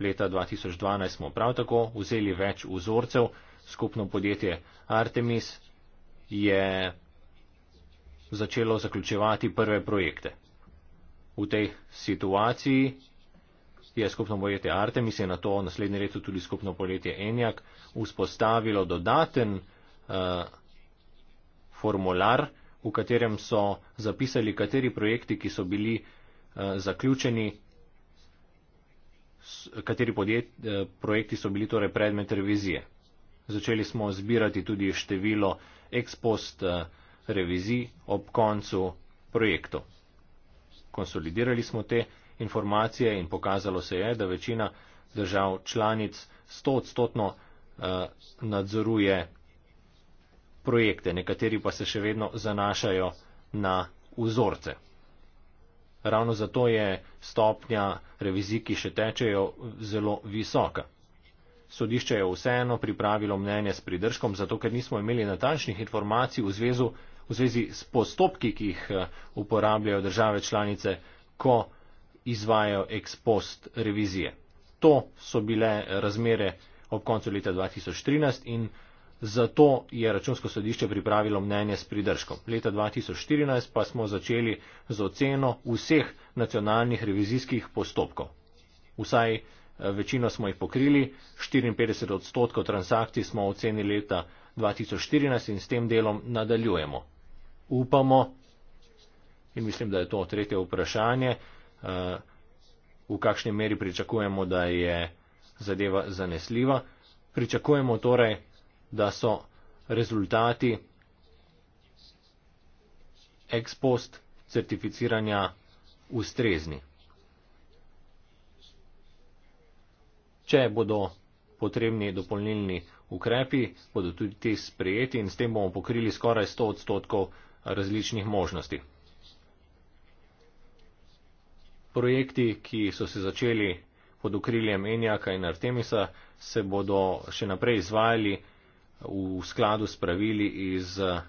Leta 2012 smo prav tako vzeli več vzorcev, skupno podjetje Artemis je začelo zaključevati prve projekte. V tej situaciji je skupno podjetje Artemis in na to naslednje leto tudi skupno podjetje Enjak vzpostavilo dodaten uh, formular, uh, v katerem so zapisali, kateri projekti, ki so bili uh, zaključeni, s, kateri podjet, uh, projekti so bili torej predmet revizije. Začeli smo zbirati tudi število ex post uh, revizij ob koncu projektov. Konsolidirali smo te informacije in pokazalo se je, da večina držav članic 100 odstotno uh, nadzoruje projekte, nekateri pa se še vedno zanašajo na vzorce. Ravno zato je stopnja revizij, ki še tečejo, zelo visoka. Sodišče je vseeno pripravilo mnenje s pridržkom, zato ker nismo imeli natančnih informacij v, zvezu, v zvezi s postopki, ki jih eh, uporabljajo države članice, ko izvajo ex post revizije. To so bile razmere ob koncu leta 2013 in 2014. Zato je računsko sodišče pripravilo mnenje s pridržkom. Leta 2014 pa smo začeli z oceno vseh nacionalnih revizijskih postopkov. Vsaj eh, večino smo jih pokrili, 54 odstotkov transakcij smo ocenili leta 2014 in s tem delom nadaljujemo. Upamo, in mislim, da je to tretje vprašanje, eh, v kakšni meri pričakujemo, da je zadeva zanesljiva. Pričakujemo torej, da so rezultati ex post certificiranja ustrezni. Če bodo potrebni dopolnilni ukrepi, bodo tudi ti sprejeti in s tem bomo pokrili skoraj 100 odstotkov različnih možnosti. Projekti, ki so se začeli pod okriljem Enjaka in Artemisa, se bodo še naprej izvajali v skladu s pravili iz eh,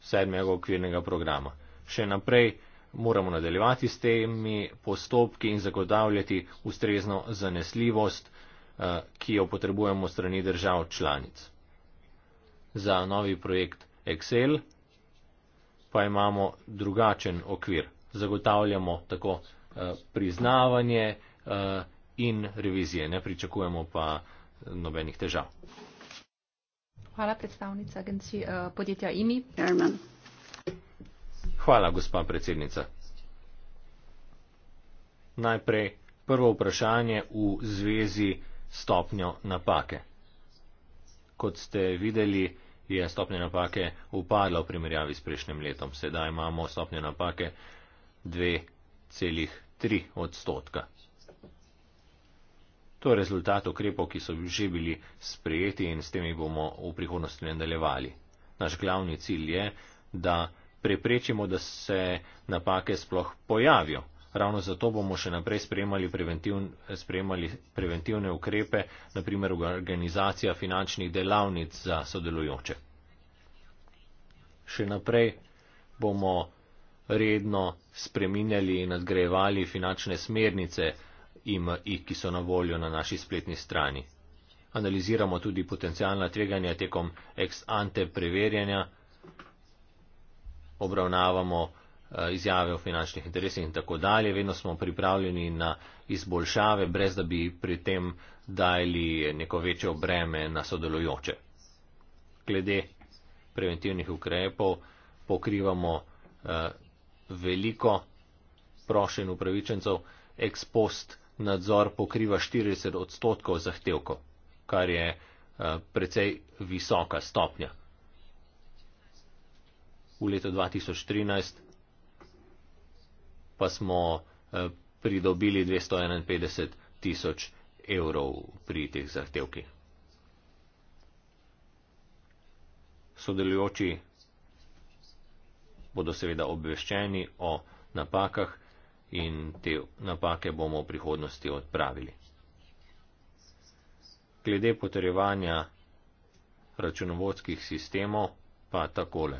sedmega okvirnega programa. Še naprej moramo nadaljevati s temi postopki in zagotavljati ustrezno zanesljivost, eh, ki jo potrebujemo strani držav članic. Za novi projekt Excel pa imamo drugačen okvir. Zagotavljamo tako eh, priznavanje in revizije. Ne pričakujemo pa nobenih težav. Hvala, predstavnica agencije uh, podjetja IMI. German. Hvala, gospa predsednica. Najprej prvo vprašanje v zvezi stopnjo napake. Kot ste videli, je stopnja napake upadla v primerjavi s prejšnjim letom. Sedaj imamo stopnjo napake 2,3 odstotka. To je rezultat ukrepov, ki so že bili sprejeti in s temi bomo v prihodnosti nadaljevali. Naš glavni cilj je, da preprečimo, da se napake sploh pojavijo. Ravno zato bomo še naprej sprejemali, preventiv, sprejemali preventivne ukrepe, naprimer organizacija finančnih delavnic za sodelujoče. Še naprej bomo redno spreminjali in nadgrejevali finančne smernice IMI, ki so na voljo na naši spletni strani. Analiziramo tudi potencijalna tveganja tekom ex ante preverjanja, obravnavamo eh, izjave o finančnih interesih in tako dalje. Vedno smo pripravljeni na izboljšave, brez da bi pri tem dali neko večje breme na sodelujoče. Glede preventivnih ukrepov pokrivamo eh, veliko prošen upravičencev, ex post upravičencev nadzor pokriva 40 odstotkov zahtevkov, kar je eh, precej visoka stopnja. V letu 2013 pa smo eh, pridobili 251 tisoč evrov pri teh zahtevkih. Sodelujoči bodo seveda obveščeni o napakah in te napake bomo v prihodnosti odpravili. Glede potrjevanja računovodskih sistemov pa takole.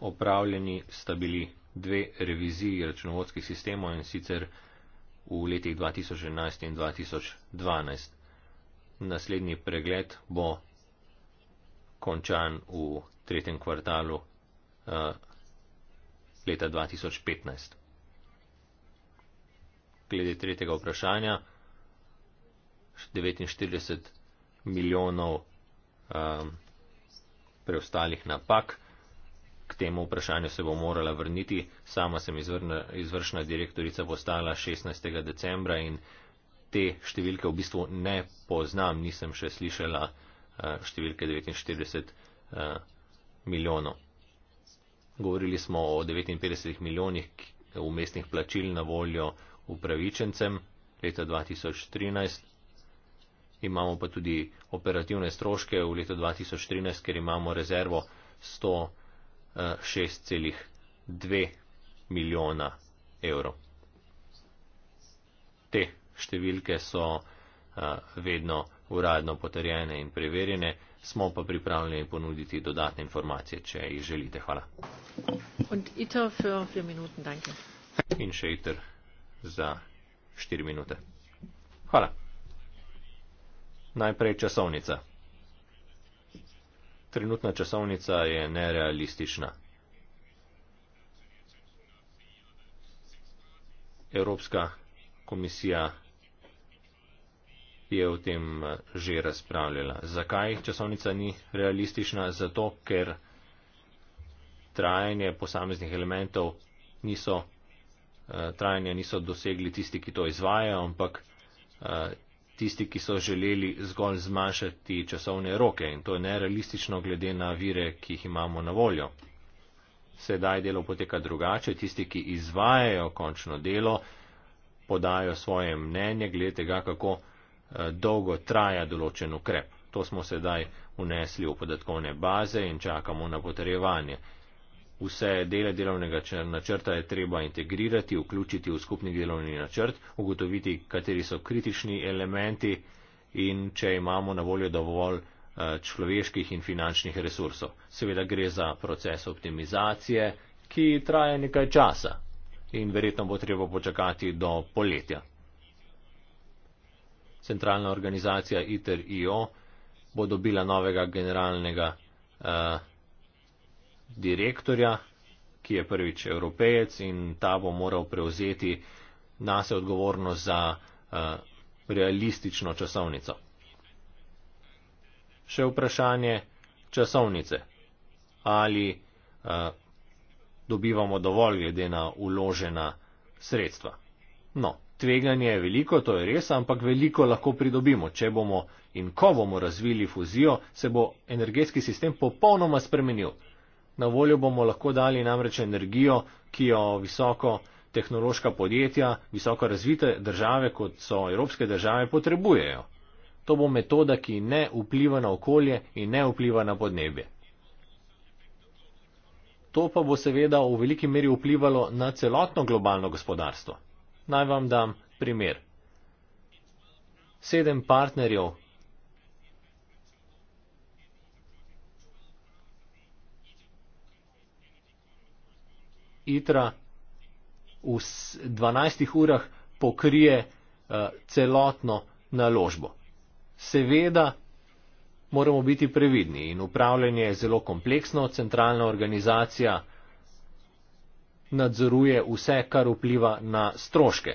Opravljeni sta bili dve reviziji računovodskih sistemov in sicer v letih 2011 in 2012. Naslednji pregled bo končan v tretjem kvartalu eh, leta 2015. Glede tretjega vprašanja, 49 milijonov um, preostalih napak, k temu vprašanju se bo morala vrniti. Sama sem izvrna, izvršna direktorica postala 16. decembra in te številke v bistvu ne poznam, nisem še slišala uh, številke 49 uh, milijonov. Govorili smo o 59 milijonih umestnih plačil na voljo upravičencem leta 2013. Imamo pa tudi operativne stroške v letu 2013, ker imamo rezervo 106,2 eh, milijona evrov. Te številke so eh, vedno uradno potrjene in preverjene, smo pa pripravljeni ponuditi dodatne informacije, če jih želite. Hvala. In še iter za štiri minute. Hvala. Najprej časovnica. Trenutna časovnica je nerealistična. Evropska komisija je o tem eh, že razpravljala. Zakaj časovnica ni realistična? Zato, ker trajanje posameznih elementov niso, eh, trajanje niso dosegli tisti, ki to izvajajo, ampak eh, tisti, ki so želeli zgolj zmanjšati časovne roke in to je nerealistično glede na vire, ki jih imamo na voljo. Sedaj delo poteka drugače, tisti, ki izvajajo končno delo, podajo svoje mnenje glede tega, kako Eh, dolgo traja določen ukrep. To smo sedaj unesli v podatkovne baze in čakamo na potrejevanje. Vse dele delovnega načrta je treba integrirati, vključiti v skupni delovni načrt, ugotoviti, kateri so kritični elementi in če imamo na voljo dovolj eh, človeških in finančnih resursov. Seveda gre za proces optimizacije, ki traja nekaj časa in verjetno bo treba počakati do poletja centralna organizacija ITER-IO bo dobila novega generalnega uh, direktorja, ki je prvič evropejec in ta bo moral prevzeti nase odgovornost za uh, realistično časovnico. Še vprašanje časovnice. Ali uh, dobivamo dovolj glede na uložena sredstva? No, tveganje je veliko, to je res, ampak veliko lahko pridobimo. Če bomo in ko bomo razvili fuzijo, se bo energetski sistem popolnoma spremenil. Na voljo bomo lahko dali namreč energijo, ki jo visoko tehnološka podjetja, visoko razvite države, kot so evropske države, potrebujejo. To bo metoda, ki ne vpliva na okolje in ne vpliva na podnebje. To pa bo seveda v veliki meri vplivalo na celotno globalno gospodarstvo. Naj vam dam primer. Sedem partnerjev. Itra v 12 urah pokrije uh, celotno naložbo. Seveda moramo biti previdni in upravljanje je zelo kompleksno, centralna organizacija nadzoruje vse, kar vpliva na stroške.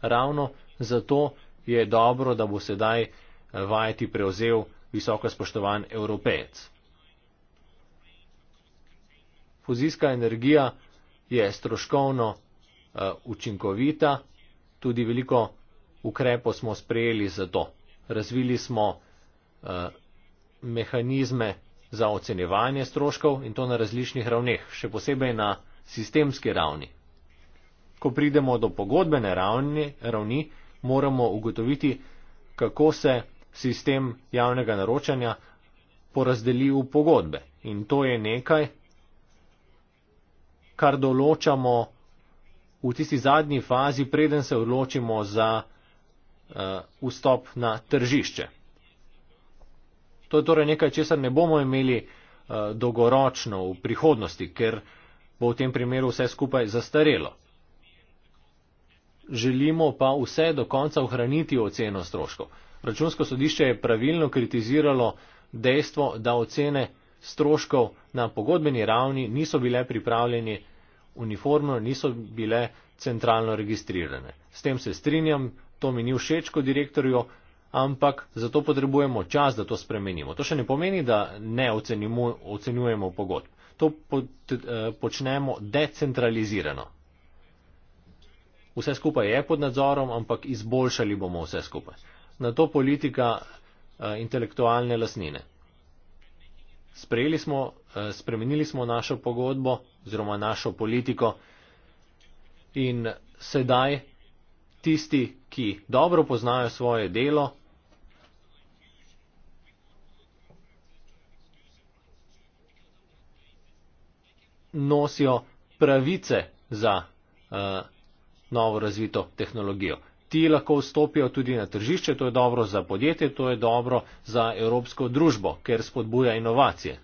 Ravno zato je dobro, da bo sedaj eh, vajeti prevzel visoko spoštovan evropejec. Fuzijska energija je stroškovno eh, učinkovita, tudi veliko ukrepov smo sprejeli za to. Razvili smo eh, mehanizme za ocenjevanje stroškov in to na različnih ravneh, še posebej na sistemski ravni. Ko pridemo do pogodbene ravni, ravni moramo ugotoviti, kako se sistem javnega naročanja porazdeli v pogodbe. In to je nekaj, kar določamo v tisti zadnji fazi, preden se odločimo za uh, vstop na tržišče. To je torej nekaj, česar ne bomo imeli eh, dolgoročno v prihodnosti, ker bo v tem primeru vse skupaj zastarelo. Želimo pa vse do konca ohraniti oceno stroškov. Računsko sodišče je pravilno kritiziralo dejstvo, da ocene stroškov na pogodbeni ravni niso bile pripravljene uniformno, niso bile centralno registrirane. S tem se strinjam, to mi ni všeč kot direktorju, ampak zato potrebujemo čas, da to spremenimo. To še ne pomeni, da ne ocenimo, ocenjujemo pogodb. To po, t, eh, počnemo decentralizirano. Vse skupaj je pod nadzorom, ampak izboljšali bomo vse skupaj. Na to politika uh, intelektualne lasnine. Sprejeli smo, uh, spremenili smo našo pogodbo oziroma našo politiko in sedaj tisti, ki dobro poznajo svoje delo, nosijo pravice za uh, novo razvito tehnologijo. Ti lahko vstopijo tudi na tržišče, to je dobro za podjetje, to je dobro za evropsko družbo, ker spodbuja inovacije.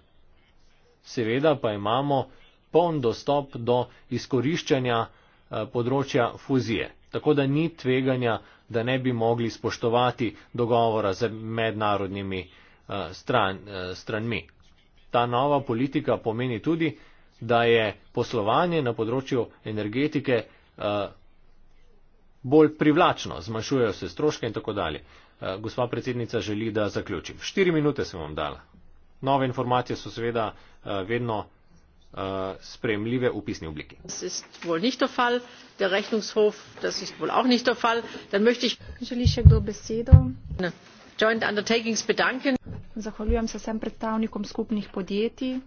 Seveda pa imamo poln dostop do izkoriščanja uh, področja fuzije. Tako da ni tveganja, da ne bi mogli spoštovati dogovora z mednarodnimi uh, stran, uh, stranmi. Ta nova politika pomeni tudi, da je poslovanje na področju energetike eh, bolj privlačno, zmanjšujejo se stroške in tako dalje. Eh, gospa predsednica želi, da zaključim. Štiri minute sem vam dala. Nove informacije so seveda eh, vedno spremljive v pisni obliki. Zahvaljujem se vsem predstavnikom skupnih podjetij.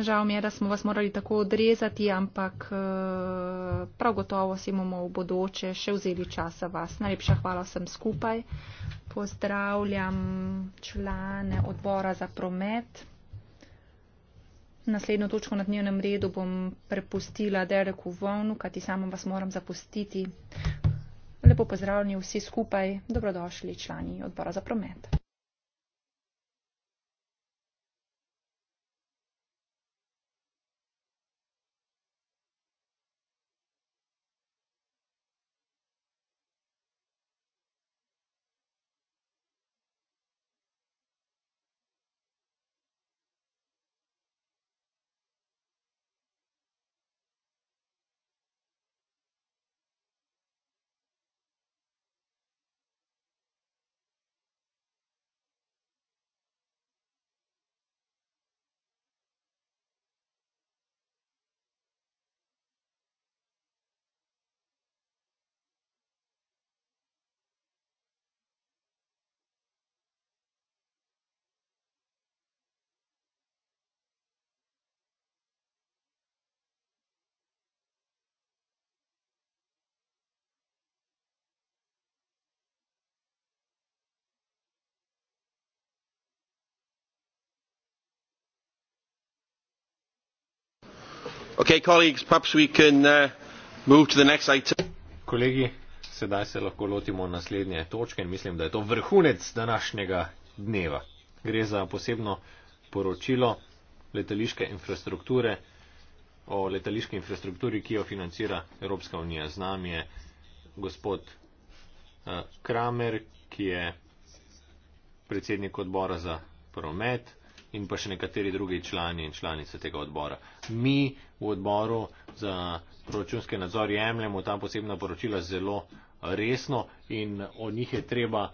Žal mi je, da smo vas morali tako odrezati, ampak eh, prav gotovo si bomo v bodoče še vzeli časa vas. Najlepša hvala vsem skupaj. Pozdravljam člane odbora za promet. Naslednjo točko na dnevnem redu bom prepustila Dereku Vonu, kajti samo vas moram zapustiti. Lepo pozdravljeni vsi skupaj, dobrodošli člani odbora za promet. Uh, kolegi sedaj se lahko lotimo naslednje točke in mislim da je to vrhunec današnjega dneva gre za posebno poročilo letališke infrastrukture o letališki infrastrukturi ki jo financira Evropska unija z nami je gospod eh, Kramer ki je predsednik odbora za promet in pa še nekateri drugi člani in članice tega odbora. Mi v odboru za proračunske nadzor jemljemo ta posebna poročila zelo resno in o njih je treba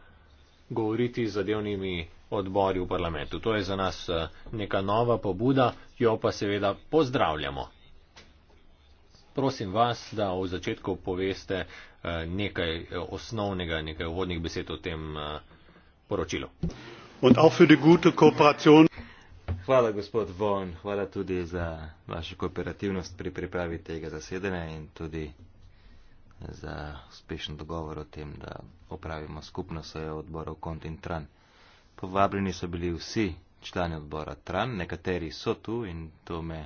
govoriti z zadevnimi odbori v parlamentu. To je za nas eh, neka nova pobuda, jo pa seveda pozdravljamo. Prosim vas, da v začetku poveste eh, nekaj eh, osnovnega, nekaj uvodnih besed o tem poročilu. Und auch für die gute Kooperation. Hvala, gospod Von, hvala tudi za vašo kooperativnost pri pripravi tega zasedanja in tudi za uspešen dogovor o tem, da opravimo skupno sojo odborov Kont in Tran. Povabljeni so bili vsi člani odbora Tran, nekateri so tu in to me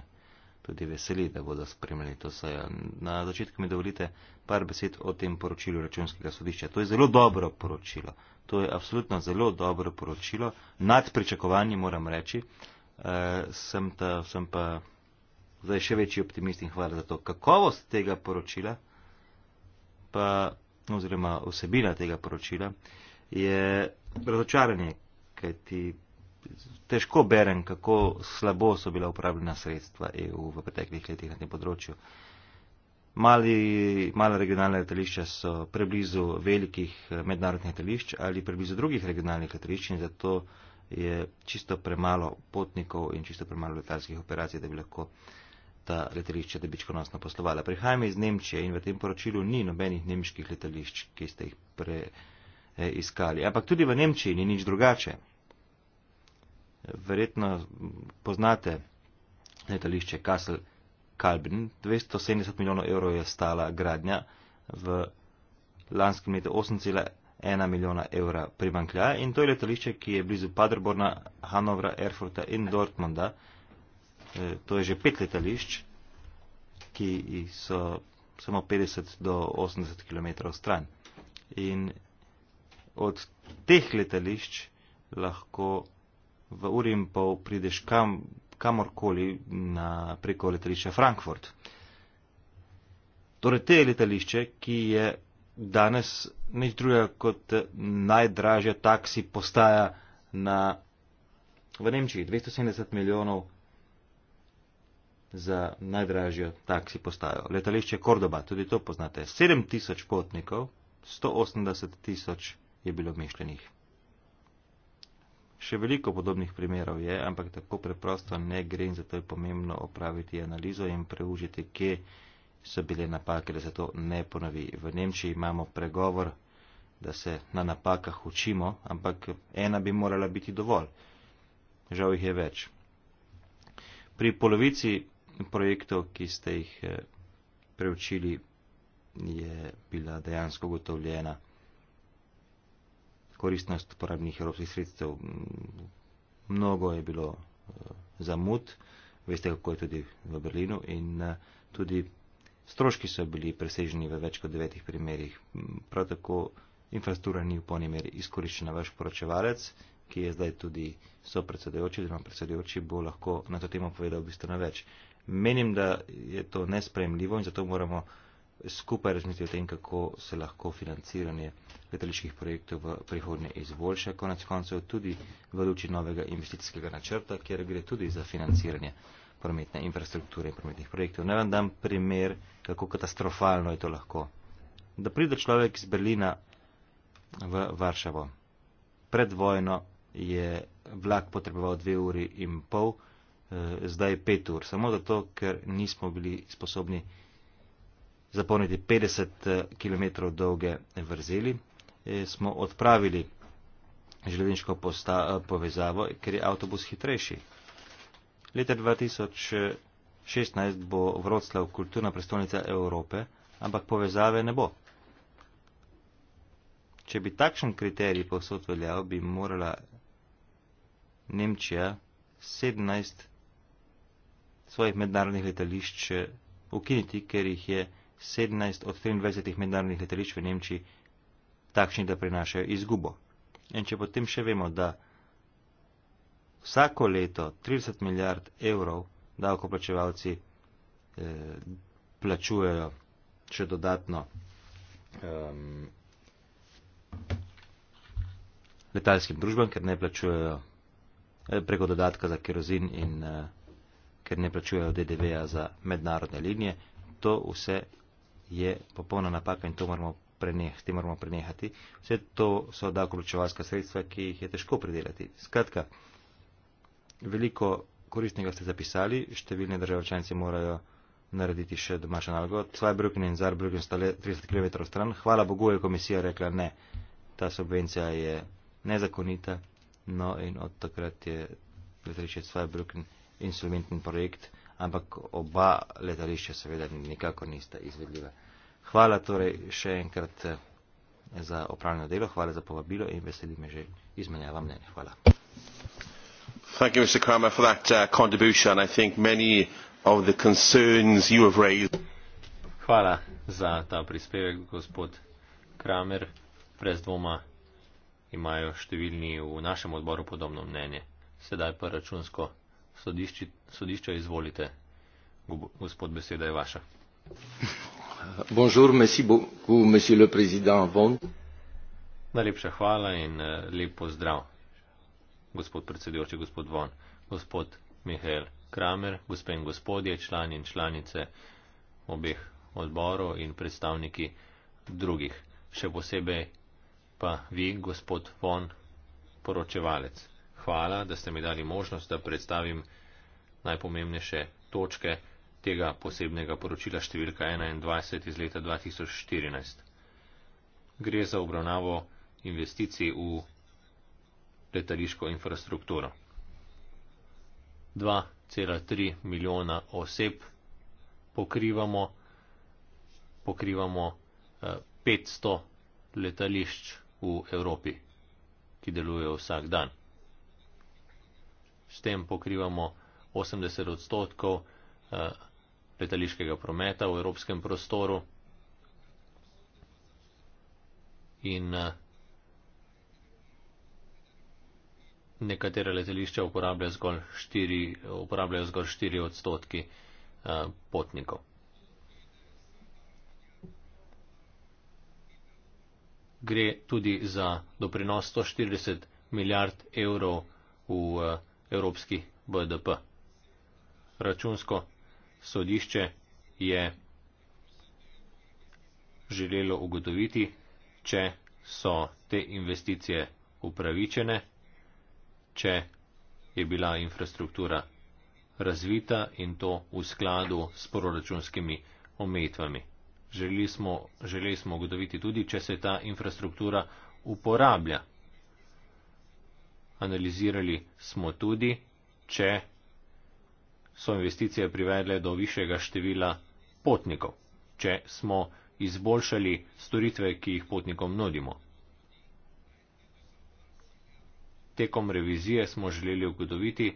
tudi veseli, da bodo spremljali to sojo. Na začetku mi dovolite par besed o tem poročilu računskega sodišča. To je zelo dobro poročilo. To je absolutno zelo dobro poročilo. Nad pričakovanji moram reči, Eh, sem, ta, sem pa zdaj še večji optimist in hvala za to. Kakovost tega poročila, pa, oziroma vsebina tega poročila, je razočaranje, kajti težko berem, kako slabo so bila upravljena sredstva EU v preteklih letih na tem področju. Mali, mala regionalna letališča so preblizu velikih eh, mednarodnih letališč ali preblizu drugih regionalnih letališč in zato je čisto premalo potnikov in čisto premalo letalskih operacij, da bi lahko ta letališča debičkonosno poslovala. Prihajam iz Nemčije in v tem poročilu ni nobenih nemških letališč, ki ste jih preiskali. Ampak tudi v Nemčiji ni nič drugače. Verjetno poznate letališče Kassel Kalbin. 270 milijonov evrov je stala gradnja v lanskem letu ena milijona evra primankljaja in to je letališče, ki je blizu Paderborna, Hanovra, Erfurta in Dortmunda. E, to je že pet letališč, ki so samo 50 do 80 km stran. In od teh letališč lahko v uri in pol prideš kam, kamorkoli na, preko letališča Frankfurt. Torej, te letališče, ki je danes nič druga kot eh, najdražja taksi postaja na, v Nemčiji. 270 milijonov za najdražjo taksi postajo. Letališče Kordoba, tudi to poznate. 7 tisoč potnikov, 180 tisoč je bilo mišljenih. Še veliko podobnih primerov je, ampak tako preprosto ne gre in zato je pomembno opraviti analizo in preužiti, kje so bile napake, da se to ne ponovi. V Nemčiji imamo pregovor, da se na napakah učimo, ampak ena bi morala biti dovolj. Žal jih je več. Pri polovici projektov, ki ste jih eh, preučili, je bila dejansko gotovljena koristnost uporabnih evropskih sredstev. Mnogo je bilo eh, zamud, veste, kako je tudi v Berlinu in eh, tudi Stroški so bili preseženi v več kot devetih primerjih. Prav tako infrastruktura ni v polni meri izkoriščena. Vaš poročevalec, ki je zdaj tudi sopredsedujoči, oziroma predsedujoči, bo lahko na to temo povedal bistveno več. Menim, da je to nespremljivo in zato moramo skupaj razmisliti o tem, kako se lahko financiranje letaliških projektov v prihodnje izboljša, konec koncev tudi v luči novega investicijskega načrta, kjer gre tudi za financiranje prometne infrastrukture in prometnih projektov. Naj vam dam primer, kako katastrofalno je to lahko. Da pride človek iz Berlina v Varšavo. Pred vojno je vlak potreboval dve uri in pol, eh, zdaj je pet ur. Samo zato, ker nismo bili sposobni zapolniti 50 eh, km dolge vrzeli, eh, smo odpravili železniško povezavo, ker je avtobus hitrejši. Leta 2016 bo Vroclav kulturna prestolnica Evrope, ampak povezave ne bo. Če bi takšen kriterij posod veljal, bi morala Nemčija 17 svojih mednarodnih letališč eh, ukiniti, ker jih je 17 od 23 mednarodnih letališč v Nemčiji takšni, da prinašajo izgubo. In če potem še vemo, da vsako leto 30 milijard evrov davkoplačevalci eh, plačujejo še dodatno um, letalskim družbam, ker ne plačujejo eh, preko dodatka za kerozin in eh, ker ne plačujejo DDV-ja za mednarodne linije. To vse je popolna napaka in to moramo, preneh, te moramo prenehati. Vse to so davkoplačevalska sredstva, ki jih je težko pridelati. Skratka, veliko koristnega ste zapisali, številne države članice morajo narediti še domačo nalogo. Cvajbrugin in Zarbrugin sta le 30 km stran. Hvala Bogu je komisija rekla ne, ta subvencija je nezakonita. No in od takrat je letališče Cvajbrugin insolventen projekt, ampak oba letališča seveda nikako nista izvedljiva. Hvala torej še enkrat eh, za opravljeno delo, hvala za povabilo in veselime že izmenjava mnenje. Hvala. Thank you, Mr. Cramer, for that uh, contribution. I think many of the concerns you have raised. Hvala za ta prispevek, gospod Kramer. Brez dvoma imajo številni v našem odboru podobno mnenje. Sedaj pa računsko sodišči, sodišče izvolite. Gospod, beseda je vaša. Bonjour, merci beaucoup, monsieur le président. Bon. Najlepša hvala in uh, lep pozdrav, gospod predsedujoči, gospod Von, gospod Mihael Kramer, gospe in gospodje, člani in članice obeh odborov in predstavniki drugih, še posebej pa vi, gospod Von, poročevalec. Hvala, da ste mi dali možnost, da predstavim najpomembnejše točke tega posebnega poročila številka 21 iz leta 2014. Gre za obravnavo investicij v letališko infrastrukturo. 2,3 milijona oseb pokrivamo, pokrivamo 500 eh, letališč v Evropi, ki delujejo vsak dan. S tem pokrivamo 80 odstotkov eh, letališkega prometa v evropskem prostoru in eh, nekatere letališče uporabljajo zgolj štiri, uporabljajo zgolj štiri odstotki eh, potnikov. Gre tudi za doprinos 140 milijard evrov v eh, evropski BDP. Računsko sodišče je želelo ugotoviti, če so te investicije upravičene če je bila infrastruktura razvita in to v skladu s proračunskimi omejitvami. Želeli smo, želeli smo ugotoviti tudi, če se ta infrastruktura uporablja. Analizirali smo tudi, če so investicije privedle do višjega števila potnikov, če smo izboljšali storitve, ki jih potnikom nudimo. tekom revizije smo želeli ugotoviti,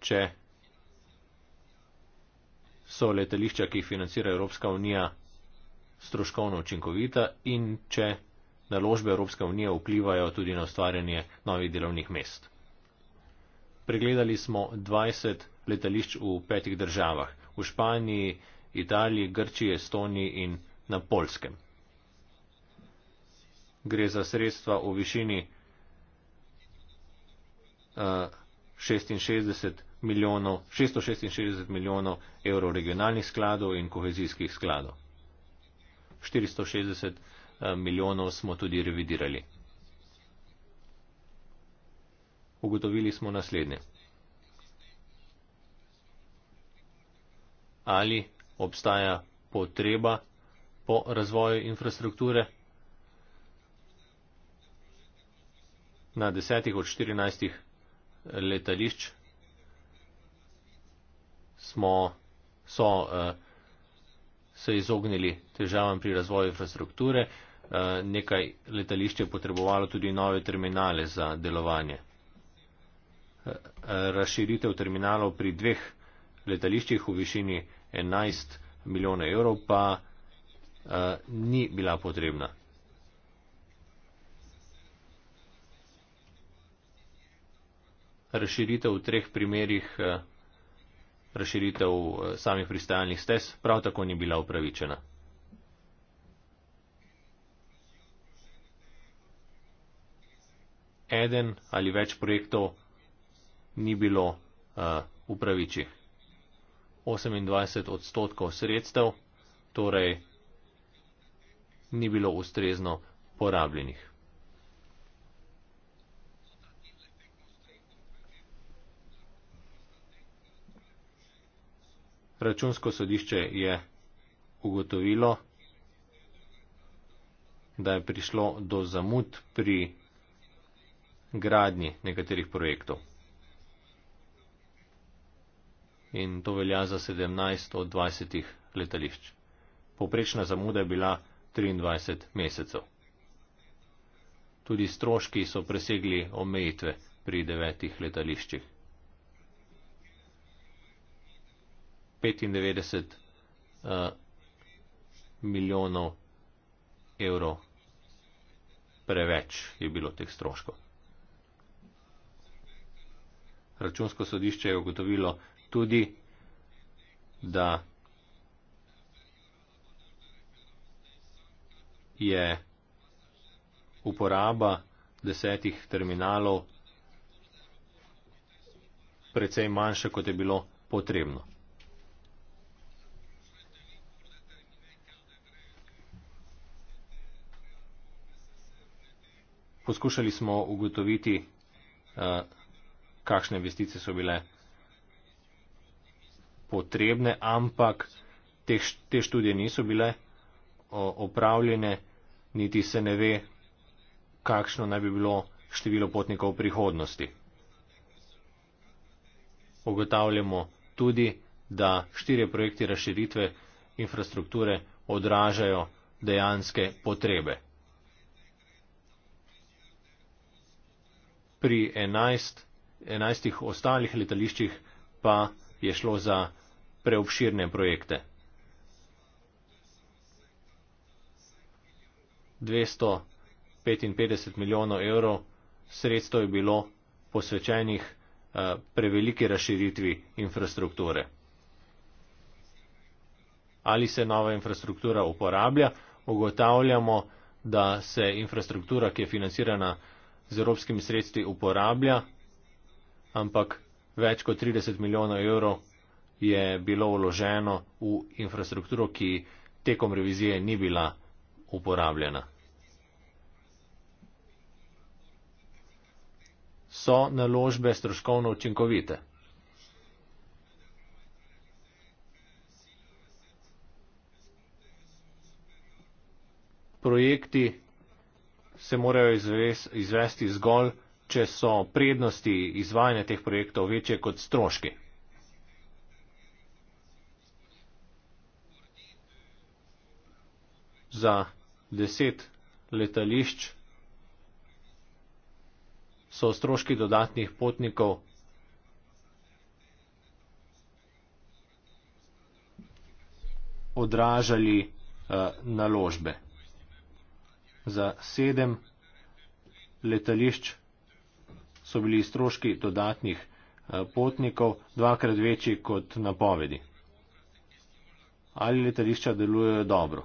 če so letališča, ki jih financira Evropska unija, stroškovno učinkovita in če naložbe Evropske unije vplivajo tudi na ustvarjanje novih delovnih mest. Pregledali smo 20 letališč v petih državah - v Španiji, Italiji, Grčiji, Estoniji in na Polskem. Gre za sredstva v višini 66 milijonov, 666 milijonov evrov regionalnih skladov in kohezijskih skladov. 460 eh, milijonov smo tudi revidirali. Ugotovili smo naslednje. Ali obstaja potreba po razvoju infrastrukture? Na desetih od štirinajstih letališč smo, so uh, se izognili težavam pri razvoju infrastrukture. Uh, nekaj letališč je potrebovalo tudi nove terminale za delovanje. Eh, razširitev terminalov pri dveh letališčih v višini 11 milijona evrov pa uh, ni bila potrebna. razširitev v treh primerjih, eh, razširitev eh, samih pristajalnih stez, prav tako ni bila upravičena. Eden ali več projektov ni bilo eh, upravičih. 28 odstotkov sredstev torej ni bilo ustrezno porabljenih. Računsko sodišče je ugotovilo, da je prišlo do zamud pri gradnji nekaterih projektov. In to velja za 17 od 20 letališč. Poprečna zamuda je bila 23 mesecev. Tudi stroški so presegli omejitve pri devetih letališčih. 95 uh, eh, milijonov evrov preveč je bilo teh stroškov. Računsko sodišče je ugotovilo tudi, da je uporaba desetih terminalov precej manjša, kot je bilo potrebno. poskušali smo ugotoviti, eh, kakšne investicije so bile potrebne, ampak te študije niso bile opravljene, niti se ne ve, kakšno naj bi bilo število potnikov v prihodnosti. Ogotavljamo tudi, da štiri projekti razširitve infrastrukture odražajo dejanske potrebe. pri enajst, enajstih ostalih letališčih pa je šlo za preobširne projekte. 255 milijonov evrov sredstvo je bilo posvečenih eh, preveliki razširitvi infrastrukture. Ali se nova infrastruktura uporablja, ugotavljamo, da se infrastruktura, ki je financirana z evropskimi sredstvi uporablja, ampak več kot 30 milijonov evrov je bilo vloženo v infrastrukturo, ki tekom revizije ni bila uporabljena. So naložbe stroškovno učinkovite? Projekti, se morajo izvesti zgolj, če so prednosti izvajanja teh projektov večje kot stroški. Za deset letališč so stroški dodatnih potnikov odražali uh, naložbe za sedem letališč so bili stroški dodatnih eh, potnikov dvakrat večji kot napovedi. Ali letališča delujejo dobro?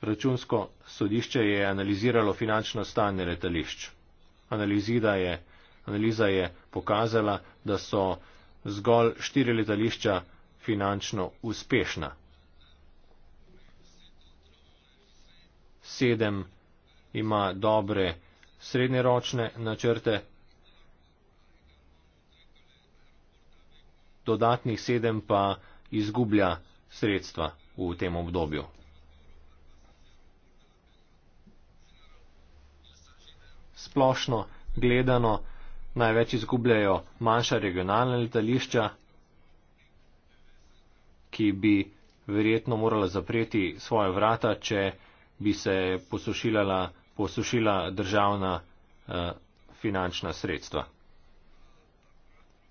Računsko sodišče je analiziralo finančno stanje letališč. Analizida je, analiza je pokazala, da so zgolj štiri letališča finančno uspešna. sedem ima dobre srednjeročne načrte, dodatnih sedem pa izgublja sredstva v tem obdobju. Splošno gledano največ izgubljajo manjša regionalna letališča, ki bi verjetno morala zapreti svoje vrata, če bi se posušila, posušila državna eh, finančna sredstva.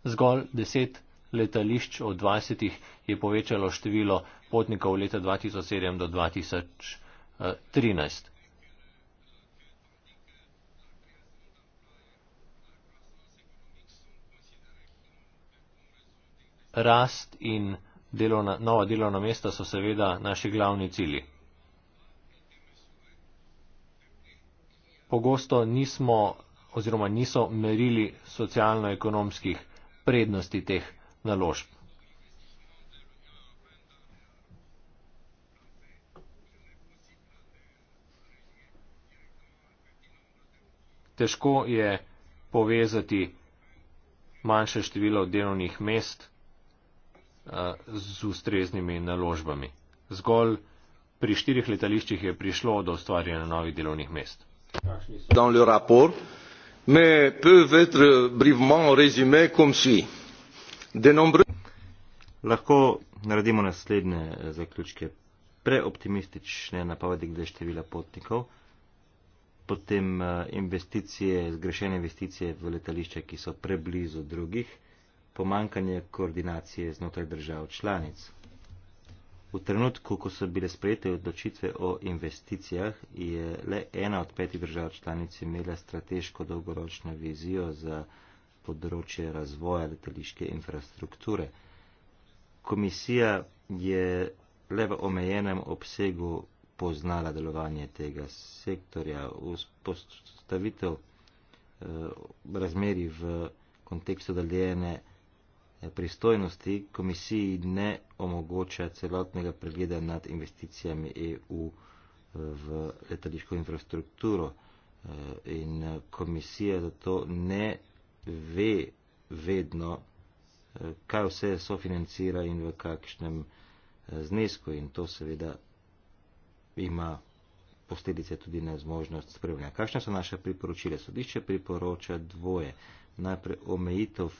Zgolj deset letališč od dvajsetih je povečalo število potnikov leta 2007 do 2013. Eh, Rast in delovna, nova delovna mesta so seveda naši glavni cilji. pogosto nismo oziroma niso merili socialno-ekonomskih prednosti teh naložb. Težko je povezati manjše število delovnih mest eh, z ustreznimi naložbami. Zgolj pri štirih letališčih je prišlo do ustvarjanja novih delovnih mest dans le rapport mais peuvent être brièvement résumés comme suit. De nombreux... Lahko naredimo naslednje eh, zaključke. Preoptimistične napovedi glede števila potnikov, potem eh, investicije, zgrešene investicije v letališče, ki so preblizu drugih, pomankanje koordinacije znotraj držav članic. V trenutku, ko so bile sprejete odločitve o investicijah, je le ena od petih držav članic imela strateško dolgoročno vizijo za področje razvoja letališke infrastrukture. Komisija je le v omejenem obsegu poznala delovanje tega sektorja. Vzpostavitev eh, razmeri v kontekstu deljene pristojnosti komisiji ne omogoča celotnega pregleda nad investicijami EU eh, v letališko infrastrukturo eh, in komisija zato ne ve vedno, eh, kaj vse sofinancira in v kakšnem znesku in to seveda ima posledice tudi na zmožnost spremljanja. Kakšne so naše priporočile? Sodišče priporoča dvoje. Najprej omejitev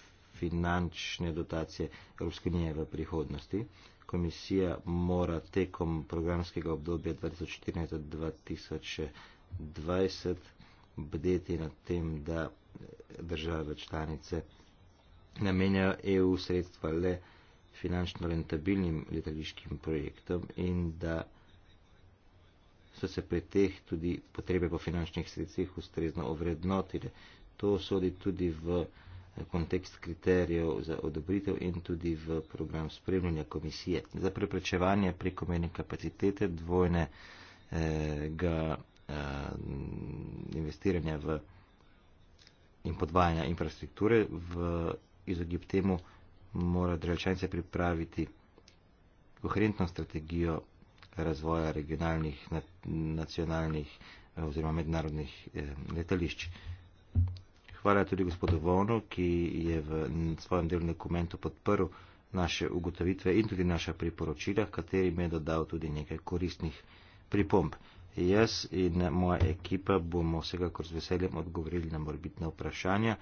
finančne dotacije Evropske unije v prihodnosti. Komisija mora tekom programskega obdobja 2014-2020 bdeti nad tem, da države članice namenjajo EU sredstva le finančno rentabilnim letališkim projektom in da so se pri teh tudi potrebe po finančnih sredstvih ustrezno ovrednotile. To sodi tudi v kontekst kriterijev za odobritev in tudi v program spremljanja komisije. Za preprečevanje prekomerne kapacitete dvojnega eh, investiranja v in podvajanja infrastrukture v izogib temu mora državljanice pripraviti koherentno strategijo razvoja regionalnih, nacionalnih eh, oziroma mednarodnih eh, letališč. Eh, Hvala tudi gospodu Vonu, ki je v svojem delu dokumentu podprl naše ugotovitve in tudi naša priporočila, katerim je dodal tudi nekaj koristnih pripomb. Jaz in moja ekipa bomo vsekakor z veseljem odgovorili na morbitne vprašanja,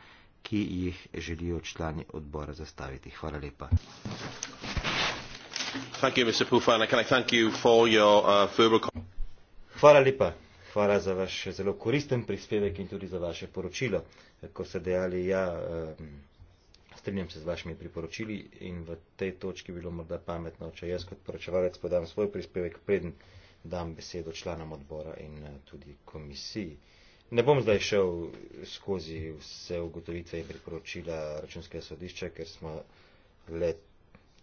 ki jih želijo člani odbora zastaviti. Hvala lepa. Uh, Hvala lepa hvala za vaš zelo koristen prispevek in tudi za vaše poročilo. Ko ste dejali, ja, strinjam se z vašimi priporočili in v tej točki bilo morda pametno, če jaz kot poročevalec podam svoj prispevek, preden dam besedo članom odbora in eh, tudi komisiji. Ne bom zdaj šel skozi vse ugotovitve in priporočila računskega sodišča, ker smo let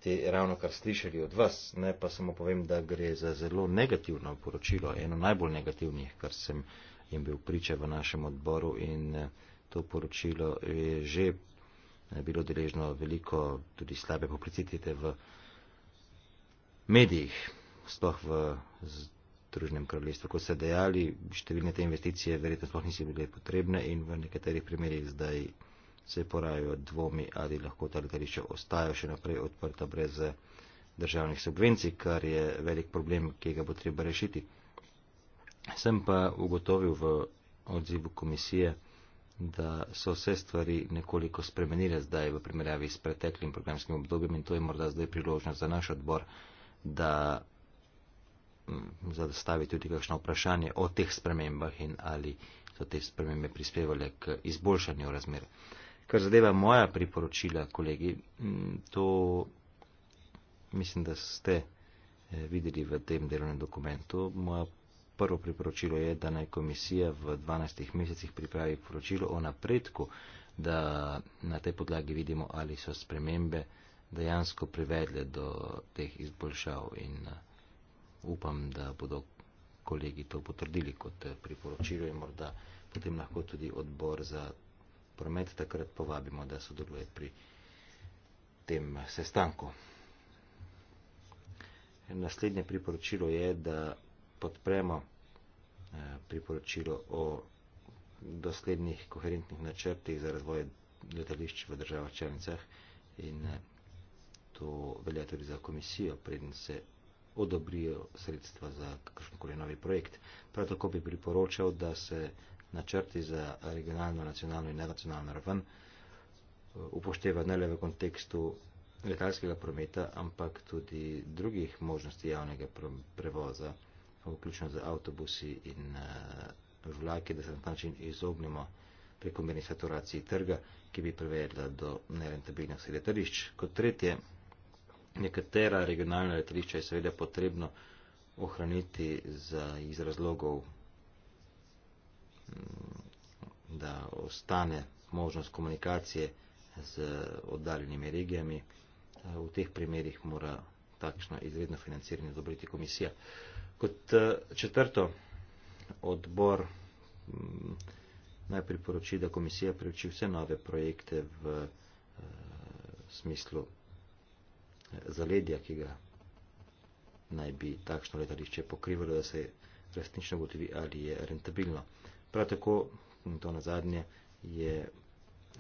te ravno kar slišali od vas, ne pa samo povem, da gre za zelo negativno poročilo, eno najbolj negativnih, kar sem jim bil priča v našem odboru in eh, to poročilo je že eh, bilo deležno veliko tudi slabe publicitete v medijih, sploh v družnem kraljestvu. Kot ste dejali, številne te investicije verjetno sploh nisi bile potrebne in v nekaterih primerjih zdaj se porajajo dvomi, ali lahko ta letališča ostajajo še naprej odprta brez eh, državnih subvencij, kar je velik problem, ki ga bo treba rešiti. Sem pa ugotovil v odzivu komisije, da so vse stvari nekoliko spremenile zdaj v primerjavi s preteklim programskim obdobjem in to je morda zdaj priložnost za naš odbor, da zastavi tudi kakšno vprašanje o teh spremembah in ali so te spremembe prispevale k izboljšanju razmer kar zadeva moja priporočila, kolegi, to mislim, da ste eh, videli v tem delovnem dokumentu. Moja prvo priporočilo je, da naj komisija v 12 mesecih pripravi poročilo o napredku, da na tej podlagi vidimo, ali so spremembe dejansko privedle do teh izboljšav in eh, upam, da bodo kolegi to potrdili kot eh, priporočilo in morda potem lahko tudi odbor za promet, takrat povabimo, da sodeluje pri tem sestanku. Naslednje priporočilo je, da podpremo eh, priporočilo o doslednih koherentnih načrtih za razvoj letališč v državah članicah in eh, to velja tudi za komisijo, preden se odobrijo sredstva za kakršenkoli novi projekt. Prav tako bi priporočal, da se načrti za regionalno, nacionalno in nacionalno raven eh, upošteva ne le v kontekstu letalskega prometa, ampak tudi drugih možnosti javnega prevoza, vključno z avtobusi in uh, vlaki, da se na ta način izognemo prekomerni saturaciji trga, ki bi privedla do nerentabilnih letališč. Kot tretje, nekatera regionalna letališča je seveda potrebno ohraniti za, iz razlogov da ostane možnost komunikacije z oddaljenimi regijami. V teh primerih mora takšno izredno financiranje odobriti komisija. Kot eh, četrto, odbor mm, najprej poroči, da komisija preuči vse nove projekte v eh, smislu eh, zaledja, ki ga naj bi takšno letališče pokrivalo, da se resnično gotovi, ali je rentabilno. Prav tako, in to na zadnje, je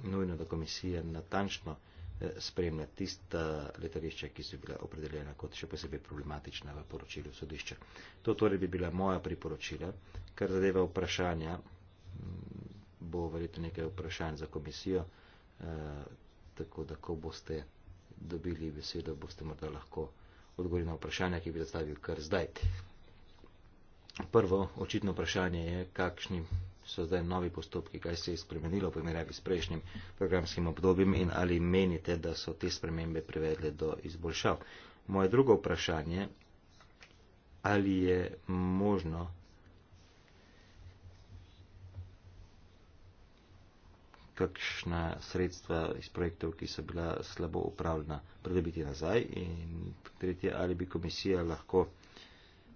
nujno, da komisija natančno eh, spremlja tista eh, letališča, ki so bila opredeljena kot še posebej problematična v poročilu sodišča. To torej bi bila moja priporočila, kar zadeva vprašanja, mm, bo verjetno nekaj vprašanj za komisijo, eh, tako da ko boste dobili besedo, boste morda lahko odgovorili na vprašanja, ki bi zastavil kar zdaj. Prvo očitno vprašanje je, kakšni so zdaj novi postopki, kaj se je spremenilo v primerjavi s prejšnjim programskim obdobjem in ali menite, da so te spremembe privedle do izboljšav. Moje drugo vprašanje, ali je možno, kakšna sredstva iz projektov, ki so bila slabo upravljena, pridobiti nazaj in tretje, ali bi komisija lahko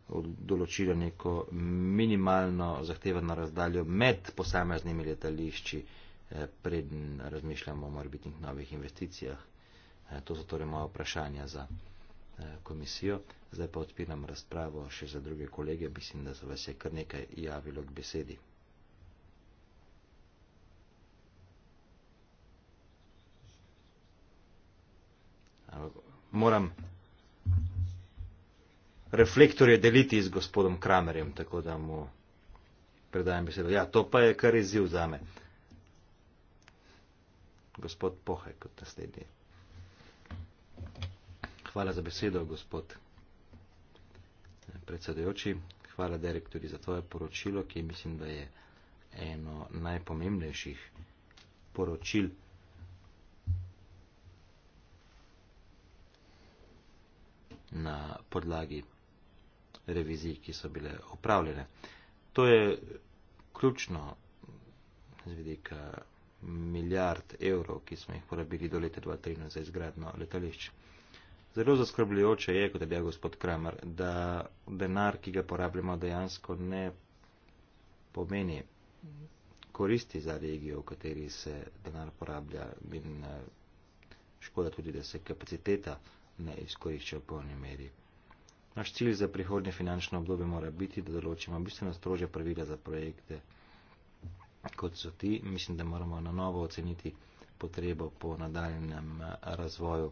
določilo neko minimalno zahtevano razdaljo med posameznimi letališči, eh, predn razmišljamo o morbitnih novih investicijah. Eh, to so torej moja vprašanja za eh, komisijo. Zdaj pa odpiram razpravo še za druge kolege. Mislim, da se vas je kar nekaj javilo k besedi. Moram reflektorje deliti z gospodom Kramerjem, tako da mu predajem besedo. Ja, to pa je kar izziv za me. Gospod Pohaj kot naslednji. Hvala za besedo, gospod predsedujoči. Hvala, Derek, tudi za tvoje poročilo, ki mislim, da je eno najpomembnejših poročil. Na podlagi revizij, ki so bile opravljene. To je ključno z vidika milijard evrov, ki smo jih porabili do leta 2013 za izgradno letališče. Zelo zaskrbljujoče je, kot je dejal gospod Kramer, da denar, ki ga porabljamo, dejansko ne pomeni koristi za regijo, v kateri se denar porablja in eh, škoda tudi, da se kapaciteta ne izkorišča v polni meri. Naš cilj za prihodnje finančno obdobje mora biti, da določimo bistveno strožje pravila za projekte, kot so ti. Mislim, da moramo na novo oceniti potrebo po nadaljem eh, razvoju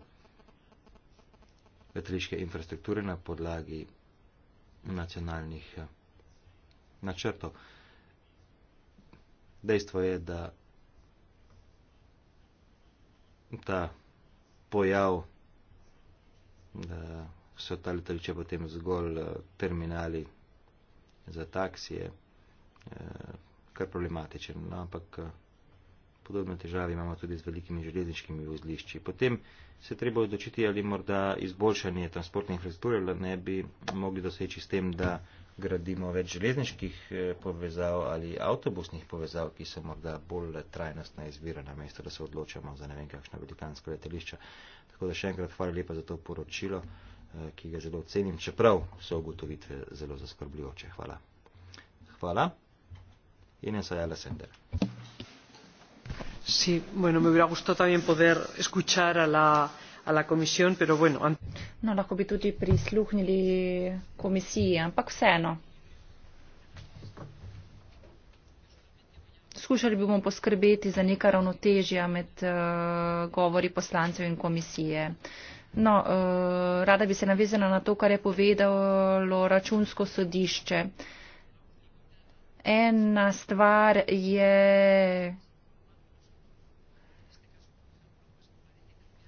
letališke infrastrukture na podlagi nacionalnih eh, načrtov. Dejstvo je, da ta pojav da so ta letališča potem zgolj eh, terminali za taksije, eh, kar problematičen. No, ampak eh, podobne težave imamo tudi z velikimi železniškimi vozlišči. Potem se treba odločiti, ali morda izboljšanje transportne infrastrukture ne bi mogli doseči s tem, da gradimo več železniških povezav ali avtobusnih povezav, ki so morda bolj trajnostna izbira na mesto, da se odločamo za ne vem kakšna velikanska letališča. Tako da še enkrat hvala lepa za to poročilo. Eh, ki ga zelo cenim, čeprav so ugotovitve zelo zaskrbljujoče. Hvala. Hvala. Ines Ayala Sender. Sí, bueno, me hubiera gustado también poder escuchar a la, a la comisión, pero bueno. No, lahko bi tudi prisluhnili komisiji, ampak vseeno. Skušali bomo poskrbeti za neka ravnotežja med uh, govori poslancev in komisije. Uh, No, eh, rada bi se navezala na to, kar je povedalo računsko sodišče. Ena stvar je,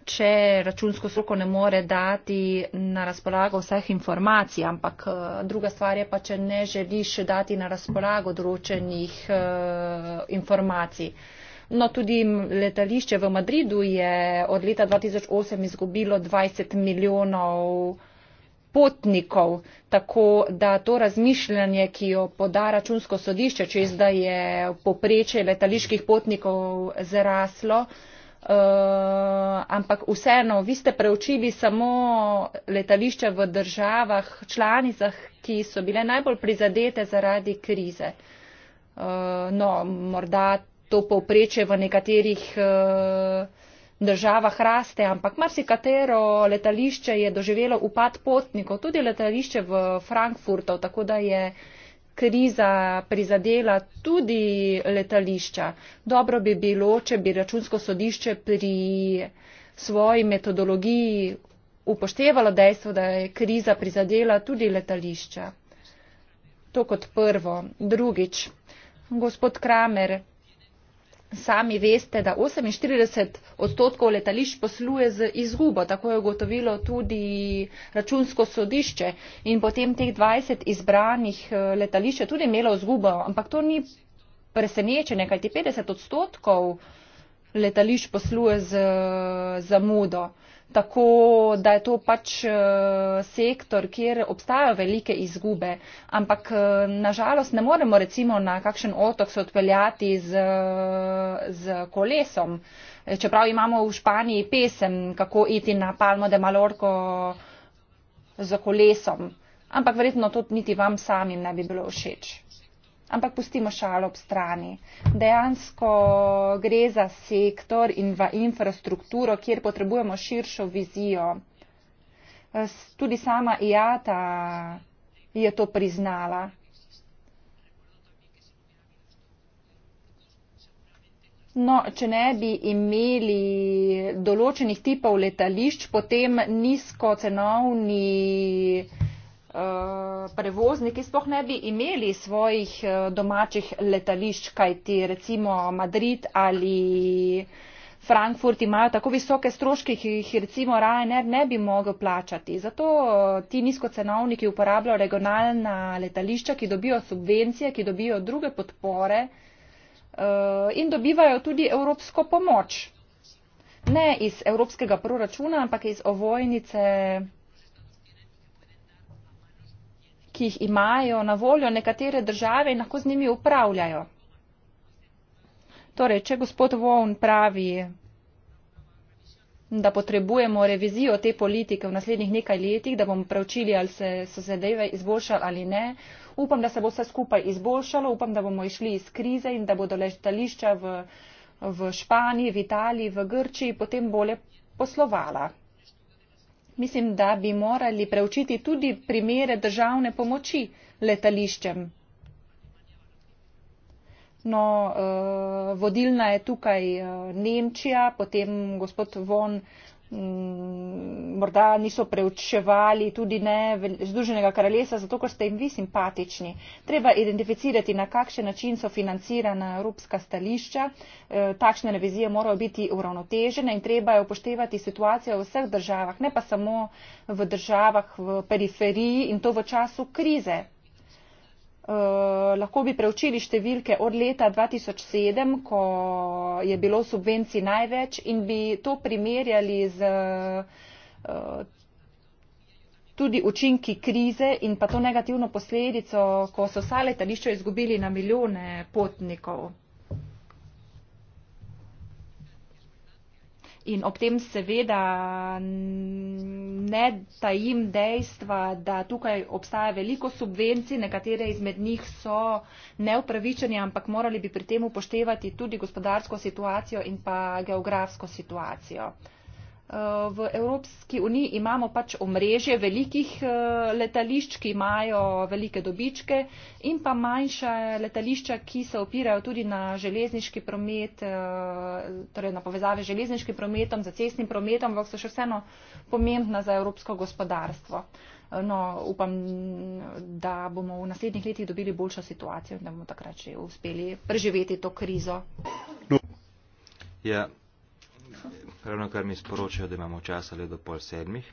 če računsko soko ne more dati na razpolago vseh informacij, ampak eh, druga stvar je pa, če ne želiš dati na razpolago določenih eh, informacij. No, tudi letališče v Madridu je od leta 2008 izgubilo 20 milijonov potnikov, tako da to razmišljanje, ki jo poda računsko sodišče, če zda je popreče letaliških potnikov zraslo, uh, ampak vseeno, vi ste preučili samo letališče v državah, članicah, ki so bile najbolj prizadete zaradi krize. Uh, no, morda to povpreče v nekaterih eh, državah raste, ampak marsikatero letališče je doživelo upad potnikov, tudi letališče v Frankfurtu, tako da je kriza prizadela tudi letališča. Dobro bi bilo, če bi računsko sodišče pri svoji metodologiji upoštevalo dejstvo, da je kriza prizadela tudi letališča. To kot prvo. Drugič, gospod Kramer, sami veste, da 48 odstotkov letališč posluje z izgubo, tako je ugotovilo tudi računsko sodišče in potem teh 20 izbranih eh, letališč je tudi imelo izgubo, ampak to ni presenečenje, kajti 50 odstotkov letališč posluje z zamudo tako da je to pač eh, sektor, kjer obstajajo velike izgube. Ampak eh, nažalost ne moremo recimo na kakšen otok se odpeljati z, z kolesom. Eh, čeprav imamo v Španiji pesem, kako iti na Palmo de Mallorca z kolesom. Ampak verjetno to niti vam samim ne bi bilo všeč ampak pustimo šalo ob strani. Dejansko gre za sektor in v infrastrukturo, kjer potrebujemo širšo vizijo. Tudi sama IATA je to priznala. No, če ne bi imeli določenih tipov letališč, potem nizkocenovni uh, prevozniki sploh ne bi imeli svojih uh, domačih letališč, kajti recimo Madrid ali Frankfurt imajo tako visoke stroške, ki jih recimo Ryanair ne bi mogel plačati. Zato eh, ti nizkocenovniki uporabljajo regionalna letališča, ki dobijo subvencije, ki dobijo druge podpore in dobivajo tudi evropsko pomoč. Ne iz evropskega proračuna, ampak iz ovojnice ki jih imajo na voljo nekatere države in lahko z njimi upravljajo. Torej, če gospod Von pravi, da potrebujemo revizijo te politike v naslednjih nekaj letih, da bomo preučili, ali se, so se deve izboljšali ali ne. Upam, da se bo vse skupaj izboljšalo, upam, da bomo išli iz krize in da bodo letališča v, v Španiji, v Italiji, v Grčiji potem bolje poslovala mislim, da bi morali preučiti tudi primere državne pomoči letališčem. No, eh, vodilna je tukaj eh, Nemčija, potem gospod Von Mm, morda niso preučevali tudi ne Združenega kraljestva, zato ker ste jim vi simpatični. Treba identificirati, na kakšen način so financirana evropska stališča. Eh, takšne revizije morajo biti uravnotežene in treba je upoštevati situacijo v vseh državah, ne pa samo v državah v periferiji in to v času krize. Eh, lahko bi preučili številke od leta 2007, ko je bilo subvencij največ in bi to primerjali z eh, tudi učinki krize in pa to negativno posledico, ko so vsa letališča izgubili na milijone potnikov. In ob tem seveda ne tajim dejstva, da tukaj obstaja veliko subvencij, nekatere izmed njih so neupravičene, ampak morali bi pri tem upoštevati tudi gospodarsko situacijo in pa geografsko situacijo. Eh, v Evropski uniji imamo pač omrežje velikih eh, letališč, ki imajo velike dobičke in pa manjša letališča, ki se opirajo tudi na železniški promet, eh, torej na povezave z železniškim prometom, za cestnim prometom, ampak so še vseeno pomembna za evropsko gospodarstvo. No, upam, da bomo v naslednjih letih dobili boljšo situacijo in da bomo takrat že uspeli preživeti to krizo. No. Ja, yeah. Pravno kar mi sporočajo, da imamo časa le do pol sedmih,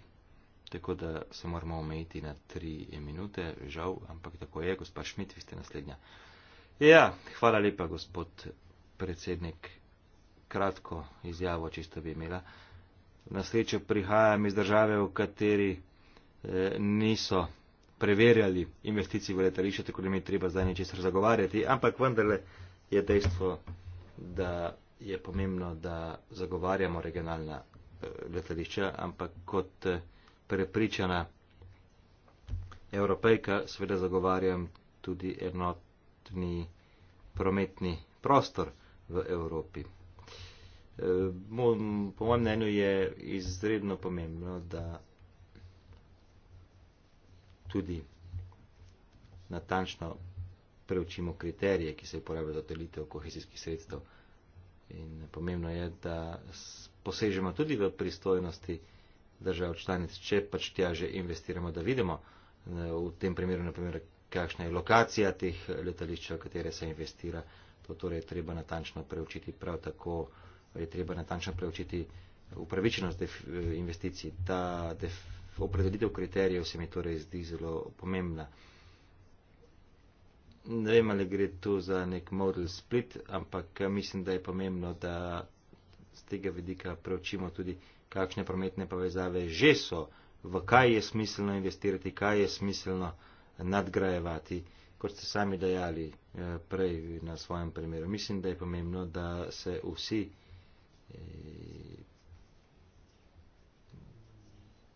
tako da se moramo omejiti na tri minute, žal, ampak tako je, gospa Šmit, vi ste naslednja. Ja, hvala lepa, gospod predsednik. Kratko izjavo, čisto bi imela. Na srečo prihajam iz države, v kateri eh, niso preverjali investicij v letališče, tako da mi treba zdaj nečesar zagovarjati, ampak vendarle je dejstvo, da je pomembno, da zagovarjamo regionalna eh, letališča, ampak kot eh, prepričana evropejka seveda zagovarjam tudi enotni prometni prostor v Evropi. Eh, po mojem mnenju je izredno pomembno, da tudi natančno preučimo kriterije, ki se uporabljajo za delitev kohezijskih sredstev. In pomembno je, da posežemo tudi v pristojnosti držav članic, če pač tja že investiramo, da vidimo eh, v tem primeru, naprimer, kakšna je lokacija teh letališč, v katere se investira. To torej je treba natančno preučiti. Prav tako je treba natančno preučiti upravičenost investicij. Ta opredelitev kriterijev se mi torej zdi zelo pomembna ne vem, ali gre tu za nek model split, ampak eh, mislim, da je pomembno, da z tega vidika preučimo tudi, kakšne prometne povezave že so, v kaj je smiselno investirati, kaj je smiselno nadgrajevati, kot ste sami dejali eh, prej na svojem primeru. Mislim, da je pomembno, da se vsi eh,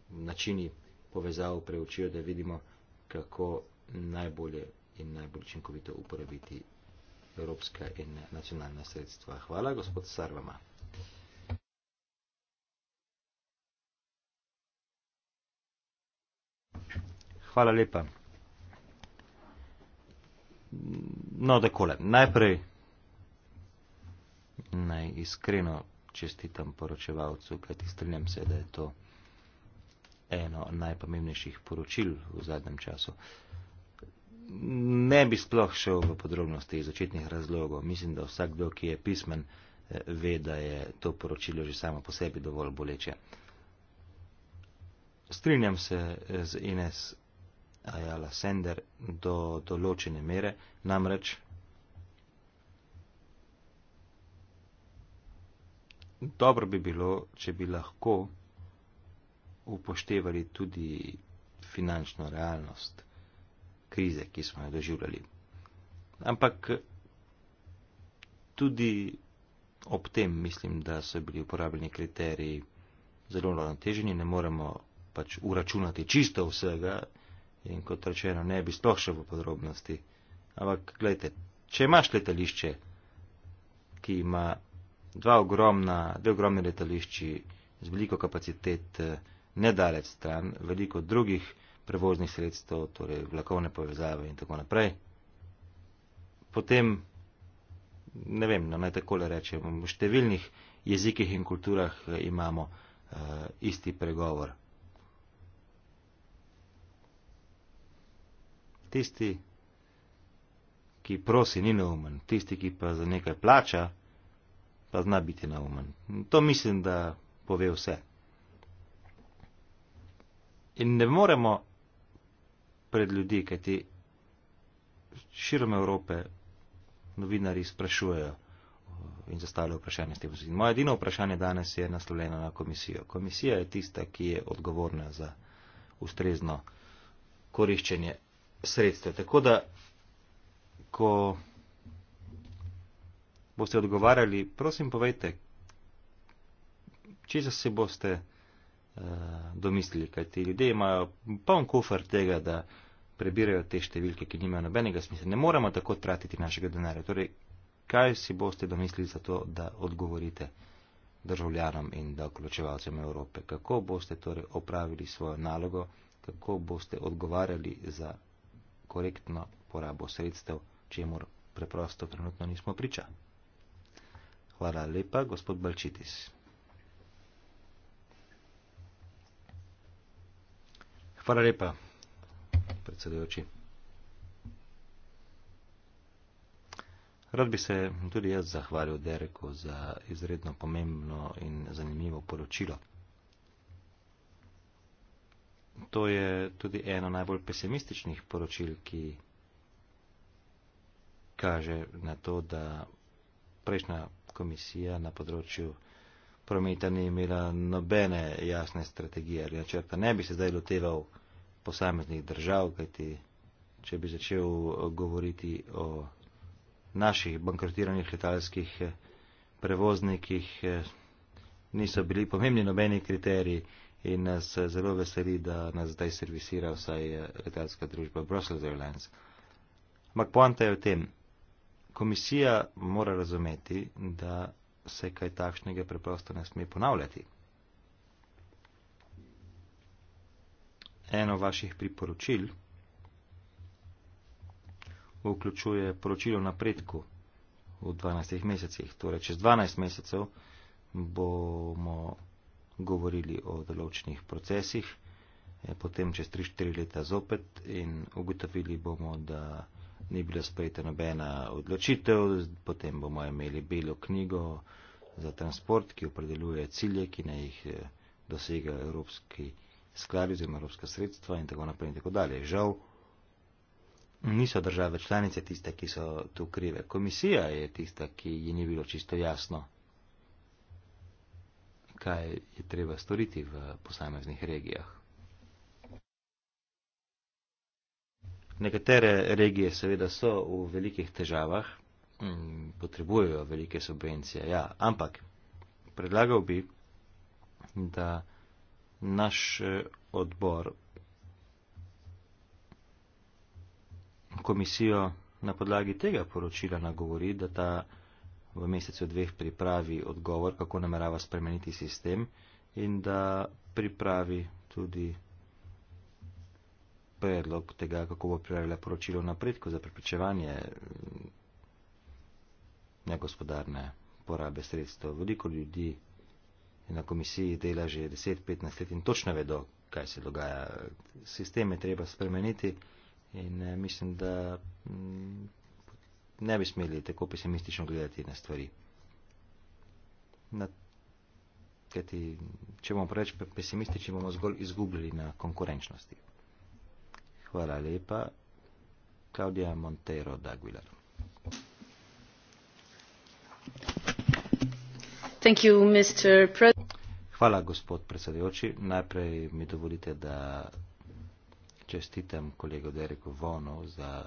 načini povezav preučijo, da vidimo, kako najbolje in najbolj učinkovito uporabiti evropska in nacionalna sredstva. Hvala, gospod Sarvama. Hvala lepa. No, takole. Najprej naj iskreno čestitam poročevalcu, kajti strinjam se, da je to eno najpomembnejših poročil v zadnjem času. Uh, ne bi sploh šel v podrobnosti iz očitnih razlogov. Mislim, da vsakdo, ki je pismen, eh, ve, da je to poročilo že samo po sebi dovolj boleče. Strinjam se eh, z Ines Ayala Sender do določene mere, namreč dobro bi bilo, če bi lahko upoštevali tudi finančno realnost krize, ki smo jo doživljali. Ampak tudi ob tem mislim, da so bili uporabljeni kriteriji zelo nateženi, ne moremo pač uračunati čisto vsega in kot rečeno, ne bi sploh še v podrobnosti. Ampak gledajte, če imaš letališče, ki ima dva ogromna, dve ogromne letališči z veliko kapacitet, eh, nedalec stran, veliko drugih, prevoznih sredstev, torej vlakovne povezave in tako naprej. Potem, ne vem, naj takole rečem, v številnih jezikih in kulturah eh, imamo uh, isti pregovor. Tisti, ki prosi, ni neumen, tisti, ki pa za nekaj plača, pa zna biti neumen. To mislim, da pove vse. In ne moremo pred ljudi, kajti širom Evrope novinari sprašujejo eh, in zastavljajo vprašanje s tem. In moje edino vprašanje danes je naslovljeno na komisijo. Komisija je tista, ki je odgovorna za ustrezno koriščenje sredstev. Tako da, ko boste odgovarjali, prosim povejte, če se boste eh, domislili, kajti ljudje imajo poln kufr tega, da prebirajo te številke, ki nimajo nobenega smisla. Ne moramo tako tratiti našega denarja. Torej, kaj si boste domislili za to, da odgovorite državljanom in da okoločevalcem Evrope? Kako boste torej opravili svojo nalogo, kako boste odgovarjali za korektno porabo sredstev, čemu preprosto trenutno nismo priča? Hvala lepa, gospod Balčitis. Hvala lepa predsedujoči. Rad bi se tudi jaz zahvalil Dereku za izredno pomembno in zanimivo poročilo. To je tudi eno najbolj pesimističnih poročil, ki kaže na to, da prejšnja komisija na področju prometa ni imela nobene jasne strategije ali načrta. Ne bi se zdaj loteval posameznih držav, kajti če bi začel eh, govoriti o naših bankrotiranih letalskih eh, prevoznikih, eh, niso bili pomembni nobeni kriteriji in nas zelo veseli, da nas zdaj servisira vsaj letalska družba Brussels Airlines. Ampak poanta je v tem, komisija mora razumeti, da se kaj takšnega preprosto ne sme ponavljati. eno vaših priporočil, vključuje poročilo napredku v 12 mesecih. Torej, čez 12 mesecev bomo govorili o določenih procesih, eh, potem čez 3-4 leta zopet in ugotovili bomo, da ni bila sprejeta nobena odločitev, potem bomo imeli belo knjigo za transport, ki opredeljuje cilje, ki naj jih eh, dosega Evropski skladi oziroma evropska sredstva in tako naprej in tako dalje. Žal niso države članice tiste, ki so tu krive. Komisija je tista, ki ji ni bilo čisto jasno, kaj je treba storiti v posameznih regijah. Nekatere regije seveda so v velikih težavah, potrebujejo velike subvencije, ja, ampak predlagal bi, da naš eh, odbor komisijo na podlagi tega poročila nagovori, da ta v mesecu dveh pripravi odgovor, kako namerava spremeniti sistem in da pripravi tudi predlog tega, kako bo pripravila poročilo napredku za preprečevanje mm, negospodarne porabe sredstev. Veliko ljudi in na komisiji dela že 10-15 let in točno vedo, kaj se dogaja. Sistem je treba spremeniti in eh, mislim, da mm, ne bi smeli tako pesimistično gledati na stvari. Na, kajti, če bomo preveč pesimistični, bomo zgolj izgubili na konkurenčnosti. Hvala lepa, Klaudija Montero Daguilar. Hvala, gospod predsedujoči. Najprej mi dovolite, da čestitam kolego Dereku Vonu za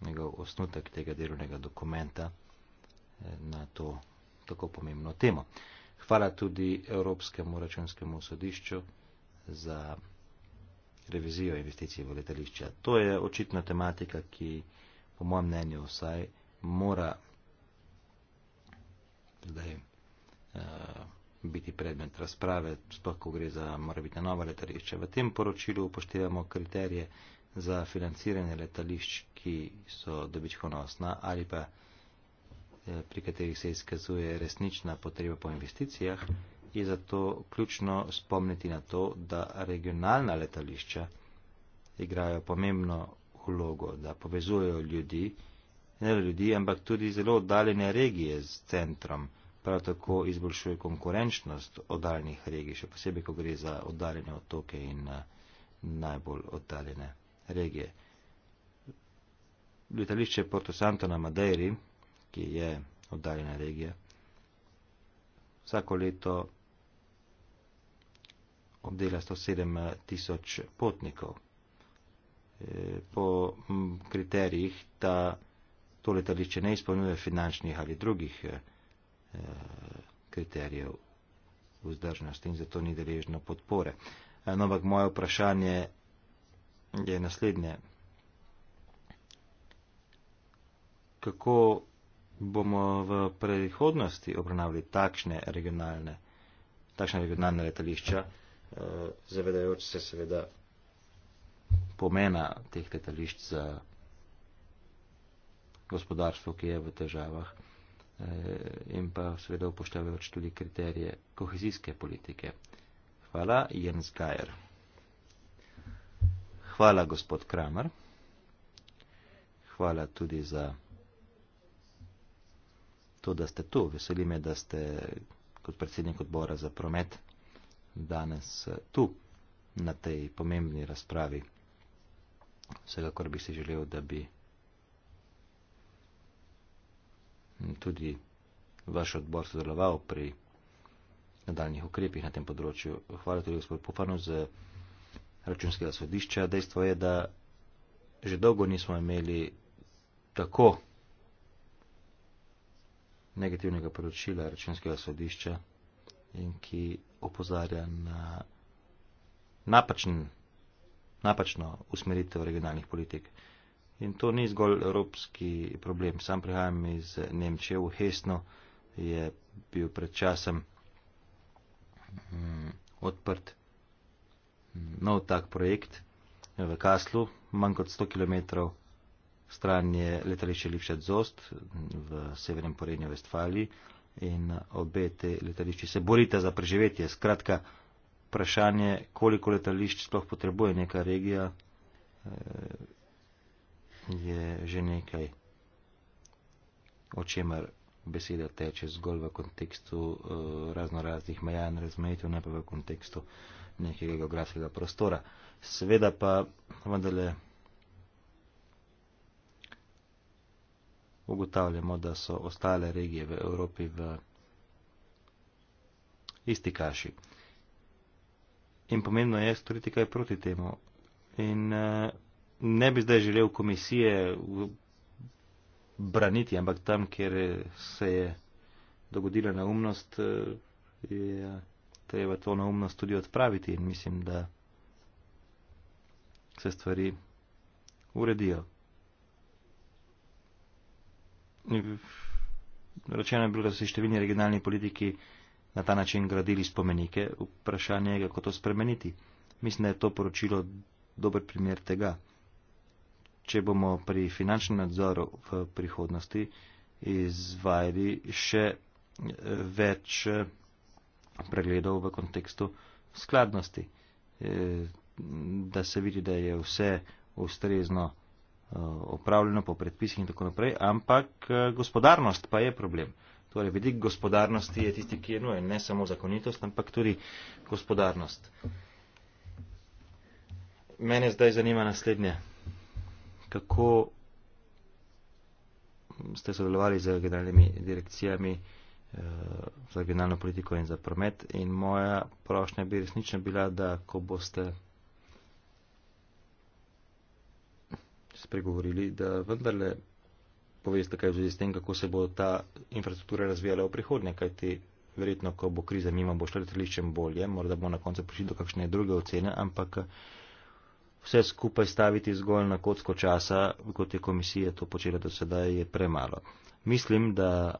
njegov osnutek tega delovnega dokumenta eh, na to tako pomembno temo. Hvala tudi Evropskemu računskemu sodišču za revizijo investicij v letališča. To je očitna tematika, ki po mojem mnenju vsaj mora zdaj eh, biti predmet razprave, sploh ko gre za morebitne nove letališče. V tem poročilu upoštevamo kriterije za financiranje letališč, ki so dobičkonosna ali pa eh, pri katerih se izkazuje resnična potreba po investicijah, je zato ključno spomniti na to, da regionalna letališča igrajo pomembno vlogo, da povezujejo ljudi, ne le ljudi, ampak tudi zelo oddaljene regije z centrom. Prav tako izboljšuje konkurenčnost oddaljenih regij, še posebej, ko gre za oddaljene otoke in eh, najbolj oddaljene regije. Letališče Porto Santo na Madeiri, ki je oddaljena regija, vsako leto obdela 107 eh, tisoč potnikov. E, po kriterijih ta to letališče ne izpolnjuje finančnih ali drugih eh, kriterijev vzdržnosti in zato ni deležno podpore. Eh, no, ampak moje vprašanje je naslednje. Kako bomo v prihodnosti obravnavali takšne regionalne, takšne regionalne letališča, eh, zavedajoč se seveda pomena teh letališč za gospodarstvo, ki je v težavah eh, in pa seveda upoštevajoč tudi kriterije kohezijske politike. Hvala, Jens Geier. Hvala, gospod Kramer. Hvala tudi za to, da ste tu. Veseli me, da ste kot predsednik odbora za promet danes eh, tu na tej pomembni razpravi. Vsekakor bi si želel, da bi tudi vaš odbor sodeloval pri nadaljnih ukrepih na tem področju. Hvala tudi gospod Pufanu z računskega sodišča. Dejstvo je, da že dolgo nismo imeli tako negativnega poročila računskega sodišča in ki opozarja na napačen, napačno usmeritev regionalnih politik. In to ni zgolj evropski problem. Sam prihajam iz Nemčije, v Hesno je bil pred časem mm, odprt mm, nov tak projekt v Kaslu, manj kot 100 km stran je letališče Lipšet Zost v severnem porednju Vestfaliji in obe te letališči se borite za preživetje. Skratka, vprašanje, koliko letališč sploh potrebuje neka regija. E, je že nekaj, o čemer beseda teče zgolj v kontekstu uh, eh, razno raznih meja in razmejitev, ne pa v kontekstu nekega geografskega prostora. Sveda pa vendarle ugotavljamo, da so ostale regije v Evropi v isti kaši. In pomembno je storiti kaj proti temu. In uh, ne bi zdaj želel komisije braniti, ampak tam, kjer se je dogodila neumnost, je treba to neumnost tudi odpraviti in mislim, da se stvari uredijo. Rečeno je bilo, da so številni regionalni politiki na ta način gradili spomenike. Vprašanje je, kako to spremeniti. Mislim, da je to poročilo dober primer tega če bomo pri finančnem nadzoru v prihodnosti izvajali še eh, več eh, pregledov v kontekstu skladnosti, eh, da se vidi, da je vse ustrezno opravljeno po predpisih in tako naprej, ampak gospodarnost pa je problem. Torej, vidik gospodarnosti je tisti, ki je nujen, ne samo zakonitost, ampak tudi gospodarnost. Mene zdaj zanima naslednje kako ste sodelovali z generalnimi direkcijami eh, za regionalno politiko in za promet. In moja prošnja bi resnično bila, da ko boste spregovorili, da vendarle poveste kaj v zvezi s tem, kako se bo ta infrastruktura razvijala v prihodnje, kajti verjetno, ko bo kriza mimo, bo šlo letališčem bolje, morda bo na koncu prišli do kakšne druge ocene, ampak vse skupaj staviti zgolj na kocko časa, kot je komisija to počela do sedaj, je premalo. Mislim, da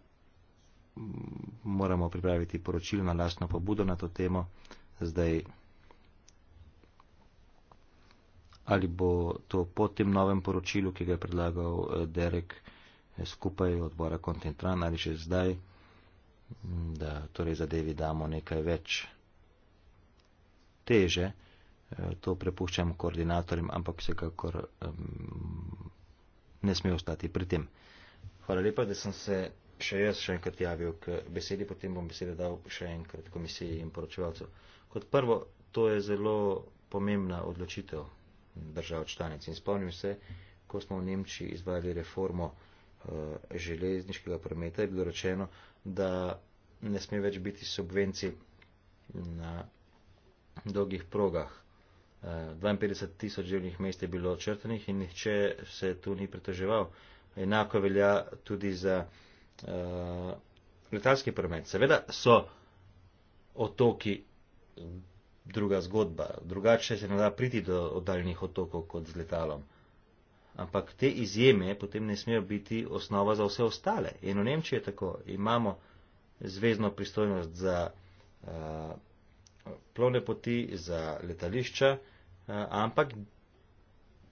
moramo pripraviti poročilo na lastno pobudo na to temo zdaj. Ali bo to po tem novem poročilu, ki ga je predlagal eh, Derek eh, skupaj odbora Kontentran ali še zdaj, mm, da torej zadevi damo nekaj več teže to prepuščam koordinatorjem, ampak vsekakor ne sme ostati pri tem. Hvala lepa, da sem se še jaz še enkrat javil k besedi, potem bom besede dal še enkrat komisiji in poročevalcu. Kot prvo, to je zelo pomembna odločitev držav članic in spomnim se, ko smo v Nemčiji izvali reformo eh, železniškega prometa, je bilo rečeno, da ne sme več biti subvencij na dolgih progah. 52 tisoč delovnih mest je bilo črtenih in nihče se tu ni pritoževal. Enako velja tudi za uh, letalski promet. Seveda so otoki druga zgodba. Drugače se ne da priti do oddaljnih otokov kot z letalom. Ampak te izjeme potem ne smejo biti osnova za vse ostale. In v Nemčiji je tako. Imamo zvezdno pristojnost za uh, plovne poti, za letališča. Eh, ampak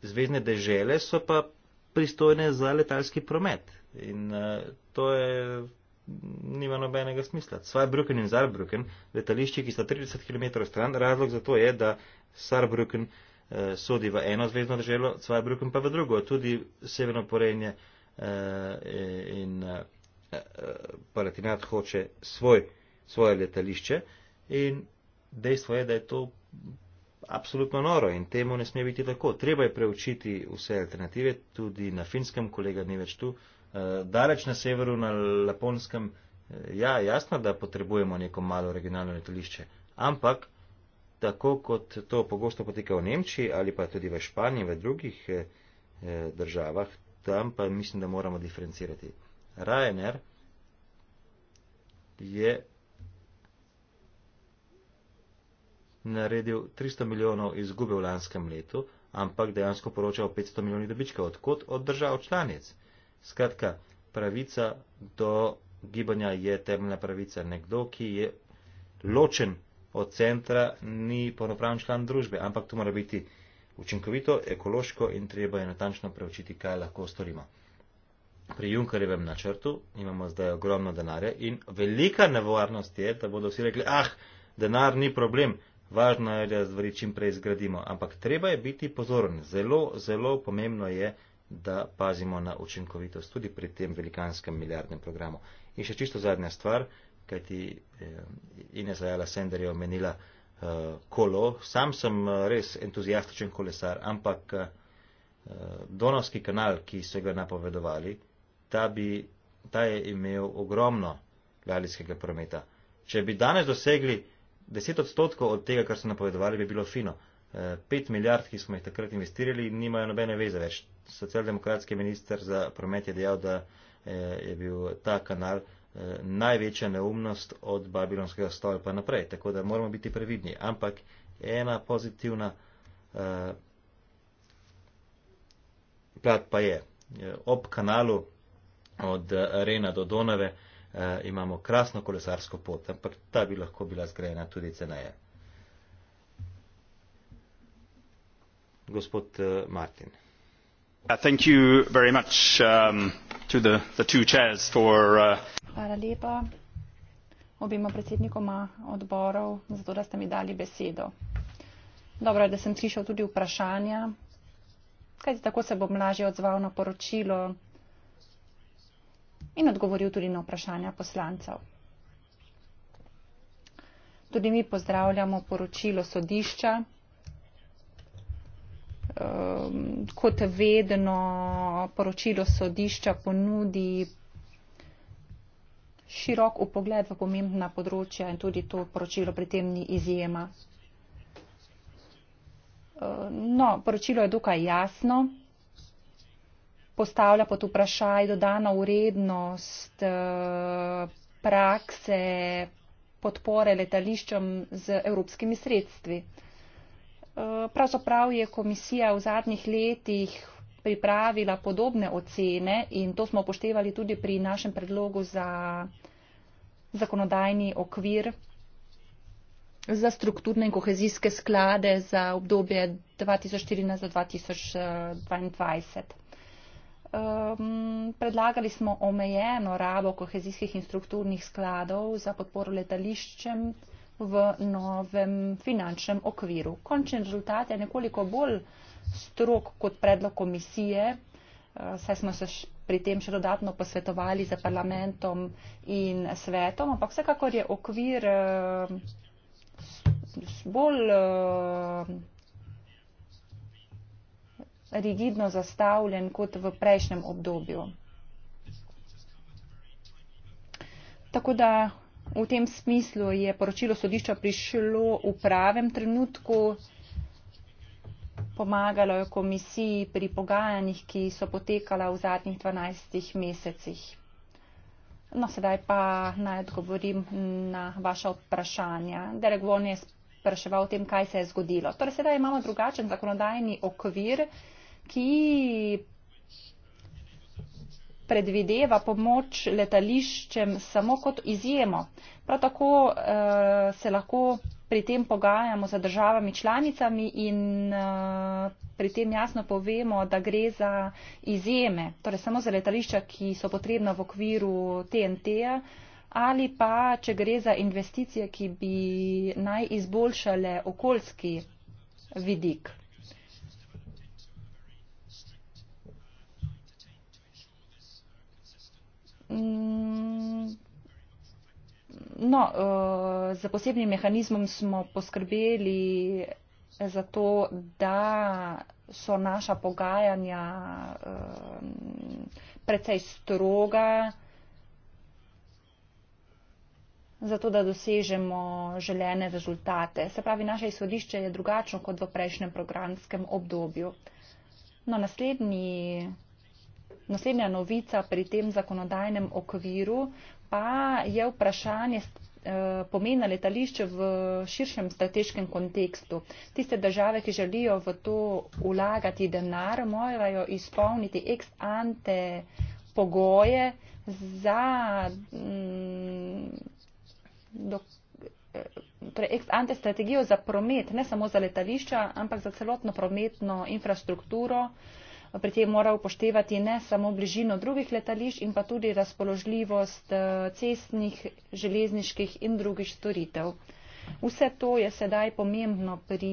zvezdne dežele so pa pristojne za letalski promet. In uh, to je, nima nobenega smisla. Svajbruken in Zarbruken, letališči, ki sta 30 km stran, razlog za to je, da Sarbruken uh, eh, sodi v eno zvezdno državo, Svajbruken pa v drugo. Tudi Severno Porenje uh, in uh, Palatinat hoče svoj, svoje letališče in dejstvo je, da je to absolutno noro in temu ne sme biti tako. Treba je preučiti vse alternative, tudi na finskem, kolega ni več tu, eh, daleč na severu, na laponskem. Eh, ja, jasno, da potrebujemo neko malo regionalno letališče, ampak tako kot to pogosto poteka v Nemčiji ali pa tudi v Španiji, v drugih eh, državah, tam pa mislim, da moramo diferencirati. Ryanair je naredil 300 milijonov izgube v lanskem letu, ampak dejansko poroča o 500 milijonih dobička. Odkot? Od držav članic. Skratka, pravica do gibanja je temeljna pravica. Nekdo, ki je ločen od centra, ni ponopravni član družbe, ampak to mora biti učinkovito, ekološko in treba je natančno preučiti, kaj lahko storimo. Pri Junkarjevem načrtu imamo zdaj ogromno denarja in velika nevarnost je, da bodo vsi rekli, ah, denar ni problem, Važno je, da stvari čim prej zgradimo, ampak treba je biti pozoren. Zelo, zelo pomembno je, da pazimo na učinkovitost tudi pri tem velikanskem milijardnem programu. In še čisto zadnja stvar, kajti eh, Ines Ajala Sender je omenila uh, kolo. Sam sem eh, res entuzijastičen kolesar, ampak uh, donovski kanal, ki so ga napovedovali, ta, bi, ta je imel ogromno galijskega prometa. Če bi danes dosegli deset odstotkov od tega, kar so napovedovali, bi bilo fino. E, pet milijard, ki smo jih takrat investirali, nimajo nobene veze več. Socialdemokratski minister za promet je dejal, da e, je bil ta kanal e, največja neumnost od babilonskega stolpa naprej. Tako da moramo biti previdni. Ampak ena pozitivna e, plat pa je. E, ob kanalu od Rena do Donave. Eh, imamo krasno kolesarsko pot, ampak ta bi lahko bila zgrajena tudi ceneje. Gospod eh, Martin. Thank you very much um, to the, the two chairs for. Uh... Hvala lepa obima predsednikoma odborov, zato da ste mi dali besedo. Dobro je, da sem slišal tudi vprašanja, kajti tako se bom lažje odzval na poročilo in odgovoril tudi na vprašanja poslancev. Tudi mi pozdravljamo poročilo sodišča. Ehm, kot vedno, poročilo sodišča ponudi širok upogled v pomembna področja in tudi to poročilo pri tem ni izjema. Ehm, no, poročilo je dokaj jasno postavlja pod vprašaj dodano urednost eh, prakse podpore letališčem z evropskimi sredstvi. Eh, pravzaprav je komisija v zadnjih letih pripravila podobne ocene in to smo upoštevali tudi pri našem predlogu za zakonodajni okvir za strukturne in kohezijske sklade za obdobje 2014-2022 um, predlagali smo omejeno rabo kohezijskih in strukturnih skladov za podporo letališčem v novem finančnem okviru. Končen rezultat je nekoliko bolj strok kot predlog komisije, uh, saj smo se š, pri tem še dodatno posvetovali za parlamentom in svetom, ampak vsekakor je okvir uh, bolj. Uh, rigidno zastavljen kot v prejšnjem obdobju. Tako da v tem smislu je poročilo sodišča prišlo v pravem trenutku, pomagalo je komisiji pri pogajanjih, ki so potekala v zadnjih 12 mesecih. No, sedaj pa naj odgovorim na vaša vprašanja. Derek Von je spraševal o tem, kaj se je zgodilo. Torej, sedaj imamo drugačen zakonodajni okvir ki predvideva pomoč letališčem samo kot izjemo. Prav tako uh, se lahko pri tem pogajamo za državami članicami in uh, pri tem jasno povemo, da gre za izjeme, torej samo za letališča, ki so potrebna v okviru TNT-ja ali pa, če gre za investicije, ki bi naj izboljšale okoljski vidik. No, eh, za posebnim mehanizmom smo poskrbeli za to, da so naša pogajanja eh, precej stroga, zato da dosežemo želene rezultate. Se pravi, naše izhodišče je drugačno kot v prejšnjem programskem obdobju. No, naslednji. Naslednja novica pri tem zakonodajnem okviru pa je vprašanje eh, pomena letališče v širšem strateškem kontekstu. Tiste države, ki želijo v to ulagati denar, morajo izpolniti ex ante pogoje za mm, do, eh, torej ex ante strategijo za promet, ne samo za letališča, ampak za celotno prometno infrastrukturo. Uh, pri tem mora upoštevati ne samo bližino drugih letališč in pa tudi razpoložljivost eh, cestnih, železniških in drugih storitev. Vse to je sedaj pomembno pri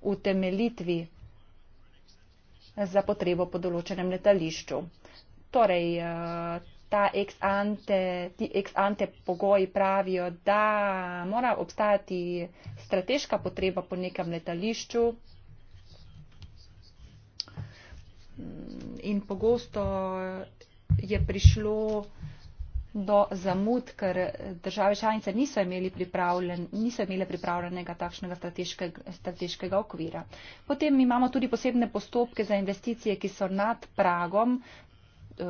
utemelitvi eh, za potrebo po določenem letališču. Torej, eh, ta ex ante, ti ex ante pogoji pravijo, da mora obstajati strateška potreba po nekem letališču in pogosto je prišlo do zamud, ker države članice niso, pripravljen, niso imele pripravljenega takšnega strateškega, strateškega okvira. Potem imamo tudi posebne postopke za investicije, ki so nad pragom, eh,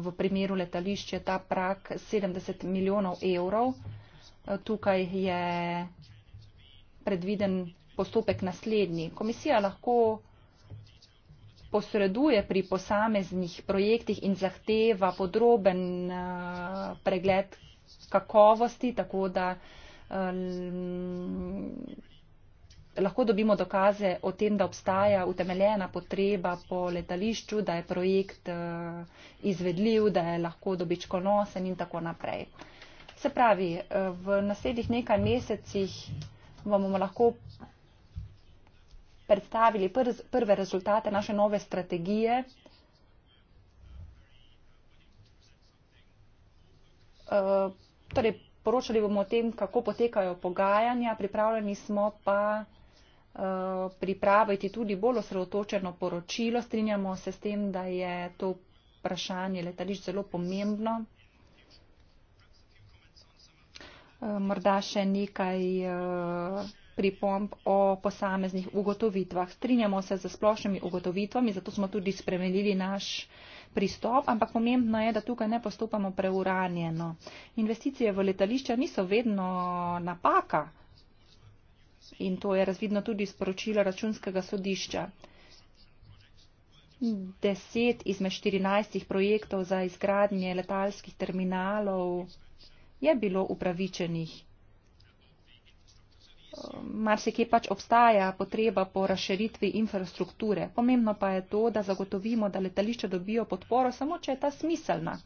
v primeru letališče ta prag 70 milijonov evrov. Eh, tukaj je predviden postopek naslednji. Komisija lahko posreduje pri posameznih projektih in zahteva podroben eh, pregled kakovosti, tako da eh, lahko dobimo dokaze o tem, da obstaja utemeljena potreba po letališču, da je projekt eh, izvedljiv, da je lahko dobičkonosen in tako naprej. Se pravi, v naslednjih nekaj mesecih bomo lahko predstavili prve rezultate naše nove strategije. E, torej, poročali bomo o tem, kako potekajo pogajanja, pripravljeni smo pa e, pripraviti tudi bolj osredotočeno poročilo. Strinjamo se s tem, da je to vprašanje letališč zelo pomembno. E, morda še nekaj pripomb o posameznih ugotovitvah. Strinjamo se z splošnimi ugotovitvami, zato smo tudi spremenili naš pristop, ampak pomembno je, da tukaj ne postopamo preuranjeno. Investicije v letališča niso vedno napaka in to je razvidno tudi iz poročila računskega sodišča. Deset izmed 14 projektov za izgradnje letalskih terminalov je bilo upravičenih marsikje pač obstaja potreba po razširitvi infrastrukture. Pomembno pa je to, da zagotovimo, da letališča dobijo podporo samo, če je ta smiselna.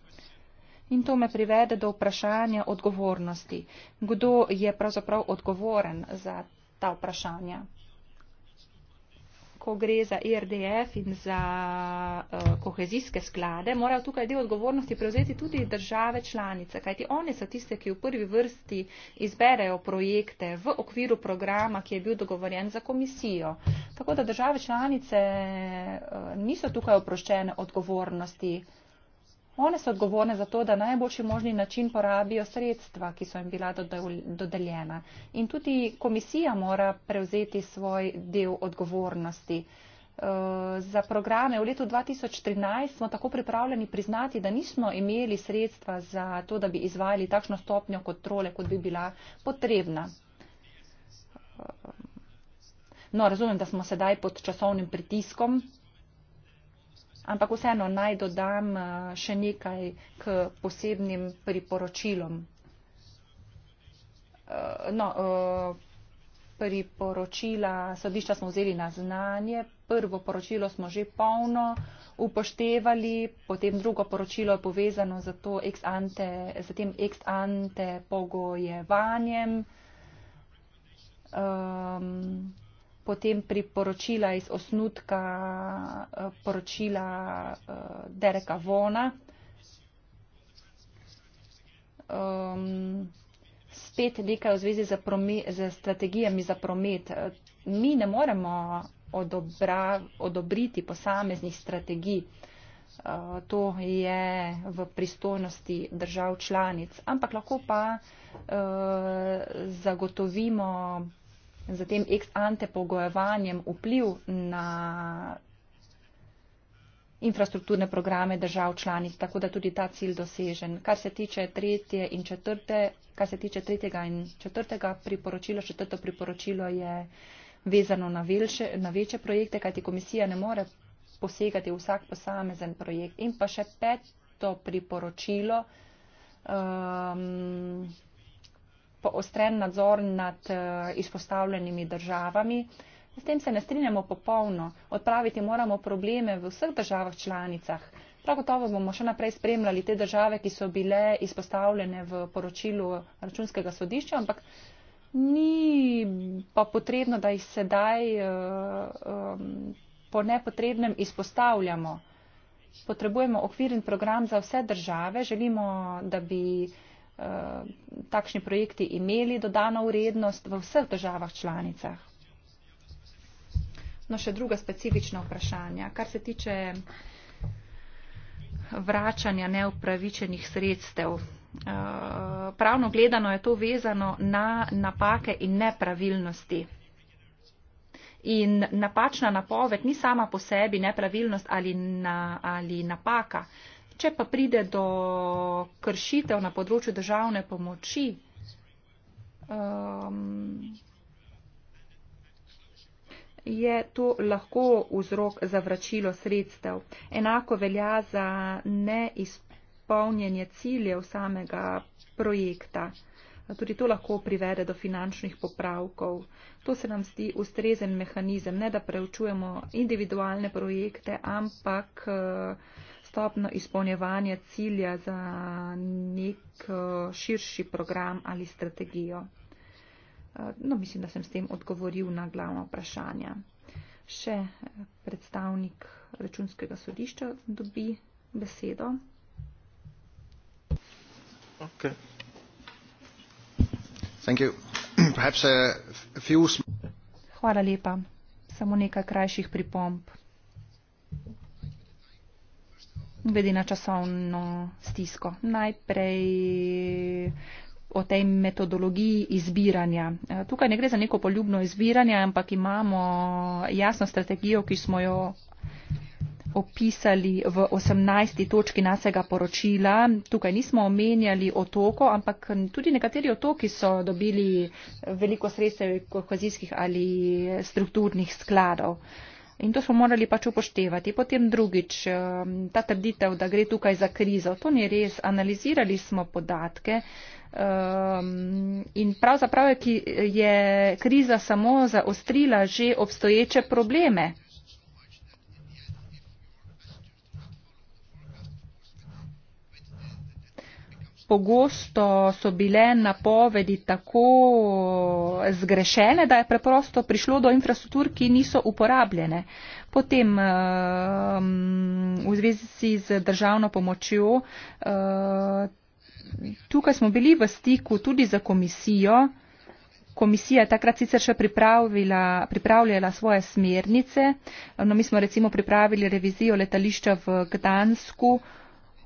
In to me privede do vprašanja odgovornosti. Kdo je pravzaprav odgovoren za ta vprašanja? ko gre za IRDF e in za uh, kohezijske sklade, morajo tukaj del odgovornosti prevzeti tudi države članice, kajti one so tiste, ki v prvi vrsti izberejo projekte v okviru programa, ki je bil dogovorjen za komisijo. Tako da države članice uh, niso tukaj oproščene odgovornosti. One so odgovorne za to, da najboljši možni način porabijo sredstva, ki so jim bila dodeljena. In tudi komisija mora prevzeti svoj del odgovornosti. Eh, za programe v letu 2013 smo tako pripravljeni priznati, da nismo imeli sredstva za to, da bi izvajali takšno stopnjo kontrole, kot bi bila potrebna. Eh, no, razumem, da smo sedaj pod časovnim pritiskom ampak vseeno naj dodam eh, še nekaj k posebnim priporočilom. Eh, no, eh, priporočila sodišča smo vzeli na znanje, prvo poročilo smo že polno upoštevali, potem drugo poročilo je povezano z, ex ante, z tem ex ante pogojevanjem. Um, potem priporočila iz osnutka eh, poročila eh, Dereka Vona. Um, spet nekaj v zvezi z, z strategijami za promet. Eh, mi ne moremo odobra, odobriti posameznih strategij. To je v pristojnosti držav članic, ampak lahko pa eh, zagotovimo z tem ex ante pogojevanjem vpliv na infrastrukturne programe držav članic, tako da tudi ta cilj dosežen. Kar se tiče, tretje in četrte, kar se tiče tretjega in četrtega priporočila, četrto priporočilo je vezano na, velše, na večje projekte, kajti komisija ne more posegati vsak posamezen projekt. In pa še peto priporočilo. Um, poostren nadzor nad eh, izpostavljenimi državami. S tem se ne strinjamo popolno. Odpraviti moramo probleme v vseh državah članicah. Prav gotovo bomo še naprej spremljali te države, ki so bile izpostavljene v poročilu računskega sodišča, ampak ni pa potrebno, da jih sedaj um, po nepotrebnem izpostavljamo. Potrebujemo okvir in program za vse države. Želimo, da bi uh, Eh, takšni projekti imeli dodano vrednost v vseh državah članicah. No, še druga specifična vprašanja. Kar se tiče vračanja neupravičenih sredstev. Eh, pravno gledano je to vezano na napake in nepravilnosti. In napačna napoved ni sama po sebi nepravilnost ali, na, ali napaka. Če pa pride do kršitev na področju državne pomoči, um, je to lahko vzrok za vračilo sredstev. Enako velja za neizpolnjenje ciljev samega projekta. Tudi to lahko privede do finančnih popravkov. To se nam zdi ustrezen mehanizem, ne da preučujemo individualne projekte, ampak uh, stopno izpolnjevanja cilja za nek eh, širši program ali strategijo. Eh, no, mislim, da sem s tem odgovoril na glavno vprašanje. Še eh, predstavnik računskega sodišča dobi besedo. Okay. Thank you. Perhaps a few... Hvala lepa. Samo nekaj krajših pripomp. glede na časovno stisko. Najprej o tej metodologiji izbiranja. E, tukaj ne gre za neko poljubno izbiranje, ampak imamo jasno strategijo, ki smo jo opisali v 18. točki našega poročila. Tukaj nismo omenjali otoko, ampak tudi nekateri otoki so dobili veliko sredstev kohezijskih ali strukturnih skladov. Uh, In to smo morali pač upoštevati. Potem drugič, eh, ta trditev, da gre tukaj za krizo, to ni res. Analizirali smo podatke ehm, in pravzaprav je kriza samo zaostrila že obstoječe probleme. pogosto so bile napovedi tako zgrešene, da je preprosto prišlo do infrastruktur, ki niso uporabljene. Potem ehm, v zvezi z državno pomočjo, ehm, tukaj smo bili v stiku tudi za komisijo. Komisija je takrat sicer še pripravljala svoje smernice. No, mi smo recimo pripravili revizijo letališča v Gdansku,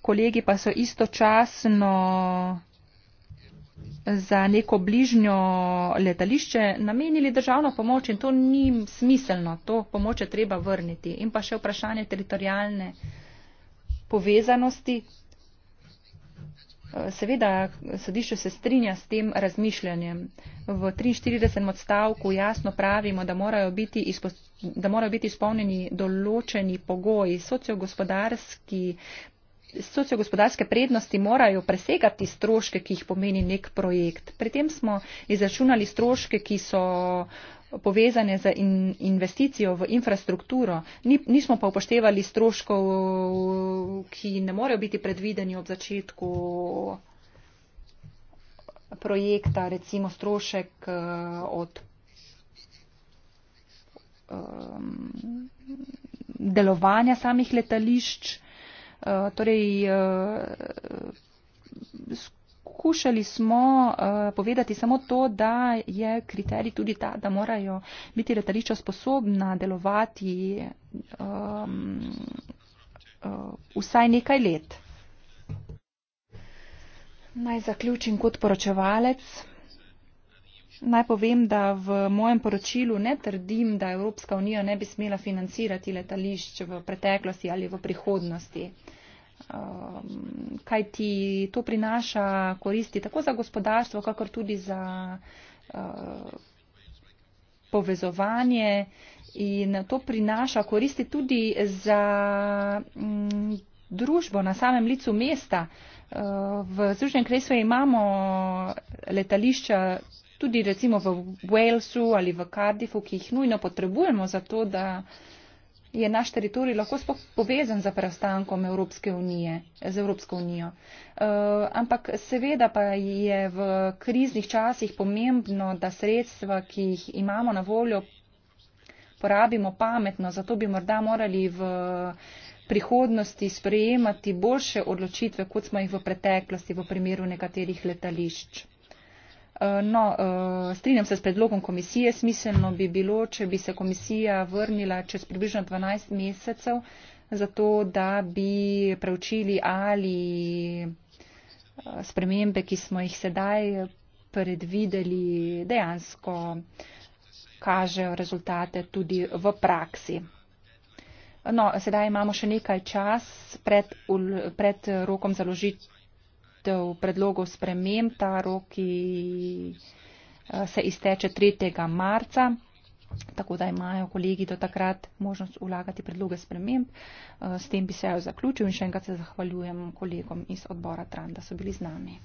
kolegi pa so istočasno za neko bližnjo letališče namenili državno pomoč in to ni smiselno, to pomoč je treba vrniti. In pa še vprašanje teritorijalne povezanosti. Seveda, sodišče se strinja s tem razmišljanjem. V 43. odstavku jasno pravimo, da morajo biti, izpo, da morajo biti izpolnjeni določeni pogoji, sociogospodarski, sociogospodarske prednosti morajo presegati stroške, ki jih pomeni nek projekt. Pri tem smo izračunali stroške, ki so povezane z in investicijo v infrastrukturo. Ni, nismo pa upoštevali stroškov, ki ne morejo biti predvideni ob začetku projekta, recimo strošek eh, od um, delovanja samih letališč. Uh, Eh, torej, eh, skušali smo eh, povedati samo to, da je kriterij tudi ta, da morajo biti letališča sposobna delovati ehm, vsaj nekaj let. Naj zaključim kot poročevalec. Naj povem, da v mojem poročilu ne trdim, da Evropska unija ne bi smela financirati letališč v preteklosti ali v prihodnosti. Um, kaj ti to prinaša koristi tako za gospodarstvo, kakor tudi za uh, povezovanje in to prinaša koristi tudi za mm, družbo na samem licu mesta. Uh, v Združenem kresu imamo letališča tudi recimo v Walesu ali v Cardiffu, ki jih nujno potrebujemo za to, da uh, je naš teritorij lahko sploh povezan za preostankom Evropske unije, z Evropsko unijo. Eh, ampak seveda pa je v kriznih časih pomembno, da sredstva, ki jih imamo na voljo, porabimo pametno, zato bi morda morali v prihodnosti sprejemati boljše odločitve, kot smo jih v preteklosti v primeru nekaterih letališč. No, eh, strinjam se s predlogom komisije. Smiselno bi bilo, če bi se komisija vrnila čez približno 12 mesecev, zato da bi preučili ali eh, spremembe, ki smo jih sedaj predvideli, dejansko kažejo rezultate tudi v praksi. No, sedaj imamo še nekaj čas pred, pred rokom založitev v predlogu sprememb, ta rok eh, se izteče 3. marca, tako da imajo kolegi do takrat možnost ulagati predloge sprememb. Eh, s tem bi se jo zaključil in še enkrat se zahvaljujem kolegom iz odbora Tran, da so bili z nami.